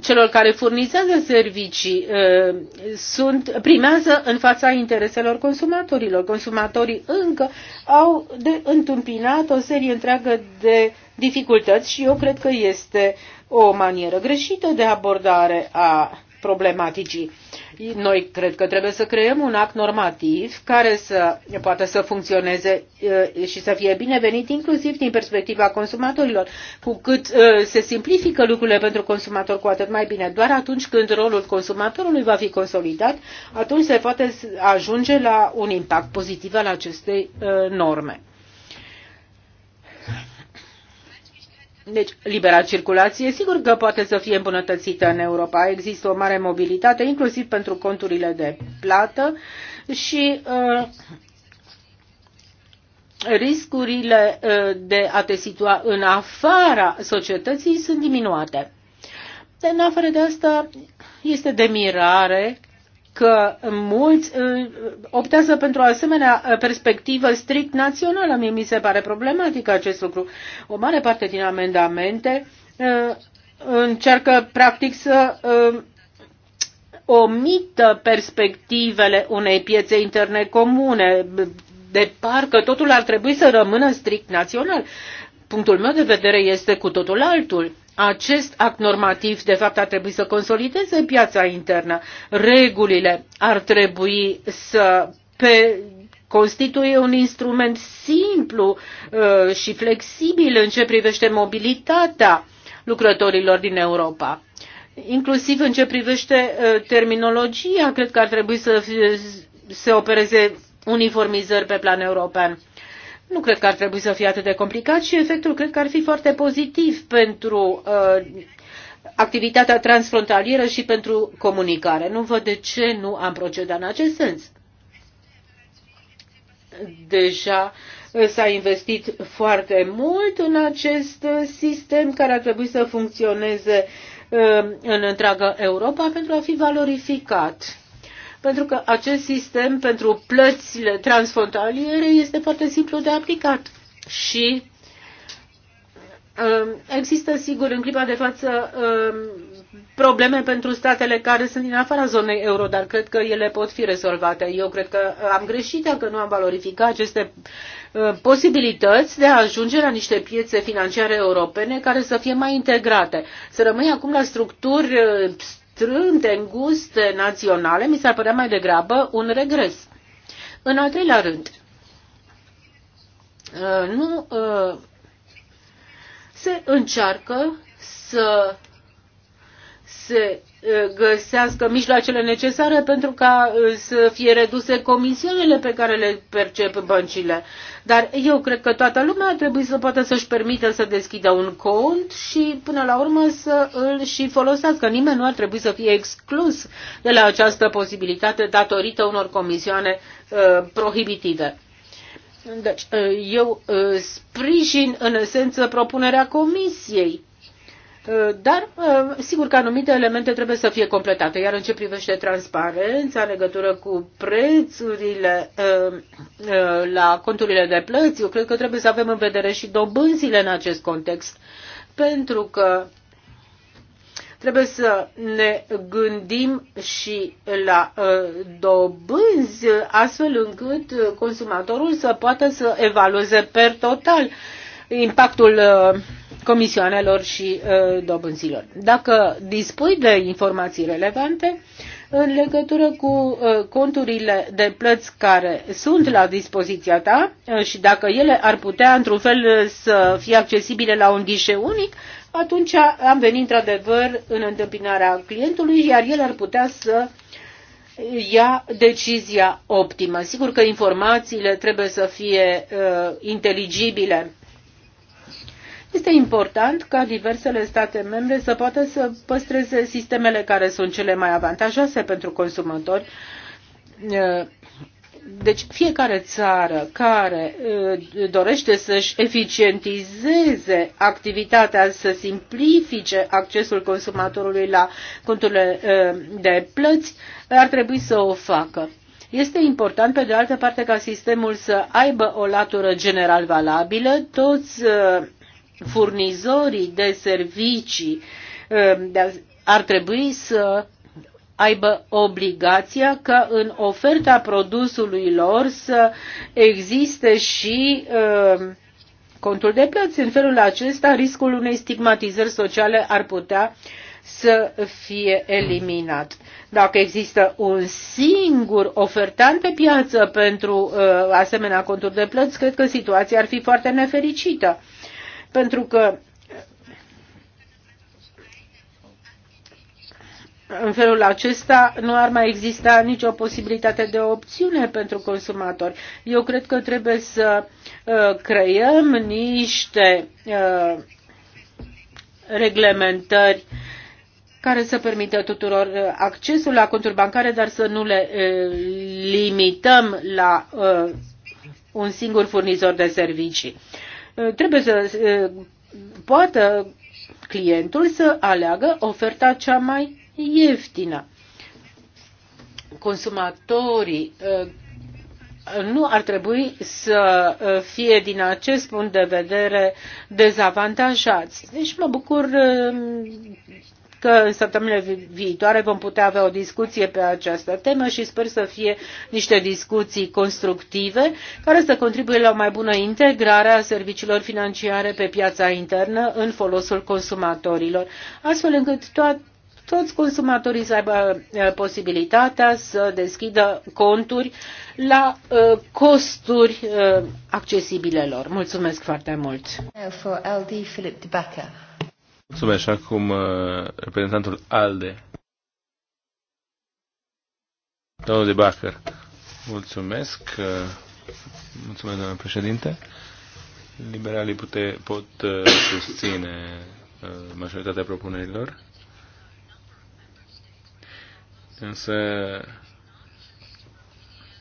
celor care furnizează servicii uh, sunt, primează în fața intereselor consumatorilor. Consumatorii încă au de întâmpinat o serie întreagă de dificultăți și eu cred că este o manieră greșită de abordare a problematicii. Noi cred că trebuie să creăm un act normativ care să poată să funcționeze eh, și să fie binevenit inclusiv din perspectiva consumatorilor. Cu cât eh, se simplifică lucrurile pentru consumator, cu atât mai bine. Doar atunci când rolul consumatorului va fi consolidat, atunci se poate ajunge la un impact pozitiv al acestei eh, norme. Deci, libera circulație, sigur că poate să fie îmbunătățită în Europa. Există o mare mobilitate, inclusiv pentru conturile de plată și uh, riscurile uh, de a te situa în afara societății sunt diminuate. În afară de asta, este de mirare că mulți uh, optează pentru o asemenea uh, perspectivă strict națională. Mie mi se pare problematic acest lucru. O mare parte din amendamente uh, încearcă practic să omită perspectivele unei piețe interne comune, de parcă totul ar trebui să rămână strict național. Punctul meu de vedere este cu totul altul acest act normativ, de fapt, ar trebui să consolideze piața internă. Regulile ar trebui să pe, constituie un instrument simplu uh, și flexibil în ce privește mobilitatea lucrătorilor din Europa. Inclusiv în ce privește uh, terminologia, cred că ar trebui să se opereze uniformizări pe plan european. Nu cred că ar trebui să fie atât de complicat și efectul cred că ar fi foarte pozitiv pentru uh, activitatea transfrontalieră și pentru comunicare. Nu văd de ce nu am procedat în acest sens. Deja uh, s-a investit foarte mult în acest uh, sistem care ar trebui să funcționeze uh, în întreaga Europa pentru a fi valorificat pentru că acest sistem pentru plățile transfrontaliere este foarte simplu de aplicat. Și um, Există, sigur, în clipa de față um, probleme pentru statele care sunt din afara zonei euro, dar cred că ele pot fi rezolvate. Eu cred că am greșit dacă nu am valorificat aceste uh, posibilități de a ajunge la niște piețe financiare europene care să fie mai integrate. Să rămâi acum la structuri uh, în guste naționale, mi s-ar părea mai degrabă un regres. În al treilea rând, uh, nu uh, se încearcă să se găsească mijloacele necesare pentru ca uh, să fie reduse comisiunile pe care le percep băncile. Dar eu cred că toată lumea trebuie să poată să-și permită să deschidă un cont și până la urmă să îl și folosească. Nimeni nu ar trebui să fie exclus de la această posibilitate datorită unor comisioane uh, prohibitive. Deci, uh, eu uh, sprijin în esență propunerea comisiei Eh, dar, eh, sigur că anumite elemente trebuie să fie completate. Iar în ce privește transparența în legătură cu prețurile eh, la conturile de plăți, eu cred că trebuie să avem în vedere și dobânzile în acest context, pentru că trebuie să ne gândim și la dobânzi, astfel încât consumatorul să poată să evalueze per total impactul comisioanelor și uh, dobânzilor. Dacă dispui de informații relevante în legătură cu uh, conturile de plăți care sunt la dispoziția ta uh, și dacă ele ar putea într-un fel să fie accesibile la un ghișe unic, atunci am venit într-adevăr în întâmpinarea clientului, iar el ar putea să ia decizia optimă. Sigur că informațiile trebuie să fie uh, inteligibile este important ca diversele state membre să poată să păstreze sistemele care sunt cele mai avantajoase pentru consumatori. Eh, deci fiecare țară care eh, dorește să-și eficientizeze activitatea, să simplifice accesul consumatorului la conturile eh, de plăți, ar trebui să o facă. Este important, pe de altă parte, ca sistemul să aibă o latură general valabilă. Toți furnizorii de servicii eh, ar trebui să aibă obligația ca în oferta produsului lor să existe și eh, contul de plăți. În felul acesta, riscul unei stigmatizări sociale ar putea să fie eliminat. Dacă există un singur ofertant pe piață pentru uh, asemenea conturi de plăți, cred că situația ar fi foarte nefericită. Pentru că în felul acesta nu ar mai exista nicio posibilitate de opțiune pentru consumatori. Eu cred că trebuie să uh, creăm niște uh, reglementări care să permită tuturor uh, accesul la conturi bancare, dar să nu le limităm la un singur furnizor de servicii. Uh, trebuie să uh, poată clientul să aleagă oferta cea mai ieftină. Consumatorii uh, nu ar trebui să fie din acest punct de vedere dezavantajați. Deci mă bucur că în săptămânile viitoare vom putea avea o discuție pe această temă și sper să fie niște discuții constructive care să contribuie la o mai bună integrare a serviciilor financiare pe piața internă în folosul consumatorilor, astfel încât toate toți consumatorii să aibă posibilitatea să deschidă conturi la costuri accesibile lor. Mulțumesc foarte mult! Mulțumesc și acum uh, reprezentantul ALDE. Domnul de Bacăr. Mulțumesc. Uh, mulțumesc, domnule președinte. Liberalii pute, pot uh, susține majoritatea propunerilor. Însă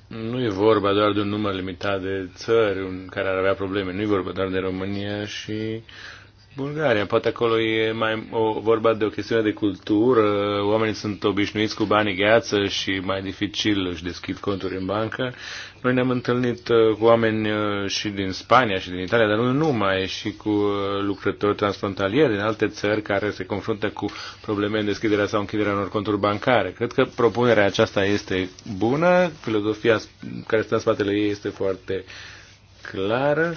nu e vorba doar de un număr limitat de țări un care ar avea probleme, nu e vorba doar de România și Bulgaria. Poate acolo e mai o, vorba de o chestiune de cultură, oamenii sunt obișnuiți cu banii gheață și mai dificil își deschid conturi în bancă. Noi ne-am întâlnit uh, cu oameni uh, și din Spania și din Italia, dar nu numai, și cu uh, lucrători transfrontalieri din alte țări care se confruntă cu probleme în deschiderea sau închiderea unor conturi bancare. Cred că propunerea aceasta este bună, filozofia care stă în spatele ei este foarte clară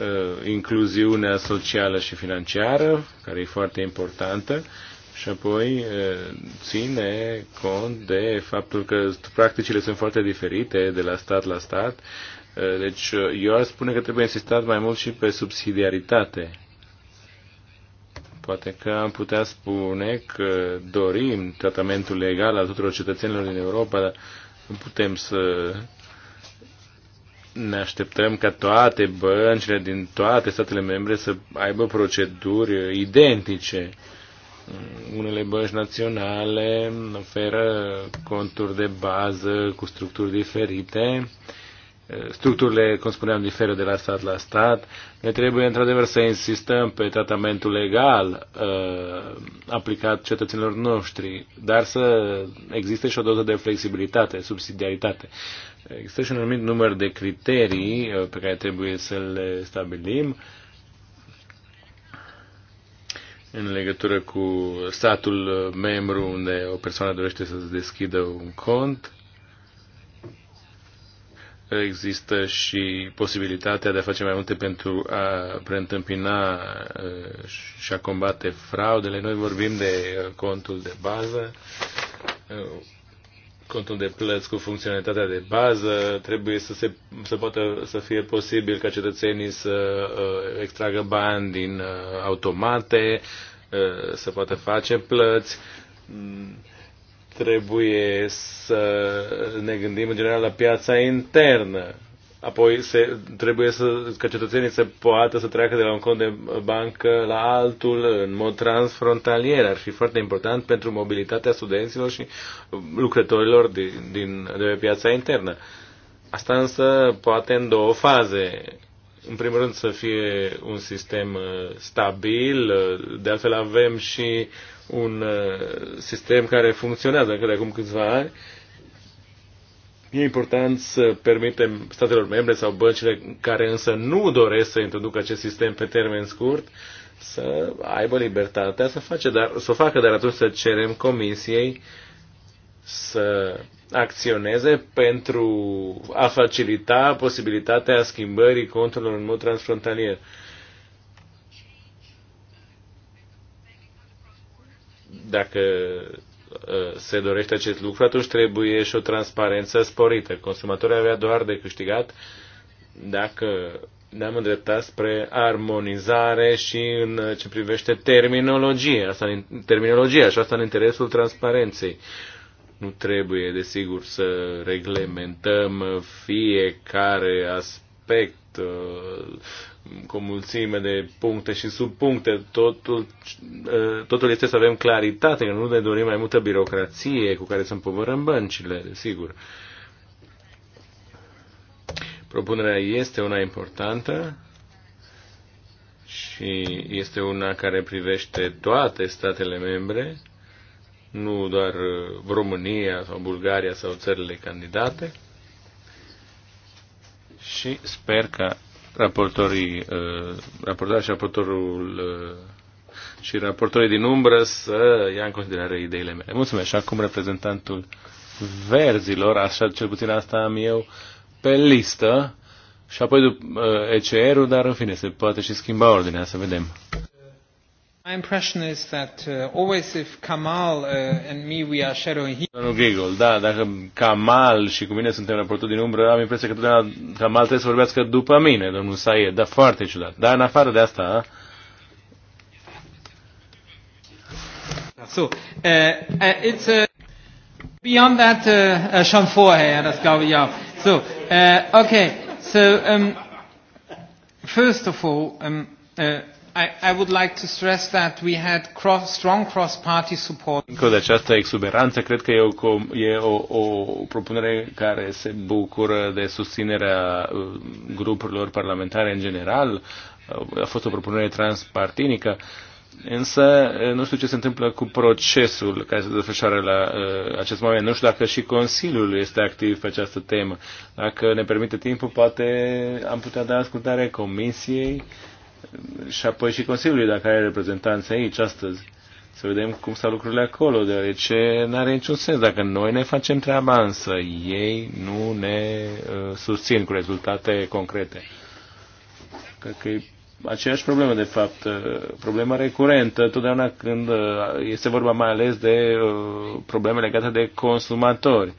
Uh, incluziunea socială și financiară, care e foarte importantă, și apoi uh, ține cont de faptul că practicile sunt foarte diferite de la stat la stat. Uh, deci eu ar spune că trebuie insistat mai mult și pe subsidiaritate. Poate că am putea spune că dorim tratamentul legal al tuturor cetățenilor din Europa, dar nu putem să ne așteptăm ca toate băncile din toate statele membre să aibă proceduri identice. Unele bănci naționale oferă conturi de bază cu structuri diferite structurile, cum spuneam, diferă de la stat la stat. Ne trebuie, într-adevăr, să insistăm pe tratamentul legal uh, aplicat cetățenilor noștri, dar să existe și o doză de flexibilitate, subsidiaritate. Există și un anumit număr de criterii uh, pe care trebuie să le stabilim în legătură cu statul membru unde o persoană dorește să deschidă un cont există și posibilitatea de a face mai multe pentru a preîntâmpina uh, și a combate fraudele. Noi vorbim de uh, contul de bază, uh, contul de plăți cu funcționalitatea de bază, trebuie să, se, să poată să fie posibil ca cetățenii să extragă bani din automate, să poată face plăți trebuie să ne gândim în general la piața internă. Apoi se, trebuie să, ca cetățenii să poată să treacă de la un cont de bancă la altul în mod transfrontalier. Ar fi foarte important pentru mobilitatea studenților și lucrătorilor din, din, de piața internă. Asta însă poate în două faze. În primul rând să fie un sistem uh, stabil, uh, de altfel avem și un uh, sistem care funcționează încă de acum câțiva ani. E important să permitem statelor membre sau băncile care însă nu doresc să introducă acest sistem pe termen scurt să aibă libertatea să, face, dar, să o facă, dar atunci să cerem comisiei să acționeze pentru a facilita posibilitatea schimbării conturilor în mod transfrontalier. dacă ă, se dorește acest lucru, atunci trebuie și o transparență sporită. Consumatorul avea doar de câștigat dacă ne-am îndreptat spre armonizare și în ce privește terminologie, asta în, terminologia și asta în interesul transparenței. Nu trebuie, desigur, să reglementăm fiecare aspect ă, cu o mulțime de puncte și subpuncte. Totul, eh, totul este să avem claritate, că nu ne dorim mai multă birocrație cu care să împovărăm băncile, desigur. Propunerea este una importantă și este una care privește toate statele membre, nu doar eh, România sau Bulgaria sau țările candidate. Și sper că raportorii, uh, raportoarea și raportorul uh, și raportorii din umbră să ia în considerare ideile mele. Mulțumesc. Și acum reprezentantul verzilor, așa cel puțin asta am eu pe listă, și apoi după uh, ECR-ul, dar în fine, se poate și schimba ordinea, să vedem. My impression is that uh, always if Kamal uh, and me we are shadowing him. Domnul da, dacă Kamal și cu mine suntem portul din umbră, am impresia că totdeauna Kamal trebuie să vorbească după mine, domnul Saied, da, foarte ciudat. Dar în afară de asta... So, uh, uh, it's uh, beyond that uh, uh, schon vorher, das uh, glaube ich auch. So, uh, okay, so um, first of all, um, uh, I, would like to stress that we had cross, strong cross-party support. Încă de această exuberanță, cred că e, o, e o, o propunere care se bucură de susținerea uh, grupurilor parlamentare în general. Uh, a fost o propunere transpartinică. Însă uh, nu știu ce se întâmplă cu procesul care se desfășoară la uh, acest moment. Nu știu dacă și Consiliul este activ pe această temă. Dacă ne permite timpul, poate am putea da ascultare Comisiei și apoi și Consiliului, dacă are reprezentanți aici astăzi. Să vedem cum stau lucrurile acolo, deoarece nu are niciun sens. Dacă noi ne facem treaba, însă ei nu ne uh, susțin cu rezultate concrete. Cred că e aceeași problemă, de fapt, uh, problema recurentă, totdeauna când uh, este vorba mai ales de uh, probleme legate de consumatori.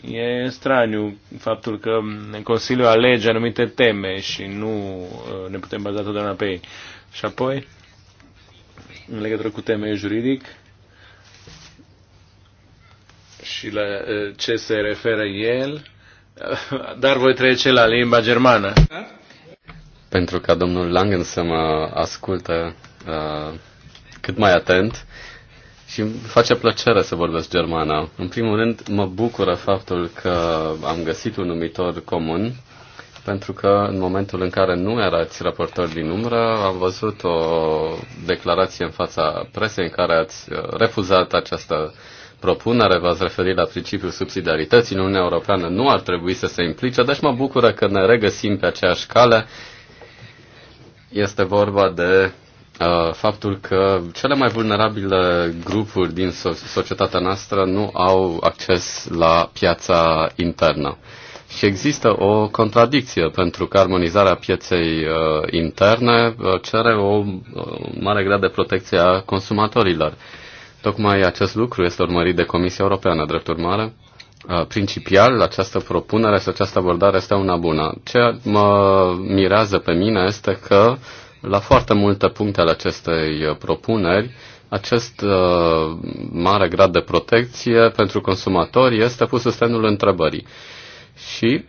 E straniu faptul că Consiliul alege anumite teme și nu uh, ne putem baza totdeauna pe ei. Și apoi, în legătură cu teme juridic și la uh, ce se referă el, uh, dar voi trece la limba germană. Pentru ca domnul Langen să mă ascultă uh, cât mai atent, și îmi face plăcere să vorbesc germană. În primul rând, mă bucură faptul că am găsit un numitor comun, pentru că în momentul în care nu erați raportor din umbră, am văzut o declarație în fața presei în care ați uh, refuzat această propunere, v-ați referit la principiul subsidiarității în Uniunea Europeană, nu ar trebui să se implice, deci mă bucură că ne regăsim pe aceeași cale. Este vorba de Uh, faptul că cele mai vulnerabile grupuri din societatea noastră nu au acces la piața internă. Și există o contradicție, pentru că armonizarea pieței uh, interne uh, cere o uh, mare grad de protecție a consumatorilor. Tocmai acest lucru este urmărit de Comisia Europeană, drept urmare. Uh, principial, această propunere și această abordare este una bună. Ce mă mirează pe mine este că uh, la foarte multe puncte ale acestei uh, propuneri, acest uh, mare grad de protecție pentru consumatori este pus în semnul întrebării. Și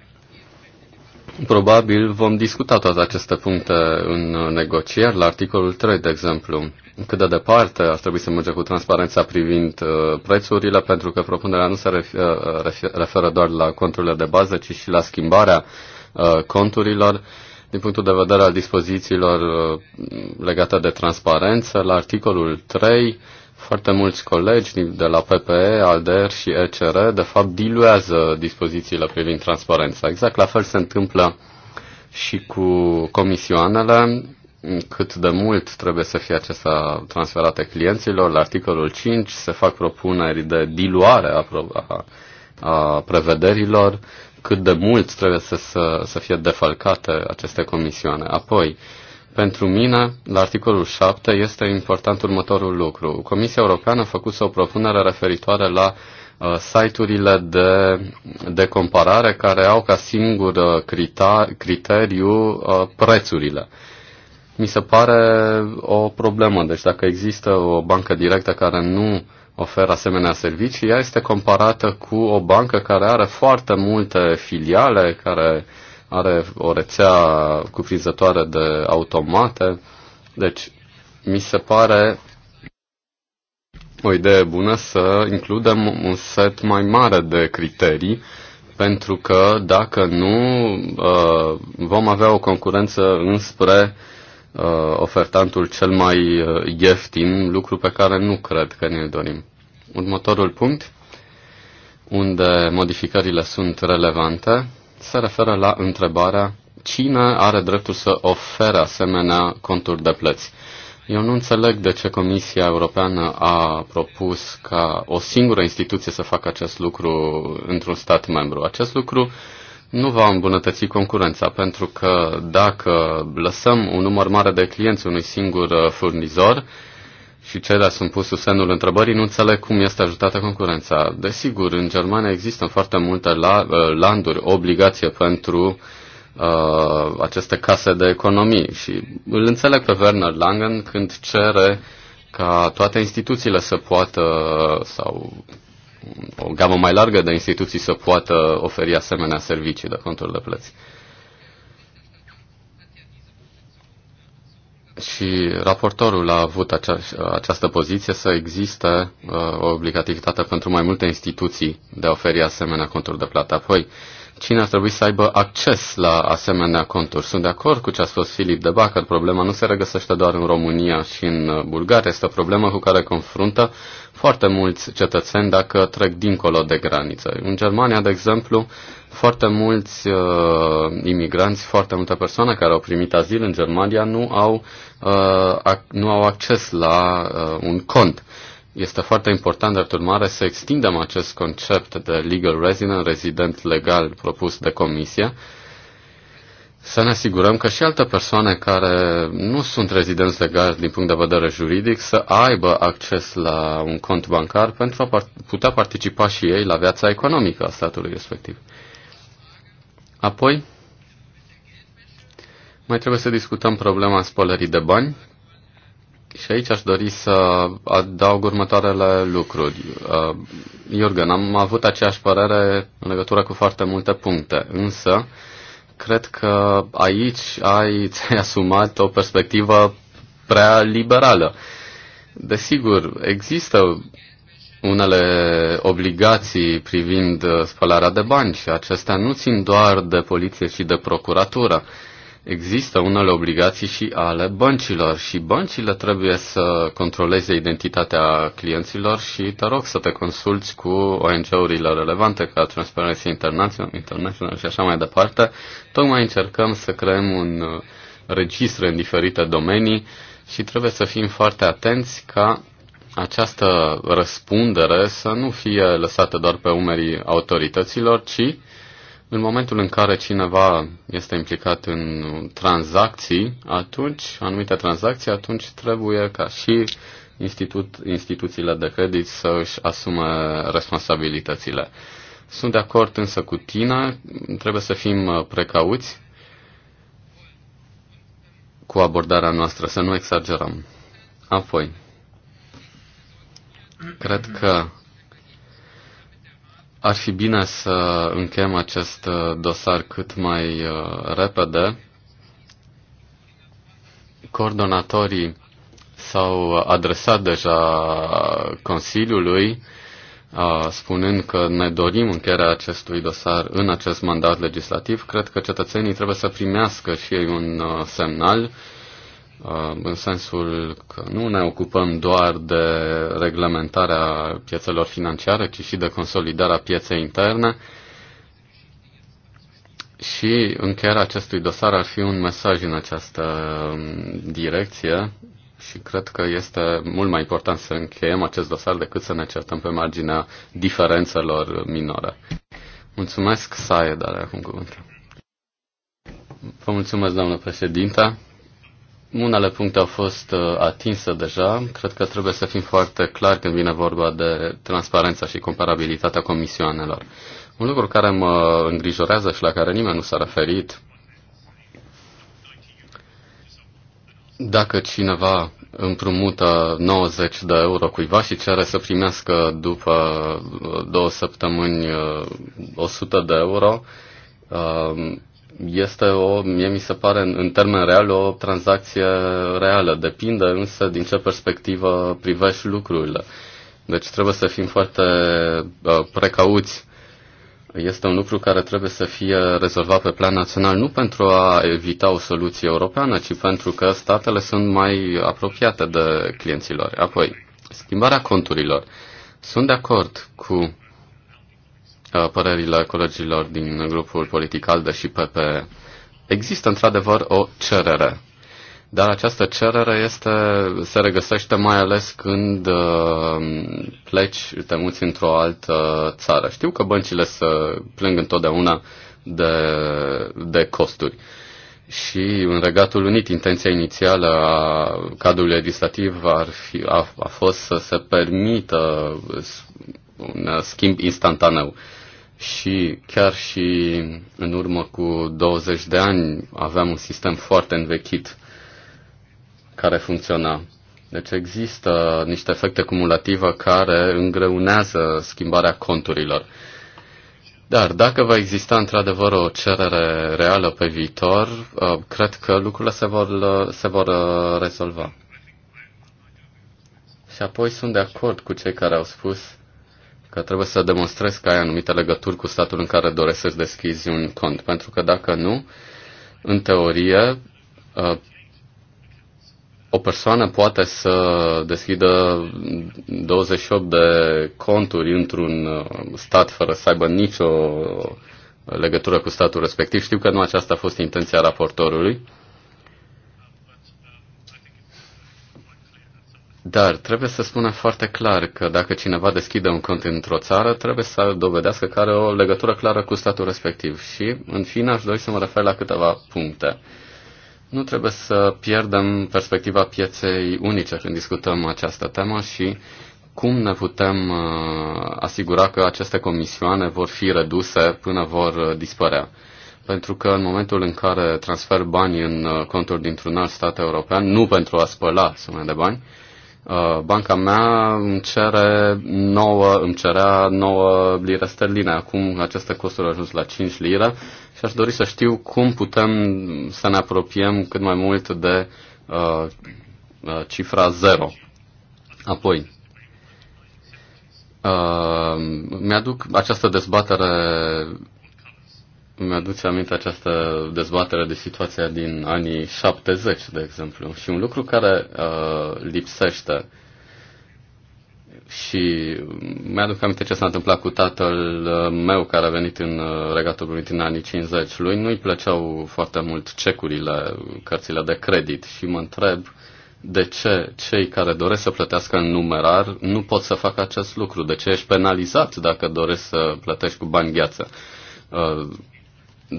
Probabil vom discuta toate aceste puncte în uh, negocieri, la articolul 3, de exemplu. Cât de departe ar trebui să merge cu transparența privind uh, prețurile, pentru că propunerea nu se ref, uh, referă doar la conturile de bază, ci și la schimbarea uh, conturilor din punctul de vedere al dispozițiilor uh, legate de transparență, la articolul 3, foarte mulți colegi de la PPE, ALDER și ECR, de fapt, diluează dispozițiile privind transparența. Exact la fel se întâmplă și cu comisioanele, cât de mult trebuie să fie acestea transferate clienților. La articolul 5 se fac propuneri de diluare a, a, a prevederilor cât de mult trebuie să, să, să fie defalcate aceste comisioane. Apoi, pentru mine, la articolul 7, este important următorul lucru. Comisia Europeană a făcut o propunere referitoare la uh, site-urile de, de comparare care au ca singur uh, crita, criteriu uh, prețurile. Mi se pare o problemă. Deci dacă există o bancă directă care nu uh, oferă asemenea servicii, ea este comparată cu o bancă care are foarte multe filiale, care are o rețea cuprinzătoare de automate. Deci, mi se pare o idee bună să includem un set mai mare de criterii, pentru că dacă nu, uh, vom avea o concurență înspre Uh, ofertantul cel mai uh, ieftin, lucru pe care nu cred că ne-l dorim. Următorul punct, unde modificările sunt relevante, se referă la întrebarea cine are dreptul să ofere asemenea conturi de plăți. Eu nu înțeleg de ce Comisia Europeană a propus ca o singură instituție să facă acest lucru într-un stat membru. Acest lucru uh, nu va îmbunătăți concurența, pentru că dacă lăsăm un număr mare de clienți unui singur uh, furnizor și ceilalți sunt pus sub semnul întrebării, nu înțeleg cum este ajutată concurența. Desigur, în Germania există foarte multe la, uh, landuri, obligație pentru uh, aceste case de economii și îl înțeleg pe Werner Langen când cere ca toate instituțiile să poată sau o gamă mai largă de instituții să poată oferi asemenea servicii de conturi de plăți. Și raportorul a avut acea, această poziție să existe uh, o obligativitate pentru mai multe instituții de a oferi asemenea conturi de plată. Apoi, cine ar trebui să aibă acces la asemenea conturi? Sunt de acord cu ce a spus Filip de Bacăr. Problema nu se regăsește doar în România și în uh, Bulgaria. Este o problemă cu care confruntă foarte mulți cetățeni dacă trec dincolo de graniță. În Germania, de exemplu, foarte mulți uh, imigranți, foarte multe persoane care au primit azil în Germania nu au, uh, ac- nu au acces la uh, un cont. Este foarte important, de urmare, să extindem acest concept de legal resident, rezident legal propus de comisie, uh, să ne asigurăm că și alte persoane care nu sunt rezidenți legali din punct de vedere juridic să aibă acces la un cont bancar pentru a putea participa și ei la viața economică a statului respectiv. Apoi, mai trebuie să discutăm problema spălării de bani și aici aș dori să adaug următoarele lucruri. Uh, Iorgen, am avut aceeași părere în legătură cu foarte multe puncte, însă cred că aici ai ți-ai asumat o perspectivă prea liberală. Desigur, există unele obligații privind uh, spălarea de bani și acestea nu țin doar de poliție și de procuratură există unele obligații și ale băncilor și băncile trebuie să controleze identitatea clienților și te rog să te consulți cu ONG-urile relevante ca Transparency International, International și așa mai departe. Tocmai încercăm să creăm un uh, registru în diferite domenii și trebuie să fim foarte atenți ca această răspundere să nu fie lăsată doar pe umerii autorităților, ci în momentul în care cineva este implicat în tranzacții, atunci, anumite tranzacții, atunci trebuie ca și institut, instituțiile de credit să își asume responsabilitățile. Sunt de acord însă cu tine, trebuie să fim uh, precauți cu abordarea noastră, să nu exagerăm. Apoi, cred că ar fi bine să încheiem acest uh, dosar cât mai uh, repede. Coordonatorii s-au adresat deja Consiliului uh, spunând că ne dorim încheierea acestui dosar în acest mandat legislativ. Cred că cetățenii trebuie să primească și ei un semnal Uh, în sensul că nu ne ocupăm doar de reglementarea piețelor financiare, ci și de consolidarea pieței interne. Și încheierea acestui dosar ar fi un mesaj în această um, direcție și cred că este mult mai important să încheiem acest dosar decât să ne certăm pe marginea diferențelor minore. Mulțumesc, Saie, dar acum cuvântul. Vă mulțumesc, doamnă președinte. Unele puncte au fost uh, atinse deja. Cred că trebuie să fim foarte clari când vine vorba de transparența și comparabilitatea comisioanelor. Un lucru care mă îngrijorează și la care nimeni nu s-a referit, dacă cineva împrumută 90 de euro cuiva și cere să primească după uh, două săptămâni 100 uh, de euro, este o, mie mi se pare în, termen real, o tranzacție reală. Depinde însă din ce perspectivă privești lucrurile. Deci trebuie să fim foarte uh, precauți. Este un lucru care trebuie să fie rezolvat pe plan național, nu pentru a evita o soluție europeană, ci pentru că statele sunt mai apropiate de clienților. Apoi, schimbarea conturilor. Sunt de acord cu Uh, părerile colegilor din grupul politic ALDE și PP. Există într-adevăr o cerere, dar această cerere este, se regăsește mai ales când uh, pleci, te muți într-o altă țară. Știu că băncile se plâng întotdeauna de, de costuri. Și în Regatul Unit, intenția inițială a cadrului legislativ ar fi, a, a fost să se permită un schimb instantaneu și chiar și în urmă cu 20 de ani aveam un sistem foarte învechit care funcționa. Deci există niște efecte cumulative care îngreunează schimbarea conturilor. Dar dacă va exista într-adevăr o cerere reală pe viitor, ă, cred că lucrurile se vor, ă, se vor ă, rezolva. Și apoi sunt de acord cu cei care au spus că trebuie să demonstrezi că ai anumite legături cu statul în care doresc să-ți deschizi un cont. Pentru că dacă nu, în teorie, uh, o persoană poate să deschidă 28 de conturi într-un uh, stat fără să aibă nicio legătură cu statul respectiv. Știu că nu aceasta a fost intenția raportorului. Dar trebuie să spună foarte clar că dacă cineva deschide un cont într-o țară, trebuie să dovedească că are o legătură clară cu statul respectiv. Și, în fine, aș dori să mă refer la câteva puncte. Nu trebuie să pierdem perspectiva pieței unice când discutăm această temă și cum ne putem uh, asigura că aceste comisioane vor fi reduse până vor uh, dispărea pentru că în momentul în care transfer bani în uh, conturi dintr-un alt stat european, nu pentru a spăla sume de bani, Uh, banca mea îmi cere nouă, îmi cerea 9 lire sterline. Acum aceste costuri au ajuns la 5 lire și aș dori să știu cum putem să ne apropiem cât mai mult de uh, uh, cifra 0. Apoi, uh, mi-aduc această dezbatere mi-aduce aminte această dezbatere de situația din anii 70, de exemplu. Și un lucru care uh, lipsește și mi-aduc aminte ce s-a întâmplat cu tatăl uh, meu care a venit în uh, Regatul Unit în anii 50. Lui nu-i plăceau foarte mult cecurile, cărțile de credit și mă întreb de ce cei care doresc să plătească în numerar nu pot să facă acest lucru? De ce ești penalizat dacă doresc să plătești cu bani gheață? Uh,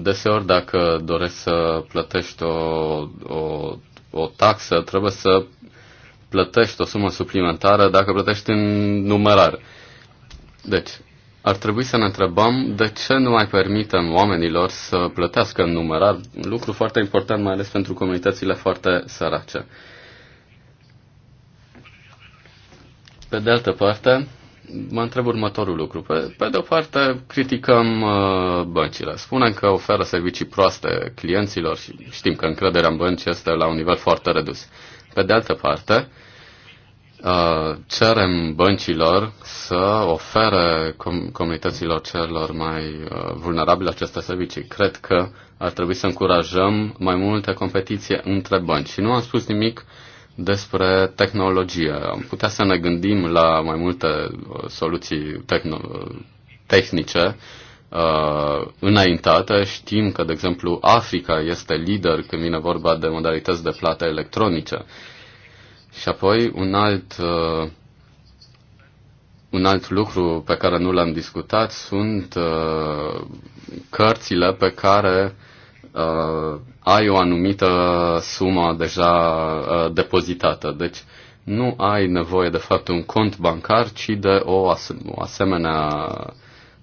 Deseori, dacă dorești să plătești o, o, o taxă, trebuie să plătești o sumă suplimentară dacă plătești în numerar. Deci, ar trebui să ne întrebăm de ce nu mai permitem oamenilor să plătească în numerar, lucru foarte important, mai ales pentru comunitățile foarte sărace. Pe de altă parte, mă întreb următorul lucru. Pe, pe de o parte, criticăm uh, băncile. Spunem că oferă servicii proaste clienților și știm că încrederea în bănci este la un nivel foarte redus. Pe de altă parte, uh, cerem băncilor să ofere com- comunităților celor mai uh, vulnerabile aceste servicii. Cred că ar trebui să încurajăm mai multă competiție între bănci. Și nu am spus nimic uh, despre tehnologie. Am putea să ne gândim la mai multe uh, soluții tehno- tehnice uh, înaintate. Știm că, de exemplu, Africa este lider când vine vorba de modalități de plată electronice. Și apoi un alt, uh, un alt lucru pe care nu l-am discutat sunt uh, cărțile pe care uh, uh, ai o anumită sumă deja uh, depozitată. Deci nu ai nevoie de fapt un cont bancar, ci de o, as- o asemenea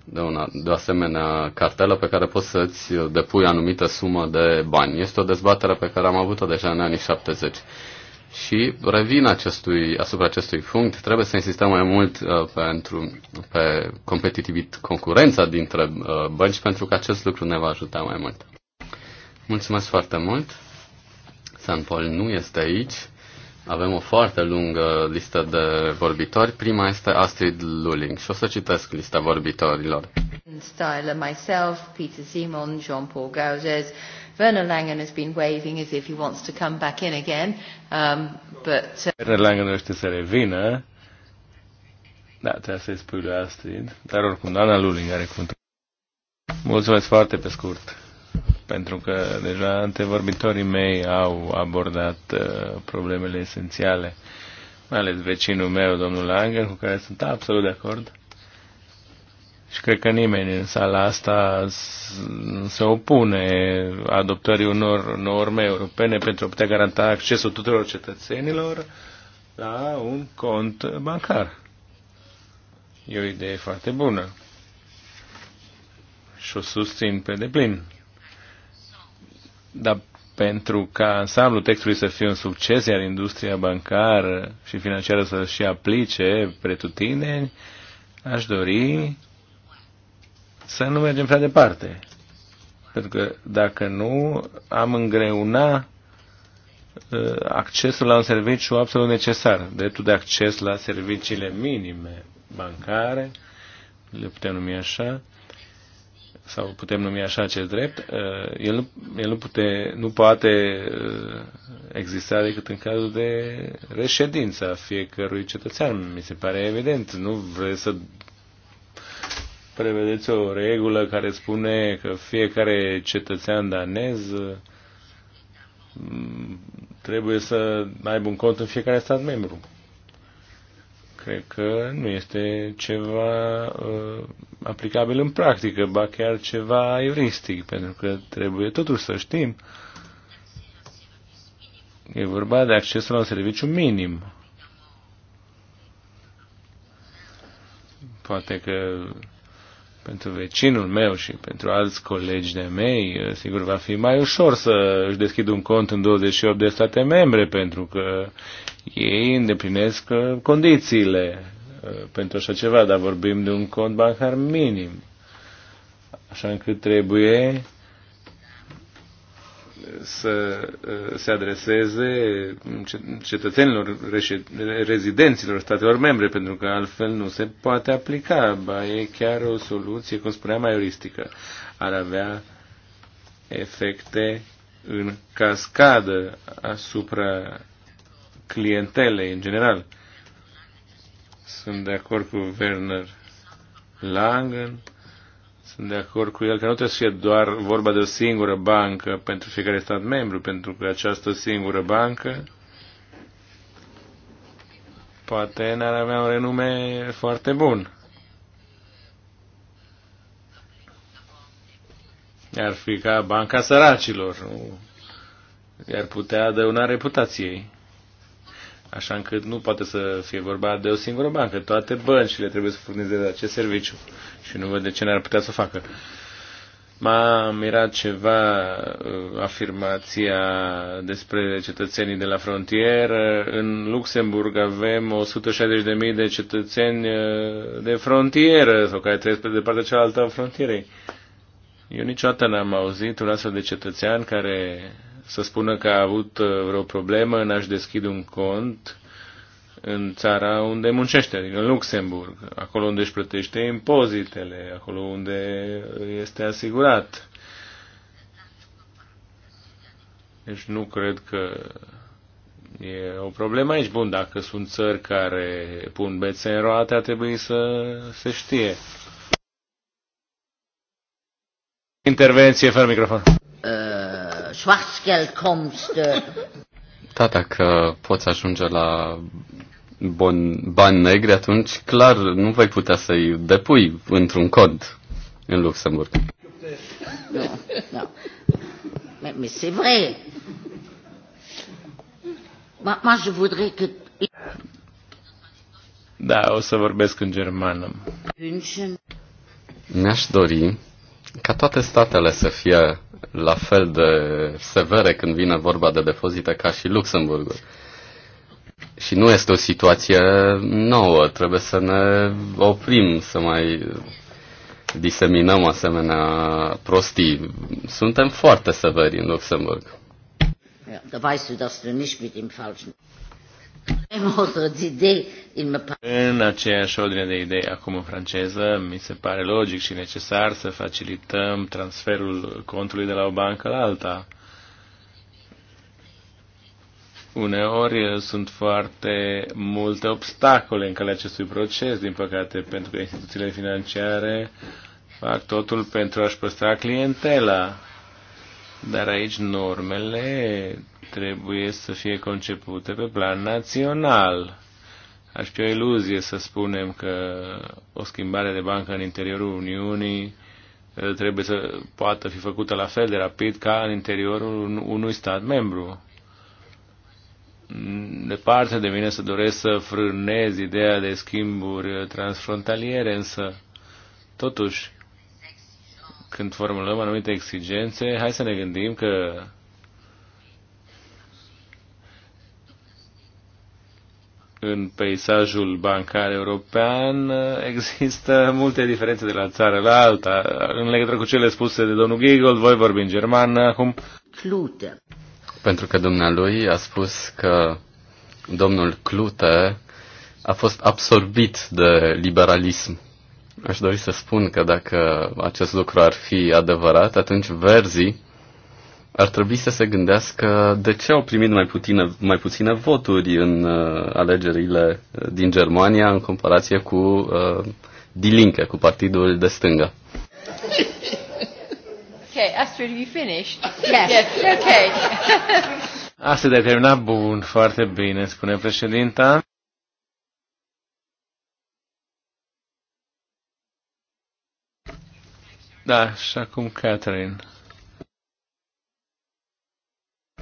de, una, de o asemenea cartelă pe care poți să-ți depui anumită sumă de bani. Este o dezbatere pe care am avut-o deja în anii 70. Și revin acestui, asupra acestui punct, trebuie să insistăm mai mult uh, pentru, pe competitivit, concurența dintre uh, bănci, pentru că acest lucru ne va ajuta mai mult. Mulțumesc foarte mult. San Paul nu este aici. Avem o foarte lungă listă de vorbitori. Prima este Astrid Luling și o să citesc lista vorbitorilor. Styler, myself, Peter Simon, Jean-Paul Gauges. Werner Langen has been waving as if he wants to come back in again, um, but... Uh, Werner Langen este să revină. Da, trebuie să-i spui lui Astrid. Dar oricum, Ana Luling are cuvântul. Mulțumesc foarte pe scurt pentru că deja antevorbitorii mei au abordat uh, problemele esențiale, mai ales vecinul meu, domnul Langer, cu care sunt absolut de acord. Și cred că nimeni în sala asta se opune adoptării unor norme europene pentru a putea garanta accesul tuturor cetățenilor la un cont bancar. E o idee foarte bună și o susțin pe deplin. Dar pentru ca ansamblul textului să fie un succes, iar industria bancară și financiară să și aplice pretutineni, aș dori să nu mergem prea departe. Pentru că dacă nu, am îngreuna ă, accesul la un serviciu absolut necesar, dreptul de acces la serviciile minime bancare, le putem numi așa, sau putem numi așa acest drept, uh, el, el nu, pute, nu poate uh, exista decât în cazul de reședință a fiecărui cetățean. Mi se pare evident. Nu vreți să prevedeți o regulă care spune că fiecare cetățean danez uh, trebuie să aibă un cont în fiecare stat membru cred că nu este ceva uh, aplicabil în practică, ba chiar ceva euristic, pentru că trebuie totuși să știm. E vorba de accesul la un serviciu minim. Poate că pentru vecinul meu și pentru alți colegi de mei, eh, sigur va fi mai ușor să își deschid un cont în 28 de state membre, pentru că ei îndeplinesc eh, condițiile eh, pentru așa ceva, dar vorbim de un cont bancar minim. Așa încât trebuie să uh, se adreseze cetățenilor, rezidenților statelor membre, pentru că altfel nu se poate aplica. Ba, e chiar o soluție, cum spuneam, maioristică. Ar avea efecte în cascadă asupra clientelei în general. Sunt de acord cu Werner Langen sunt de acord cu el că nu trebuie să fie doar vorba de o singură bancă pentru fiecare stat membru, pentru că această singură bancă poate n-ar avea un renume foarte bun. Ar fi ca banca săracilor, nu? i-ar putea dăuna reputației așa încât nu poate să fie vorba de o singură bancă. Toate băncile trebuie să furnizeze acest serviciu și nu văd de ce n-ar putea să facă. M-a mirat ceva uh, afirmația despre cetățenii de la frontieră. În Luxemburg avem 160.000 de cetățeni uh, de frontieră sau care trăiesc pe de partea cealaltă a frontierei. Eu niciodată n-am auzit un astfel de cetățean care să spună că a avut uh, vreo problemă în a-și deschide un cont în țara unde muncește, adică în Luxemburg, acolo unde își plătește impozitele, acolo unde este asigurat. Deci nu cred că e o problemă aici. Bun, dacă sunt țări care pun bețe în roate, a trebuit să se știe. Intervenție fără microfon. Schwarzgeld kommst. Da, dacă poți ajunge la bon, bani negri, atunci clar nu vei putea să-i depui într-un cod în Luxemburg. Nu, nu. je voudrais que... Da, o să vorbesc în germană. Mi-aș dori ca toate statele să fie la fel de severe când vine vorba de depozite ca și Luxemburgul. Și nu este o situație nouă, trebuie să ne oprim să mai diseminăm asemenea prostii. Suntem foarte severi în Luxemburg. Da în aceeași ordine de idei, acum în franceză, mi se pare logic și necesar să facilităm transferul contului de la o bancă la alta. Uneori eh, sunt foarte multe obstacole în calea acestui proces, din păcate, pentru că instituțiile financiare fac totul pentru a-și păstra clientela. Dar aici normele trebuie să fie concepute pe plan național. Aș fi o iluzie să spunem că o schimbare de bancă în interiorul Uniunii uh, trebuie să poată fi făcută la fel de rapid ca în interiorul unui stat membru. Departe de mine să doresc să frânez ideea de schimburi uh, transfrontaliere, însă, totuși, când formulăm anumite exigențe, hai să ne gândim că în peisajul bancar european uh, există multe diferențe de la țară la alta. În legătură cu cele spuse de domnul Giegold, voi vorbi în germană acum. Clute. Pentru că dumnealui a spus că domnul Clute a fost absorbit de liberalism. Aș dori să spun că dacă acest lucru ar fi adevărat, atunci verzii ar trebui să se gândească de ce au primit mai puține, mai puține voturi în uh, alegerile uh, din Germania în comparație cu uh, Die Linke, cu partidul de stânga. Okay, Astrid, you finished? Yes. yes. Okay. Asta de terminat bun, foarte bine, spune președinta. Da, și acum Catherine.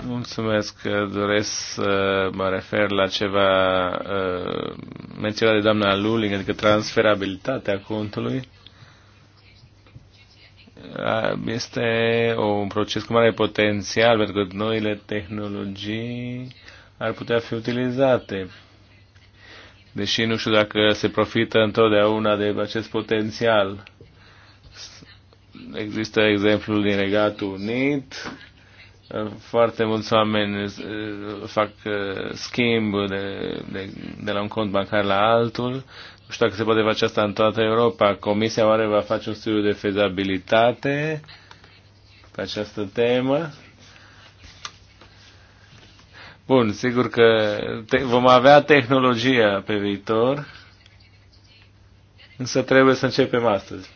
Mulțumesc. Doresc să mă refer la ceva uh, menționat de doamna Luling, adică transferabilitatea contului. Uh, este un proces cu mare potențial pentru că noile tehnologii ar putea fi utilizate. Deși nu știu dacă se profită întotdeauna de acest potențial. Există exemplul din Regatul Unit, foarte mulți oameni eh, fac eh, schimb de, de, de la un cont bancar la altul. Nu știu dacă se poate face asta în toată Europa. Comisia oare va face un studiu de fezabilitate pe această temă? Bun, sigur că te- vom avea tehnologia pe viitor, însă trebuie să începem astăzi.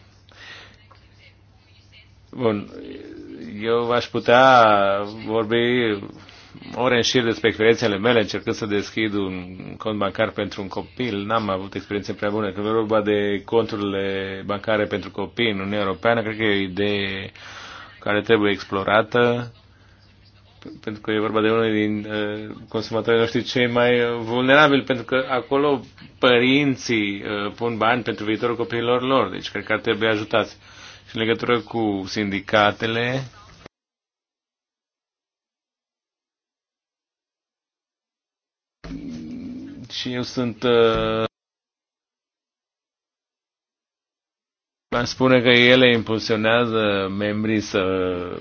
Bun, eu aș putea vorbi ore în șir despre experiențele mele, încercând să deschid un cont bancar pentru un copil, n-am avut experiențe prea bune. Când vorba de conturile bancare pentru copii în Uniunea Europeană, cred că e o idee care trebuie explorată, pentru că e vorba de unul din uh, consumatorii noștri cei mai vulnerabili, pentru că acolo părinții uh, pun bani pentru viitorul copiilor lor, deci cred că ar trebui ajutați. Și în legătură cu sindicatele, Și eu sunt... Uh, aș spune că ele impulsionează membrii să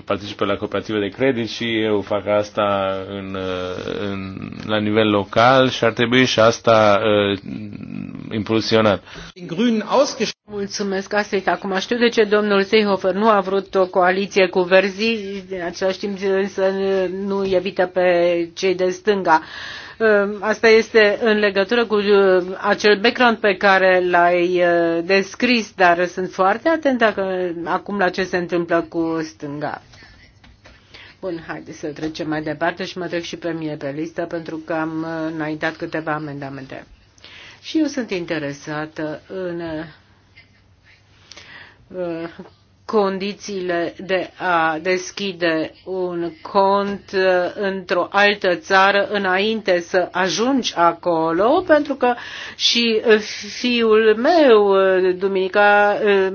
participe la cooperative de credit și eu fac asta în, uh, în, la nivel local și ar trebui și asta uh, impulsionat. Mulțumesc, asta Acum știu de ce domnul Seehofer nu a vrut o coaliție cu verzii, în același timp însă nu evită pe cei de stânga. Um, asta este în legătură cu uh, acel background pe care l-ai uh, descris, dar sunt foarte atentă acum la ce se întâmplă cu stânga. Bun, haideți să trecem mai departe și mă trec și pe mine pe listă pentru că am uh, înaintat câteva amendamente. Și eu sunt interesată în condițiile de a deschide un cont uh, într-o altă țară înainte să ajungi acolo, pentru că și fiul meu, uh, Duminica, uh,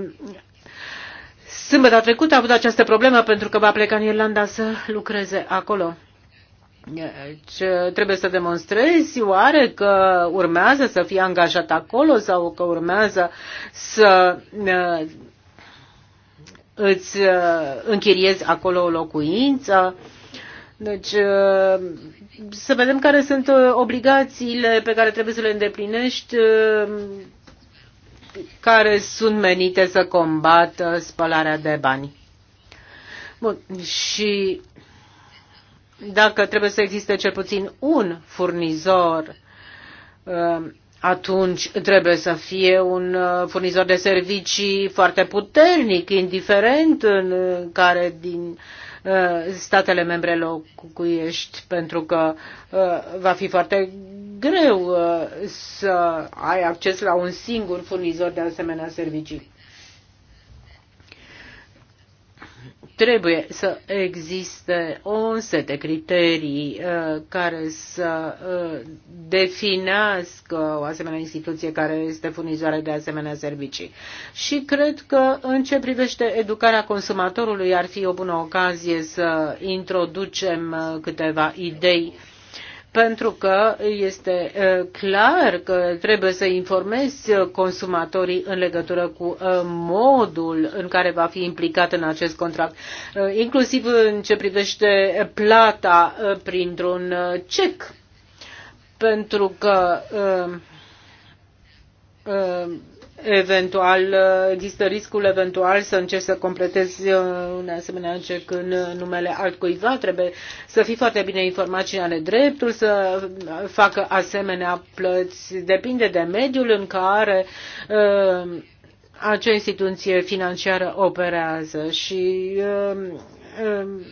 sâmbătă trecută a avut această problemă pentru că va pleca în Irlanda să lucreze acolo. Ce deci, trebuie să demonstrezi oare că urmează să fie angajat acolo sau că urmează să îți uh, închiriezi acolo o locuință. Deci uh, să vedem care sunt uh, obligațiile pe care trebuie să le îndeplinești care sunt menite să combată spălarea de bani. Bun, și dacă trebuie să existe cel puțin un furnizor atunci trebuie să fie un uh, furnizor de servicii foarte puternic, indiferent în uh, care din uh, statele membre locuiești, pentru că va fi foarte greu să ai acces la un singur furnizor de asemenea servicii. trebuie să existe o set de criterii uh, care să uh, definească o asemenea instituție care este furnizoare de asemenea servicii. Și cred că în ce privește educarea consumatorului ar fi o bună ocazie să introducem uh, câteva idei pentru că este clar că trebuie să informezi consumatorii în legătură cu modul în care va fi implicat în acest contract, inclusiv în ce privește plata printr-un cec, pentru că eventual, există riscul eventual să încerci să completezi uh, un asemenea încerc în uh, numele altcuiva, trebuie să fii foarte bine informat cine are dreptul să facă asemenea plăți. Depinde de mediul în care uh, acea instituție financiară operează și uh, uh,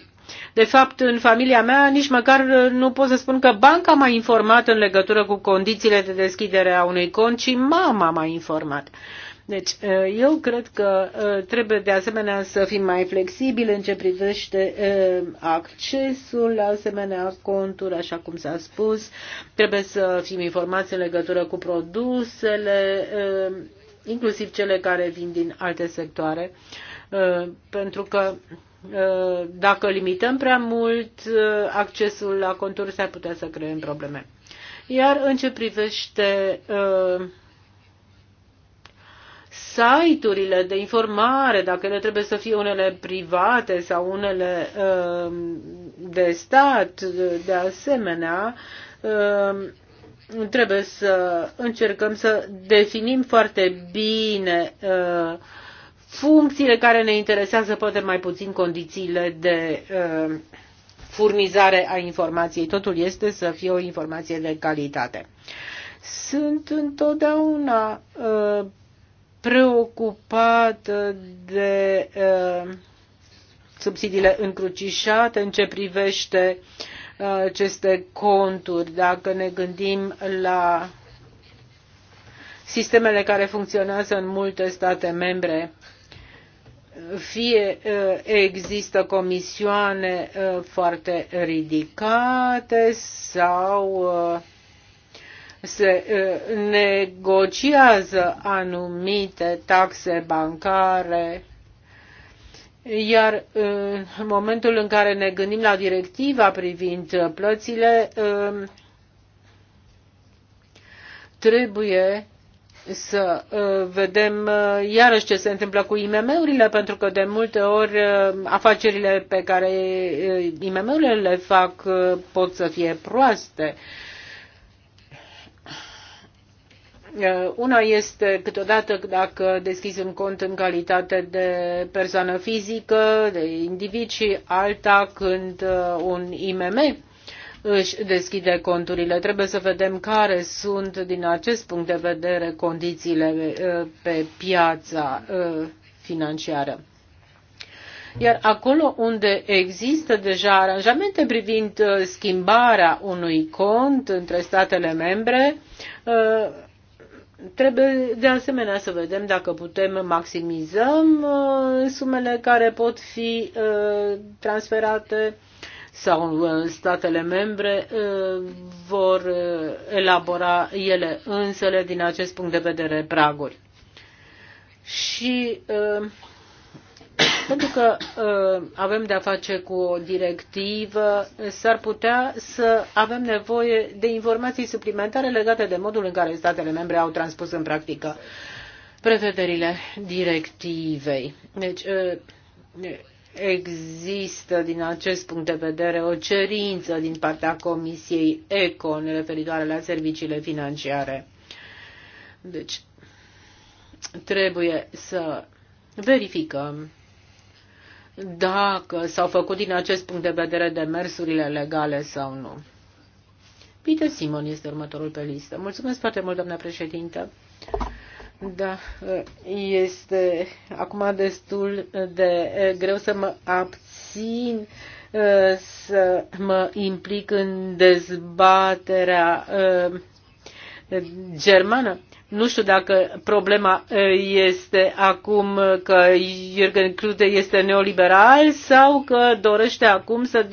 de fapt, în familia mea nici măcar nu pot să spun că banca m-a informat în legătură cu condițiile de deschidere a unui cont, ci mama m-a informat. Deci, eh, eu cred că eh, trebuie de asemenea să fim mai flexibili în ce privește eh, accesul la asemenea conturi, așa cum s-a spus. Trebuie să fim informați în legătură cu produsele, inclusiv cele care vin din alte sectoare, pentru că Uh, dacă limităm prea mult uh, accesul la conturi, s-ar putea să creăm probleme. Iar în ce privește uh, site-urile de informare, dacă ele trebuie să fie unele private sau unele de stat, de asemenea, trebuie să încercăm să definim foarte bine uh, funcțiile care ne interesează, poate mai puțin condițiile de uh, furnizare a informației. Totul este să fie o informație de calitate. Sunt întotdeauna uh, preocupată de uh, subsidiile încrucișate în ce privește uh, aceste conturi. Dacă ne gândim la sistemele care funcționează în multe state membre, fie există comisioane foarte ridicate sau se negociază anumite taxe bancare, iar în momentul în care ne gândim la directiva privind plățile, trebuie să uh, vedem uh, iarăși ce se întâmplă cu IMM-urile, pentru că de multe ori uh, afacerile pe care IMM-urile le fac pot să fie proaste. Una este câteodată dacă deschizi un cont în calitate de persoană fizică, de individ și alta când un IMM își deschide conturile. Trebuie să vedem care sunt, din acest punct de vedere, condițiile uh, pe piața uh, financiară. Iar acolo unde există deja aranjamente privind uh, schimbarea unui cont între statele membre, Trebuie de asemenea să vedem dacă putem maximizăm sumele care pot fi transferate sau statele membre uh, vor uh, elabora ele însele din acest punct de vedere praguri. Și uh, pentru că avem de-a face cu o directivă, s-ar putea să avem nevoie de informații suplimentare legate de modul în care statele membre au transpus în practică prevederile directivei. Deci, există din acest punct de vedere o cerință din partea Comisiei ECON referitoare la serviciile financiare. Deci, trebuie să verificăm dacă s-au făcut din acest punct de vedere demersurile legale sau nu. Peter Simon este următorul pe listă. Mulțumesc foarte mult, doamna președintă. Da, este acum destul de greu să mă abțin să mă implic în dezbaterea germană. Nu știu dacă problema este acum că Jürgen Klute este neoliberal sau că dorește acum să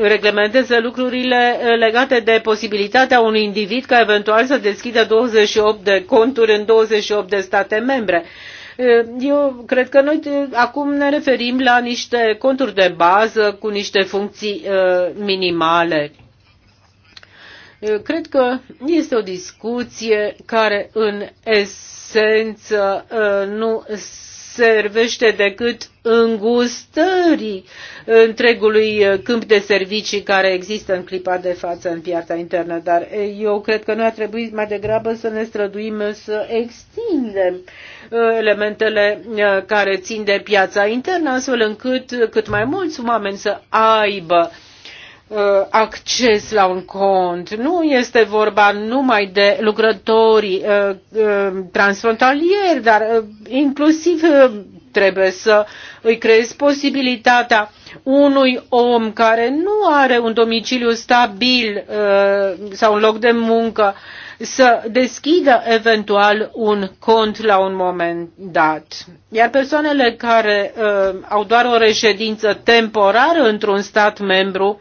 reglementeze lucrurile eh, legate de posibilitatea unui individ ca eventual să deschidă 28 de conturi în 28 de state membre. Eh, eu cred că noi eh, acum ne referim la niște conturi de bază cu niște funcții minimale. Cred că este o discuție care în esență nu servește decât îngustării întregului uh, câmp de servicii care există în clipa de față în piața internă. Dar eh, eu cred că noi ar trebui mai degrabă să ne străduim să extindem uh, elementele uh, care țin de piața internă, astfel încât cât mai mulți oameni să aibă uh, Uh, acces la un cont. Nu este vorba numai de lucrătorii uh, uh, transfrontalieri, dar inclusiv trebuie să îi creezi posibilitatea unui om care nu are un domiciliu stabil sau un loc de muncă să deschidă eventual un cont la un moment dat. Iar persoanele care au doar o reședință temporară într-un stat membru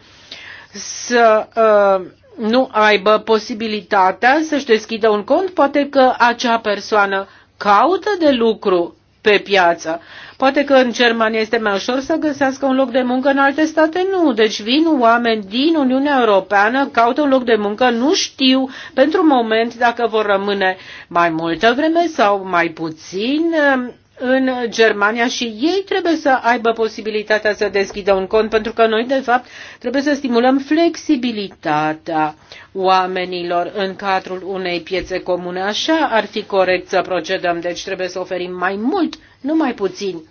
să uh, nu aibă posibilitatea să-și deschidă un cont, poate că acea persoană caută de lucru pe piață. Poate că în Germania este mai ușor să găsească un loc de muncă, în alte state nu. Deci vin oameni din Uniunea Europeană, caută un loc de muncă, nu știu pentru moment dacă vor rămâne mai multă vreme sau mai puțin uh, în Germania și ei trebuie să aibă posibilitatea să deschidă un cont, pentru că noi, de fapt, trebuie să stimulăm flexibilitatea oamenilor în cadrul unei piețe comune. Așa ar fi corect să procedăm, deci trebuie să oferim mai mult, nu mai puțin.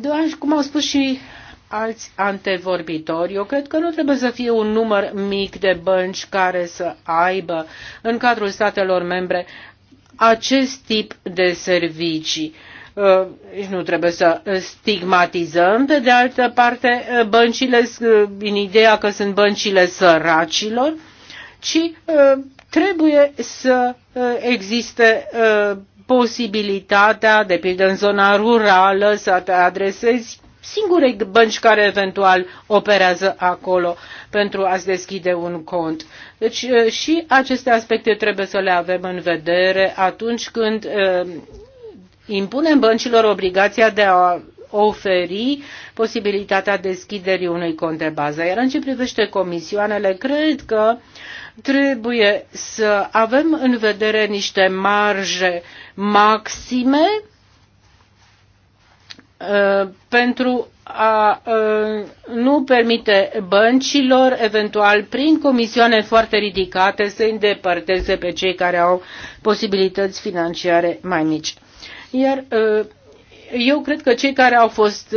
Doar cum au spus și alți antevorbitori, eu cred că nu trebuie să fie un număr mic de bănci care să aibă în cadrul statelor membre acest tip de servicii. Uh, deci nu trebuie să stigmatizăm, pe de altă parte, uh, băncile, uh, în ideea că sunt băncile săracilor, ci trebuie să existe posibilitatea, de pildă în zona rurală, să te adresezi singurei bănci care eventual operează acolo pentru a-ți deschide un cont. Deci uh, și aceste aspecte trebuie să le avem în vedere atunci când uh, impunem băncilor obligația de a oferi posibilitatea deschiderii unui cont de bază. Iar în ce privește comisioanele, cred că trebuie să avem în vedere niște marje maxime uh, pentru a nu permite băncilor, eventual prin comisioane foarte ridicate, să îndepărteze pe cei care au posibilități financiare mai mici. Iar eu cred că cei care au fost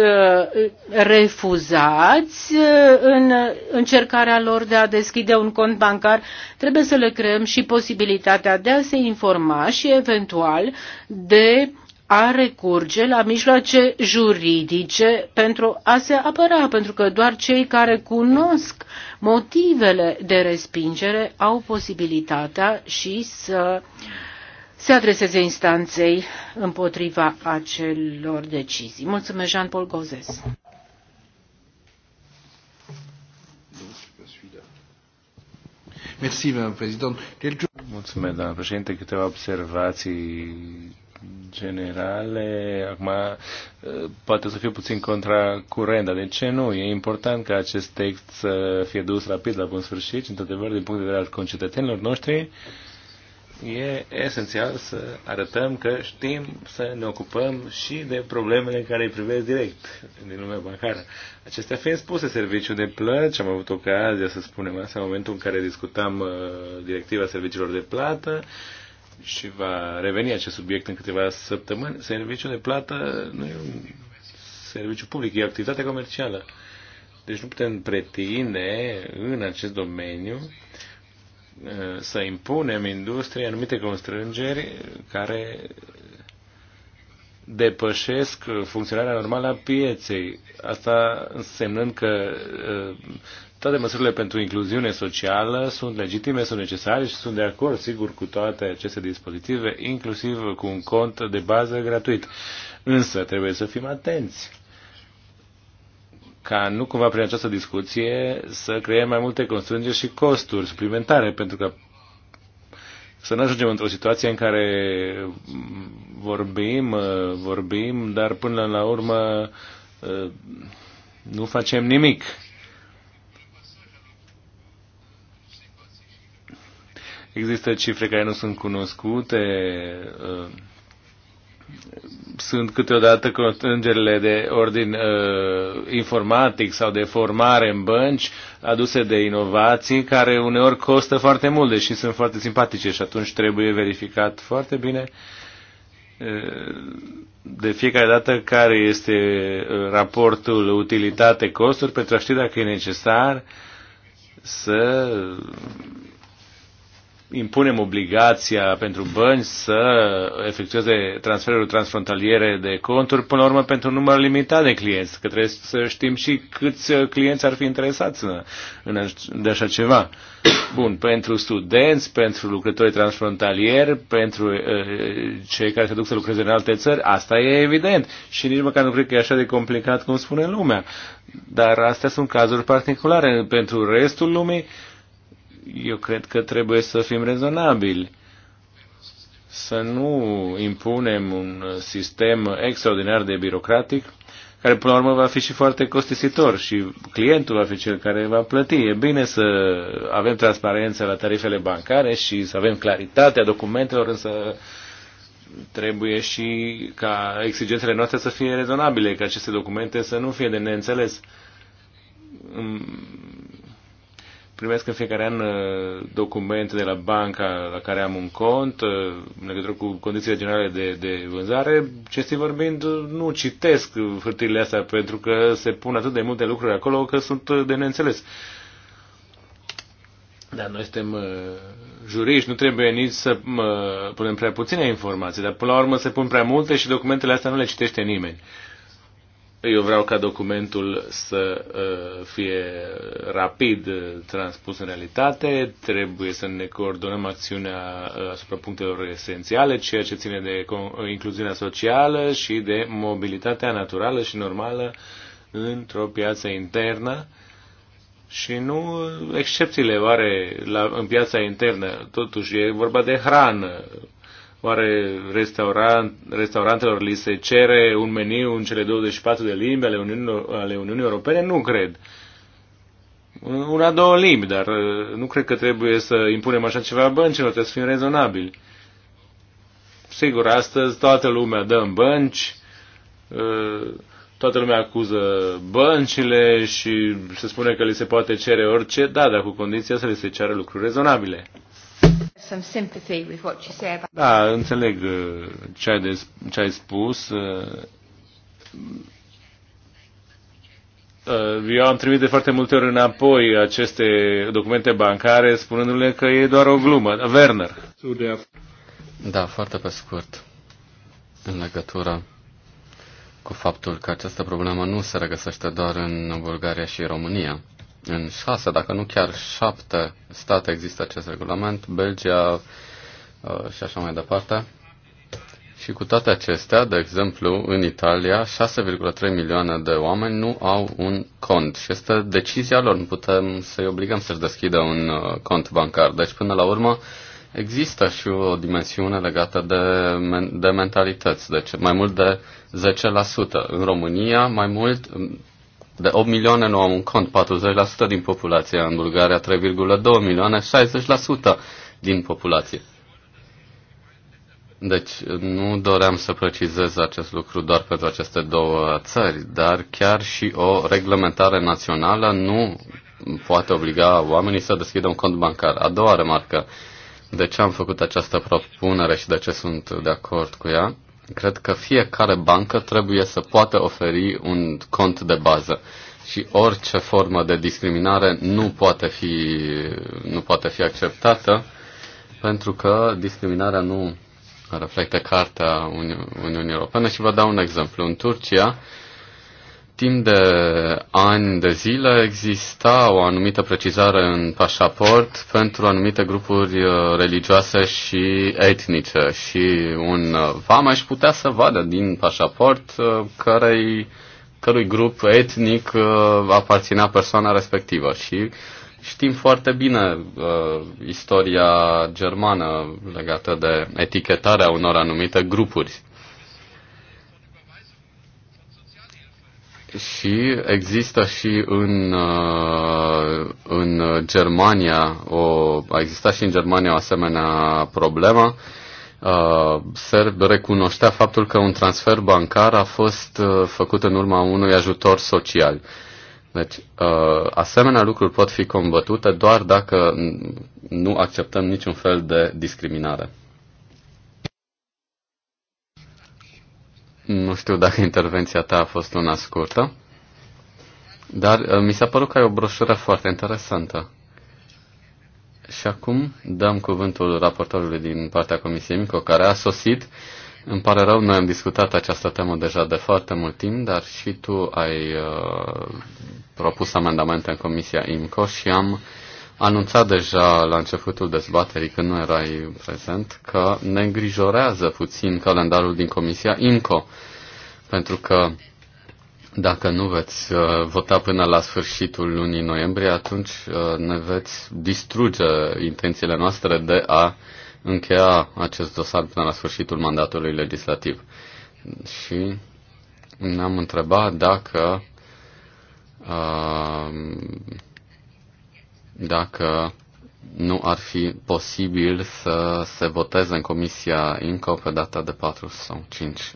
refuzați în încercarea lor de a deschide un cont bancar, trebuie să le creăm și posibilitatea de a se informa și eventual de a recurge la mijloace juridice pentru a se apăra, pentru că doar cei care cunosc motivele de respingere au posibilitatea și să se adreseze instanței împotriva acelor decizii. Mulțumesc, Jean-Paul Gozes. Mulțumesc, doamnă președinte. Câteva observații generale, acum eh, poate să fie puțin contracurent, dar de ce nu? E important ca acest text să fie dus rapid la bun sfârșit și, într-adevăr, din punct de vedere al concetățenilor noștri, e esențial să arătăm că știm să ne ocupăm și de problemele care îi privesc direct din lumea bancară. Acestea fiind spuse, serviciul de plată, am avut ocazia să spunem asta în momentul în care discutam uh, directiva serviciilor de plată, uh, și va reveni acest subiect în câteva săptămâni, serviciul de plată nu e un serviciu public, e o activitate comercială. Deci nu putem pretinde în acest domeniu uh, să impunem industriei anumite constrângeri care depășesc funcționarea normală a pieței. Asta însemnând că uh, toate măsurile pentru incluziune socială sunt legitime, sunt necesare și sunt de acord, sigur, cu toate aceste dispozitive, inclusiv cu un cont de bază gratuit. Însă trebuie să fim atenți ca nu cumva prin această discuție să creăm mai multe constrângeri și costuri suplimentare, pentru că să nu ajungem într-o situație în care vorbim, vorbim, dar până la urmă uh, nu facem nimic Există cifre care nu sunt cunoscute. Uh, sunt câteodată constrângerile de ordin uh, informatic sau de formare în bănci aduse de inovații care uneori costă foarte mult, deși sunt foarte simpatice și atunci trebuie verificat foarte bine uh, de fiecare dată care este uh, raportul utilitate-costuri pentru a ști dacă e necesar să impunem obligația pentru bănci să efectueze transferuri transfrontaliere de conturi, până la urmă pentru un număr limitat de clienți, că trebuie să știm și câți clienți ar fi interesați în, de așa ceva. Bun, pentru studenți, pentru lucrători transfrontalieri, pentru uh, cei care se duc să lucreze în alte țări, asta e evident și nici măcar nu cred că e așa de complicat cum spune lumea. Dar astea sunt cazuri particulare. Pentru restul lumii, uh, eu cred că trebuie să fim rezonabili, să nu impunem un sistem extraordinar de birocratic, care până la urmă va fi și foarte costisitor și clientul va fi cel care va plăti. E bine să avem transparență la tarifele bancare și să avem claritatea documentelor, însă trebuie și ca exigențele noastre să fie rezonabile, ca aceste documente să nu fie de neînțeles primesc în fiecare an uh, documente de la banca la care am un cont, uh, în legătură cu condițiile generale de, de vânzare. Cinstit vorbind, uh, nu citesc hârtirile astea pentru că se pun atât de multe lucruri acolo că sunt de neînțeles. Dar noi suntem juriști, nu trebuie nici să punem prea puține informații, dar până la urmă se pun prea multe și documentele astea nu le citește nimeni. Uh, eu vreau ca documentul să uh, fie rapid uh, transpus în realitate, trebuie să ne coordonăm acțiunea uh, asupra punctelor esențiale, ceea ce ține de incluziunea socială și de mobilitatea naturală și normală într-o piață internă și nu excepțiile oare la, în piața internă. Totuși e vorba de hrană, Oare restaurant, restaurantelor li se cere un meniu în cele 24 de limbi ale Uniunii, ale Uniunii Europene? Nu cred. Una, două limbi, dar uh, nu cred că trebuie să impunem așa ceva băncilor, trebuie să fim rezonabili. Sigur, astăzi toată lumea dă în bănci, uh, toată lumea acuză băncile și se spune că li se poate cere orice, da, dar cu condiția să li se ceară lucruri rezonabile some sympathy with what you say about... Da, înțeleg uh, ce ai, de, ce ai spus. Uh, uh, eu am trimis de foarte multe ori înapoi aceste documente bancare spunându-le că e doar o glumă. Werner. Da, foarte pe scurt. În legătură cu faptul că această problemă nu se regăsește doar în Bulgaria și România. În șase, dacă nu chiar șapte state există acest regulament, Belgia uh, și așa mai departe. Și cu toate acestea, de exemplu, în Italia, 6,3 milioane de oameni nu au un cont și este decizia lor, nu putem să-i obligăm să-și deschidă un uh, cont bancar. Deci, până la urmă, există și o dimensiune legată de, de mentalități, deci mai mult de 10%. În România, mai mult, de 8 milioane nu au un cont, 40% din populație. În Bulgaria 3,2 milioane, 60% din populație. Deci nu doream să precizez acest lucru doar pentru aceste două țări, dar chiar și o reglementare națională nu poate obliga oamenii să deschidă un cont bancar. A doua remarcă, de ce am făcut această propunere și de ce sunt de acord cu ea, Cred că fiecare bancă trebuie să poată oferi un cont de bază și orice formă de discriminare nu poate fi, nu poate fi acceptată pentru că discriminarea nu reflectă Cartea Uni- Uniunii Europene și vă dau un exemplu. În Turcia, timp de ani de zile exista o anumită precizare în pașaport pentru anumite grupuri uh, religioase și etnice și un uh, vama își putea să vadă din pașaport uh, cărei, cărui grup etnic aparținea persoana respectivă și știm foarte bine istoria germană legată de etichetarea unor anumite grupuri Și există și în, uh, în Germania, o, a existat și în Germania o asemenea problemă. Uh, Se recunoștea faptul că un transfer bancar a fost uh, făcut în urma unui ajutor social. Deci, asemenea lucruri pot fi combătute doar dacă nu acceptăm niciun fel de discriminare. Nu știu dacă intervenția ta a fost una scurtă, dar uh, mi s-a părut că ai o broșură foarte interesantă. Și acum dăm cuvântul raportorului din partea Comisiei Mico, care a sosit. Îmi pare rău, noi am discutat această temă deja de foarte mult timp, dar și tu ai uh, propus amendamente în Comisia IMCO și am anunțat deja la începutul dezbaterii, când nu erai prezent, că ne îngrijorează puțin calendarul din Comisia INCO, pentru că dacă nu veți uh, vota până la sfârșitul lunii noiembrie, atunci uh, ne veți distruge intențiile noastre de a încheia acest dosar până la sfârșitul mandatului legislativ. Și ne-am întrebat dacă uh, dacă nu ar fi posibil să se voteze în Comisia INCO pe data de 4 sau 5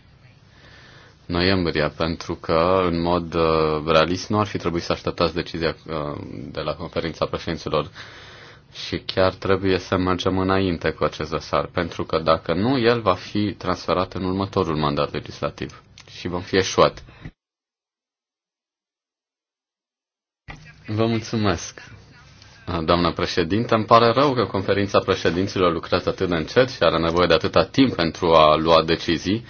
noiembrie, pentru că, în mod uh, realist, nu ar fi trebuit să așteptați decizia uh, de la conferința președinților și chiar trebuie să mergem înainte cu acest dosar, pentru că dacă nu, el va fi transferat în următorul mandat legislativ și vom fi eșuat. Vă mulțumesc! Doamnă președinte, îmi pare rău că conferința președinților lucrează atât de încet și are nevoie de atâta timp pentru a lua decizii.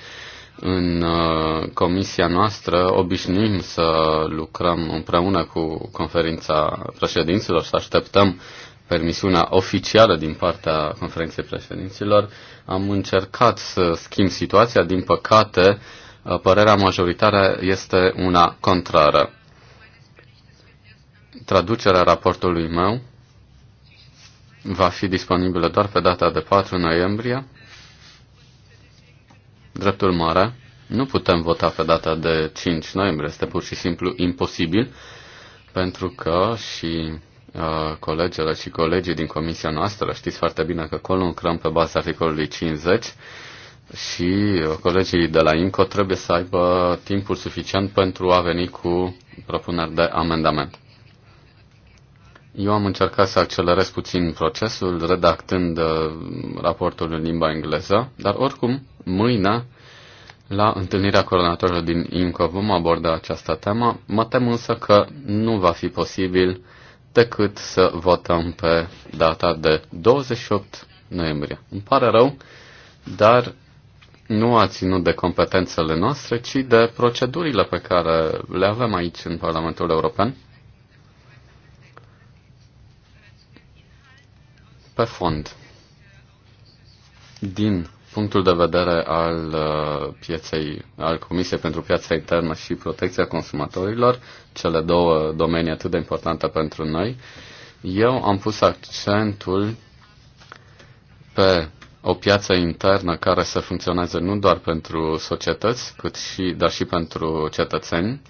În uh, comisia noastră obișnuim să lucrăm împreună cu conferința președinților, să așteptăm permisiunea oficială din partea conferinței președinților. Am încercat să schimb situația, din păcate, uh, părerea majoritară este una contrară. Traducerea raportului meu va fi disponibilă doar pe data de 4 noiembrie. Dreptul mare, nu putem vota pe data de 5 noiembrie, este pur și simplu imposibil, pentru că și uh, colegele și colegii din comisia noastră, știți foarte bine că acolo lucrăm pe baza articolului 50 și uh, colegii de la INCO trebuie să aibă timpul suficient pentru a veni cu propuneri de amendament. Eu am încercat să accelerez puțin procesul, redactând uh, raportul în limba engleză, dar oricum, mâine, la întâlnirea coordonatorilor din INCO, vom aborda această temă. Mă tem însă că nu va fi posibil decât să votăm pe data de 28 noiembrie. Îmi pare rău, dar nu a ținut de competențele noastre, ci de procedurile pe care le avem aici în Parlamentul European pe fond. Din punctul de vedere al uh, pieței, al Comisiei pentru Piața Internă și Protecția Consumatorilor, cele două domenii atât de importante pentru noi, eu am pus accentul pe o piață internă care să funcționeze nu doar pentru societăți, cât și, dar și pentru cetățeni,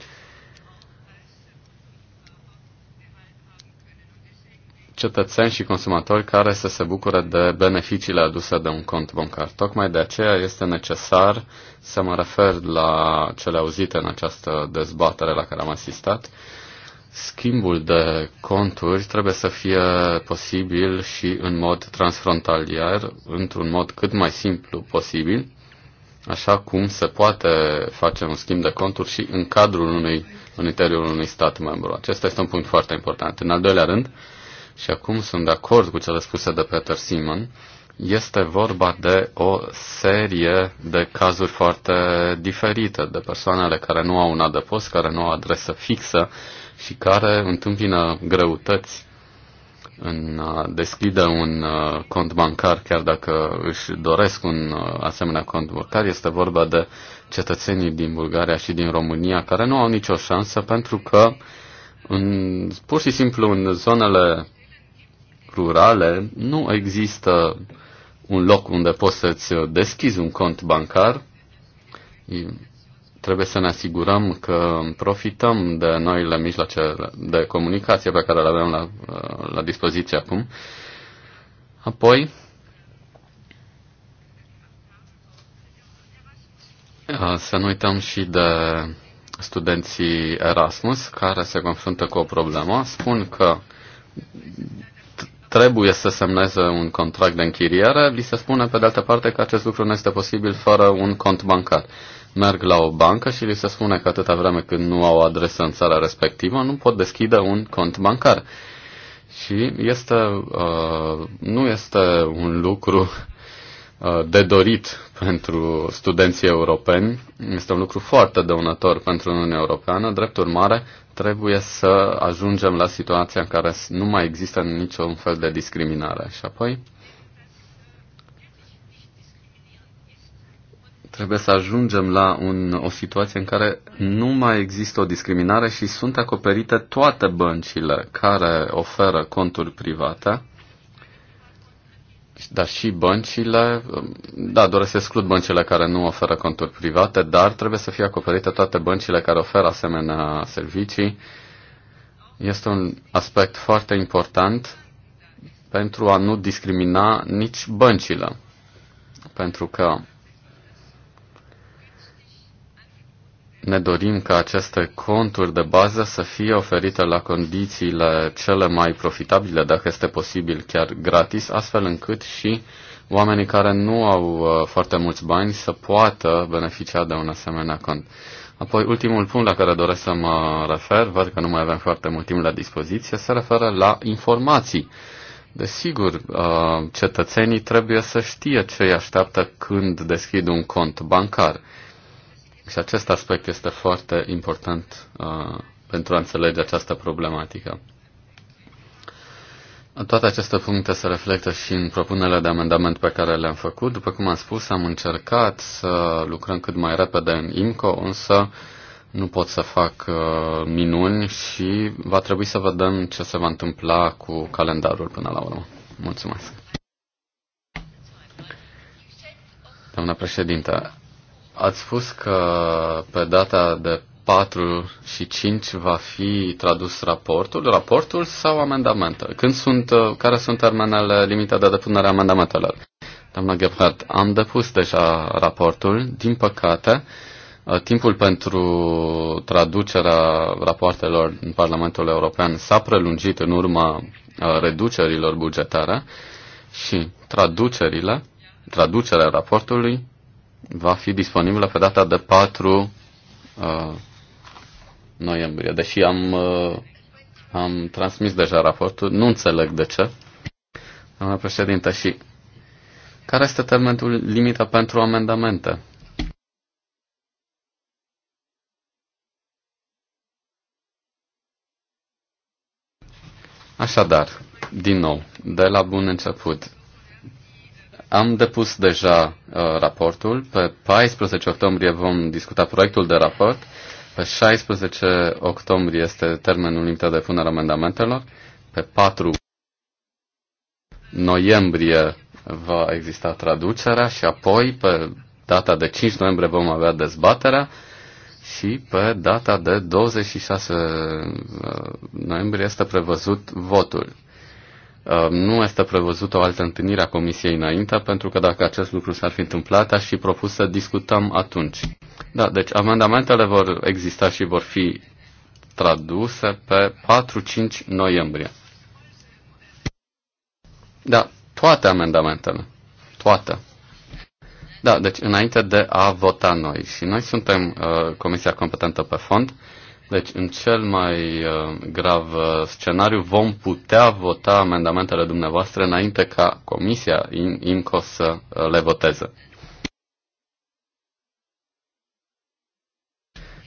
cetățeni și consumatori care să se bucure de beneficiile aduse de un cont bancar. Tocmai de aceea este necesar să mă refer la cele auzite în această dezbatere la care am asistat. Schimbul de conturi trebuie să fie posibil și în mod transfrontalier, într-un mod cât mai simplu posibil, așa cum se poate face un schimb de conturi și în cadrul unui, în interiorul unui stat membru. Acesta este un punct foarte important. În al doilea rând, și acum sunt de acord cu cele spuse de Peter Simon, este vorba de o serie de cazuri foarte diferite, de persoanele care nu au un adăpost, care nu au adresă fixă și care întâmpină greutăți în a deschide un uh, cont bancar, chiar dacă își doresc un uh, asemenea cont bancar. Este vorba de cetățenii din Bulgaria și din România care nu au nicio șansă pentru că în, pur și simplu în zonele rurale nu există un loc unde poți să-ți deschizi un cont bancar. Trebuie să ne asigurăm că profităm de noile mijloace de comunicație pe care le avem la, la dispoziție acum. Apoi, să nu uităm și de studenții Erasmus care se confruntă cu o problemă. Spun că trebuie să semneze un contract de închiriere, li se spune pe de altă parte că acest lucru nu este posibil fără un cont bancar. Merg la o bancă și li se spune că atâta vreme când nu au adresă în țara respectivă, nu pot deschide un cont bancar. Și este, uh, nu este un lucru uh, de dorit pentru studenții europeni, este un lucru foarte dăunător pentru Uniunea Europeană. Drept urmare, trebuie să ajungem la situația în care nu mai există niciun fel de discriminare. Și apoi trebuie să ajungem la un, o situație în care nu mai există o discriminare și sunt acoperite toate băncile care oferă conturi private dar și băncile, da, doar să exclud băncile care nu oferă conturi private, dar trebuie să fie acoperite toate băncile care oferă asemenea servicii. Este un aspect foarte important pentru a nu discrimina nici băncile, pentru că ne dorim ca aceste conturi de bază să fie oferite la condițiile cele mai profitabile, dacă este posibil chiar gratis, astfel încât și oamenii care nu au uh, foarte mulți bani să poată beneficia de un asemenea cont. Apoi, ultimul punct la care doresc să mă refer, văd că nu mai avem foarte mult timp la dispoziție, se referă la informații. Desigur, uh, cetățenii trebuie să știe ce îi așteaptă când deschid un cont bancar. Și acest aspect este foarte important uh, pentru a înțelege această problematică. Toate aceste puncte se reflectă și în propunerea de amendament pe care le-am făcut. După cum am spus, am încercat să lucrăm cât mai repede în IMCO, însă nu pot să fac uh, minuni și va trebui să vedem ce se va întâmpla cu calendarul până la urmă. Mulțumesc. Doamna președintă. Ați spus că pe data de 4 și 5 va fi tradus raportul, raportul sau amendamentul? Când sunt, uh, care sunt termenele limite de depunere a amendamentelor? Doamna Gebhardt, am depus deja raportul, din păcate, uh, timpul pentru traducerea rapoartelor în Parlamentul European s-a prelungit în urma uh, reducerilor bugetare și traducerile, traducerea raportului va fi disponibilă pe data de 4 uh, noiembrie. Deși am, uh, am transmis deja raportul, nu înțeleg de ce. Doamna președinte, și care este termenul limită pentru amendamente? Așadar, din nou, de la bun început, am depus deja uh, raportul. Pe 14 octombrie vom discuta proiectul de raport. Pe 16 octombrie este termenul limită de punere amendamentelor. Pe 4 noiembrie va exista traducerea și apoi pe data de 5 noiembrie vom avea dezbaterea și pe data de 26 uh, noiembrie este prevăzut votul. Um, nu este prevăzută o altă întâlnire a Comisiei înainte, pentru că dacă acest lucru s-ar fi întâmplat, aș fi propus să discutăm atunci. Da, deci amendamentele vor exista și vor fi traduse pe 4-5 noiembrie. Da, toate amendamentele. Toate. Da, deci înainte de a vota noi. Și noi suntem uh, Comisia Competentă pe Fond. Uh, deci, în cel mai uh, grav uh, scenariu, vom putea vota amendamentele dumneavoastră înainte ca Comisia IMCO să uh, le voteze.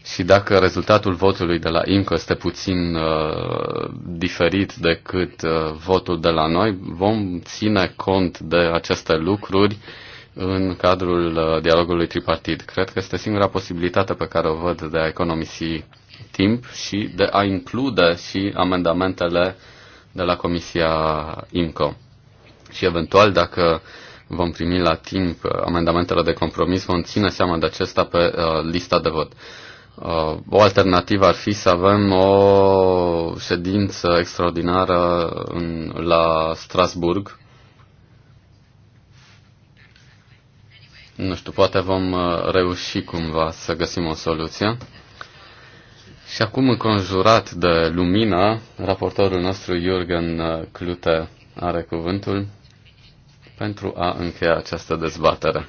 Și dacă rezultatul votului de la IMCO este puțin uh, diferit decât uh, votul de la noi, vom ține cont de aceste lucruri în cadrul uh, dialogului tripartit. Cred că este singura posibilitate pe care o văd de a economisi timp și de a include și amendamentele de la Comisia IMCO. Și eventual, dacă vom primi la timp uh, amendamentele de compromis, vom ține seama de acesta pe uh, lista de vot. Uh, o alternativă ar fi să avem o ședință extraordinară în, la Strasburg. Nu știu, poate vom uh, reuși cumva să găsim o soluție. Și acum, înconjurat de lumină, raportorul nostru, Jürgen uh, Clute, are cuvântul pentru a încheia această dezbatere.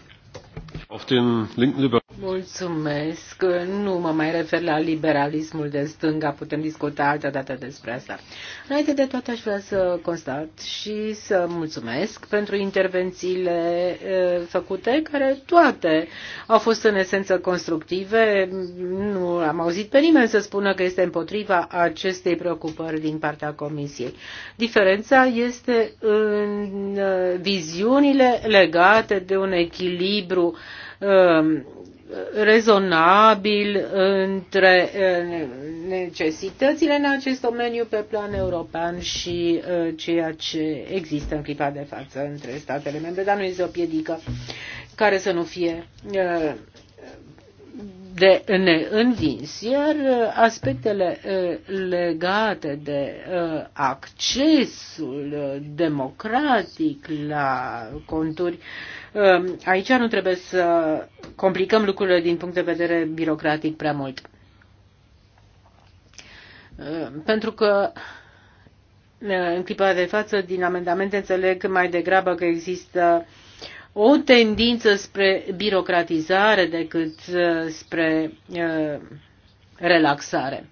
Mulțumesc. Nu mă mai refer la liberalismul de stânga, putem discuta altă dată despre asta. Înainte de toate aș vrea să constat și să mulțumesc pentru intervențiile făcute, care toate au fost în esență constructive. Nu am auzit pe nimeni să spună că este împotriva acestei preocupări din partea Comisiei. Diferența este în viziunile legate de un echilibru rezonabil între necesitățile în acest domeniu pe plan european și ceea ce există în clipa de față între statele membre, dar nu este o piedică care să nu fie de neînvins, iar aspectele legate de accesul democratic la conturi Ehm, aici nu trebuie să complicăm lucrurile din punct de vedere birocratic prea mult. Ehm, pentru că în clipa de față din amendamente înțeleg mai degrabă că există o tendință spre birocratizare decât spre relaxare.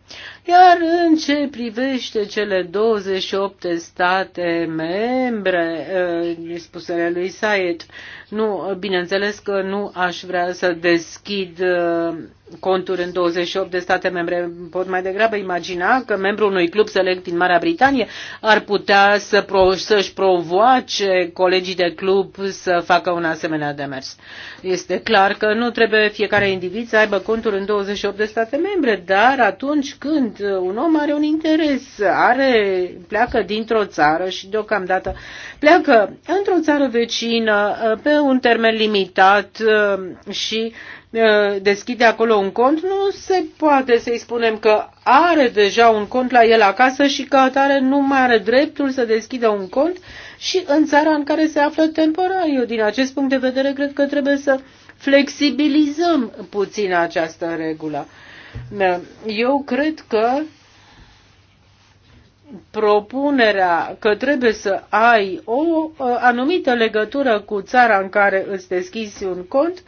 Iar în ce privește cele 28 state membre, eh, spusele lui Said, nu, bineînțeles că nu aș vrea să deschid eh, conturi în 28 de state membre. Pot mai degrabă imagina că membrul unui club select din Marea Britanie ar putea să pro, să-și provoace colegii de club să facă un asemenea demers. Este clar că nu trebuie fiecare individ să aibă conturi în 28 de state membre, dar atunci când un om are un interes, are, pleacă dintr-o țară și deocamdată pleacă într-o țară vecină uh, pe un termen limitat uh, și uh, deschide acolo un cont, nu se poate să-i spunem că are deja un cont la el acasă și că atare nu mai are dreptul să deschidă un cont și în țara în care se află temporar. Eu din acest punct de vedere cred că trebuie să flexibilizăm puțin această regulă. Da. Eu cred că propunerea că trebuie să ai o ă, anumită legătură cu țara în care îți deschizi un cont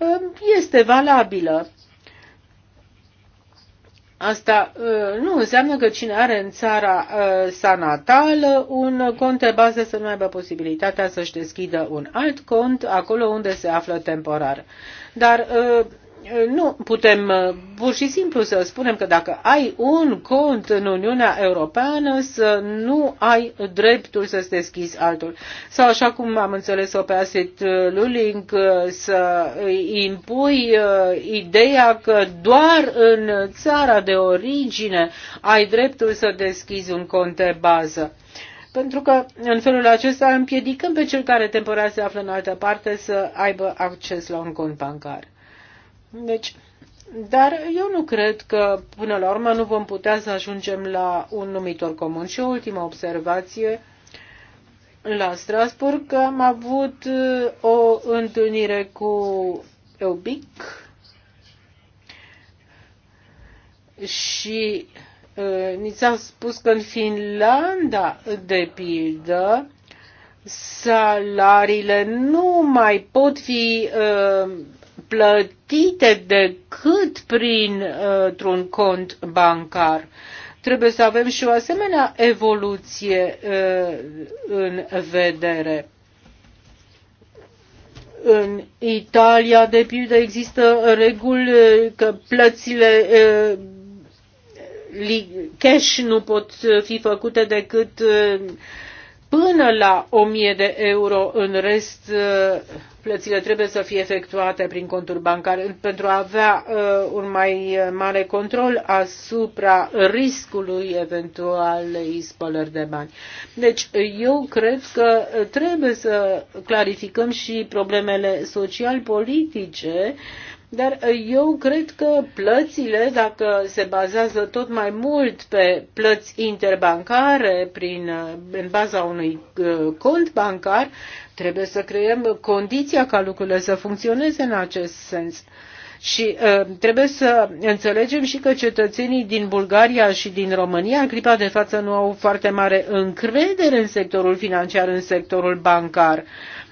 ă, este valabilă. Asta ă, nu înseamnă că cine are în țara sa natală un cont de bază să nu aibă posibilitatea să-și deschidă un alt cont acolo unde se află temporar. Dar Eh, nu putem eh, pur și simplu să spunem că dacă ai un cont în Uniunea Europeană, să nu ai dreptul să-ți deschizi altul. Sau așa cum am înțeles-o pe Astrid Luling, eh, să impui ideea că doar în țara de origine ai dreptul să deschizi un cont de bază pentru că în felul acesta împiedicăm pe cel care temporar se află în altă parte să aibă acces la un cont bancar. Deci, dar eu nu cred că până la urmă nu vom putea să ajungem la un numitor comun. Și o ultimă observație la Strasburg că am avut uh, o întâlnire cu Eubic și uh, ni s-a spus că în Finlanda, de pildă, salariile nu mai pot fi uh, plătite decât printr-un cont bancar. Trebuie să avem și o asemenea evoluție uh, în vedere. În Italia, de pildă, există reguli uh, că plățile uh, cash nu pot fi făcute decât până la 1000 de euro, în rest plățile trebuie să fie efectuate prin conturi bancare pentru a avea uh, un mai mare control asupra riscului eventualei spălări de bani. Deci eu cred că trebuie să clarificăm și problemele social-politice dar eu cred că plățile, dacă se bazează tot mai mult pe plăți interbancare prin, în baza unui uh, cont bancar, Trebuie să creăm condiția ca lucrurile să funcționeze în acest sens. Și uh, trebuie să înțelegem și că cetățenii din Bulgaria și din România, în clipa de față, nu au foarte mare încredere în sectorul financiar, în sectorul bancar.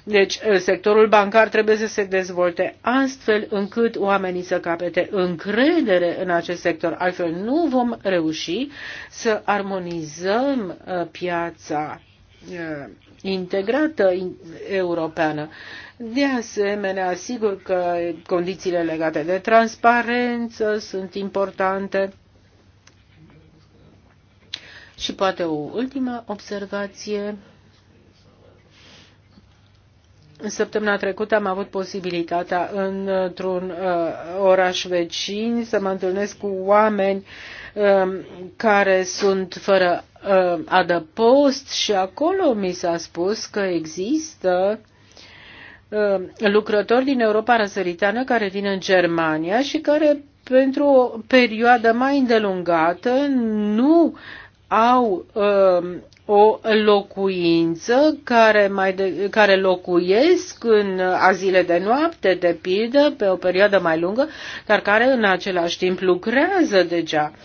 Deci, uh, sectorul bancar trebuie să se dezvolte astfel încât oamenii să capete încredere în acest sector. Altfel, nu vom reuși să armonizăm uh, piața uh, integrată europeană. De asemenea, sigur că condițiile legate de transparență sunt importante. Și poate o ultimă observație. În săptămâna trecută am avut posibilitatea într-un uh, oraș vecin să mă întâlnesc cu oameni uh, care sunt fără uh, adăpost și acolo mi s-a spus că există uh, lucrători din Europa răsăritană care vin în Germania și care pentru o perioadă mai îndelungată nu au uh, o locuință care, mai de, care locuiesc în uh, azile de noapte, de pildă, pe o perioadă mai lungă, dar care în același timp lucrează deja. Uh,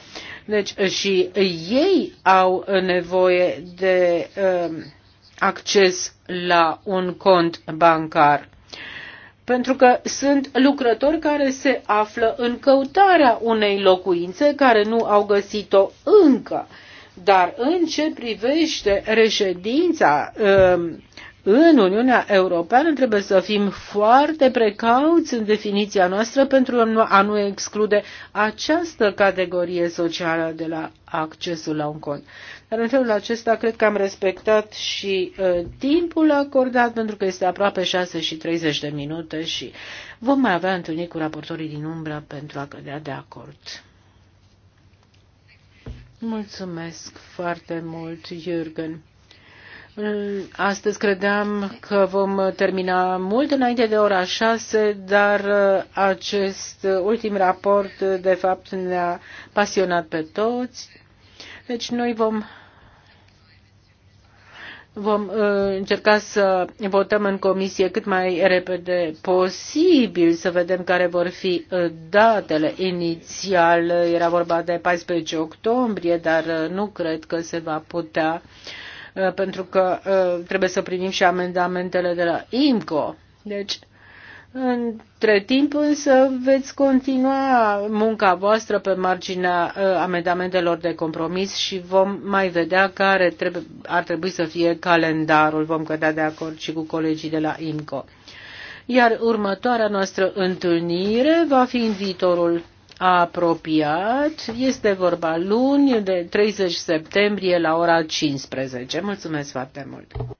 deci și ei au nevoie de um, acces la un cont bancar pentru că sunt lucrători care se află în căutarea unei locuințe care nu au găsit-o încă. Dar în ce privește reședința uh, în Uniunea Europeană trebuie să fim foarte precauți în definiția noastră pentru a nu exclude această categorie socială de la accesul la un cont. Dar în felul acesta cred că am respectat și uh, timpul acordat pentru că este aproape 6 și 30 de minute și vom mai avea întâlniri cu raportorii din umbră pentru a cădea de acord. Mulțumesc foarte mult, Jürgen. Mm, astăzi credeam că vom termina mult înainte de ora 6, dar uh, acest uh, ultim raport uh, de fapt ne-a pasionat pe toți. Deci noi vom vom încerca să votăm în comisie cât mai repede posibil, să vedem care vor fi datele. inițiale. era vorba de 14 octombrie, dar nu cred că se va putea Uh, pentru că uh, trebuie să primim și amendamentele de la IMCO. Deci, între timp însă veți continua munca voastră pe marginea uh, amendamentelor de compromis și vom mai vedea care trebuie, ar trebui să fie calendarul. Vom cădea de acord și cu colegii de la IMCO. Iar următoarea noastră întâlnire va fi în viitorul apropiat. Este vorba luni de 30 septembrie la ora 15. Mulțumesc foarte mult!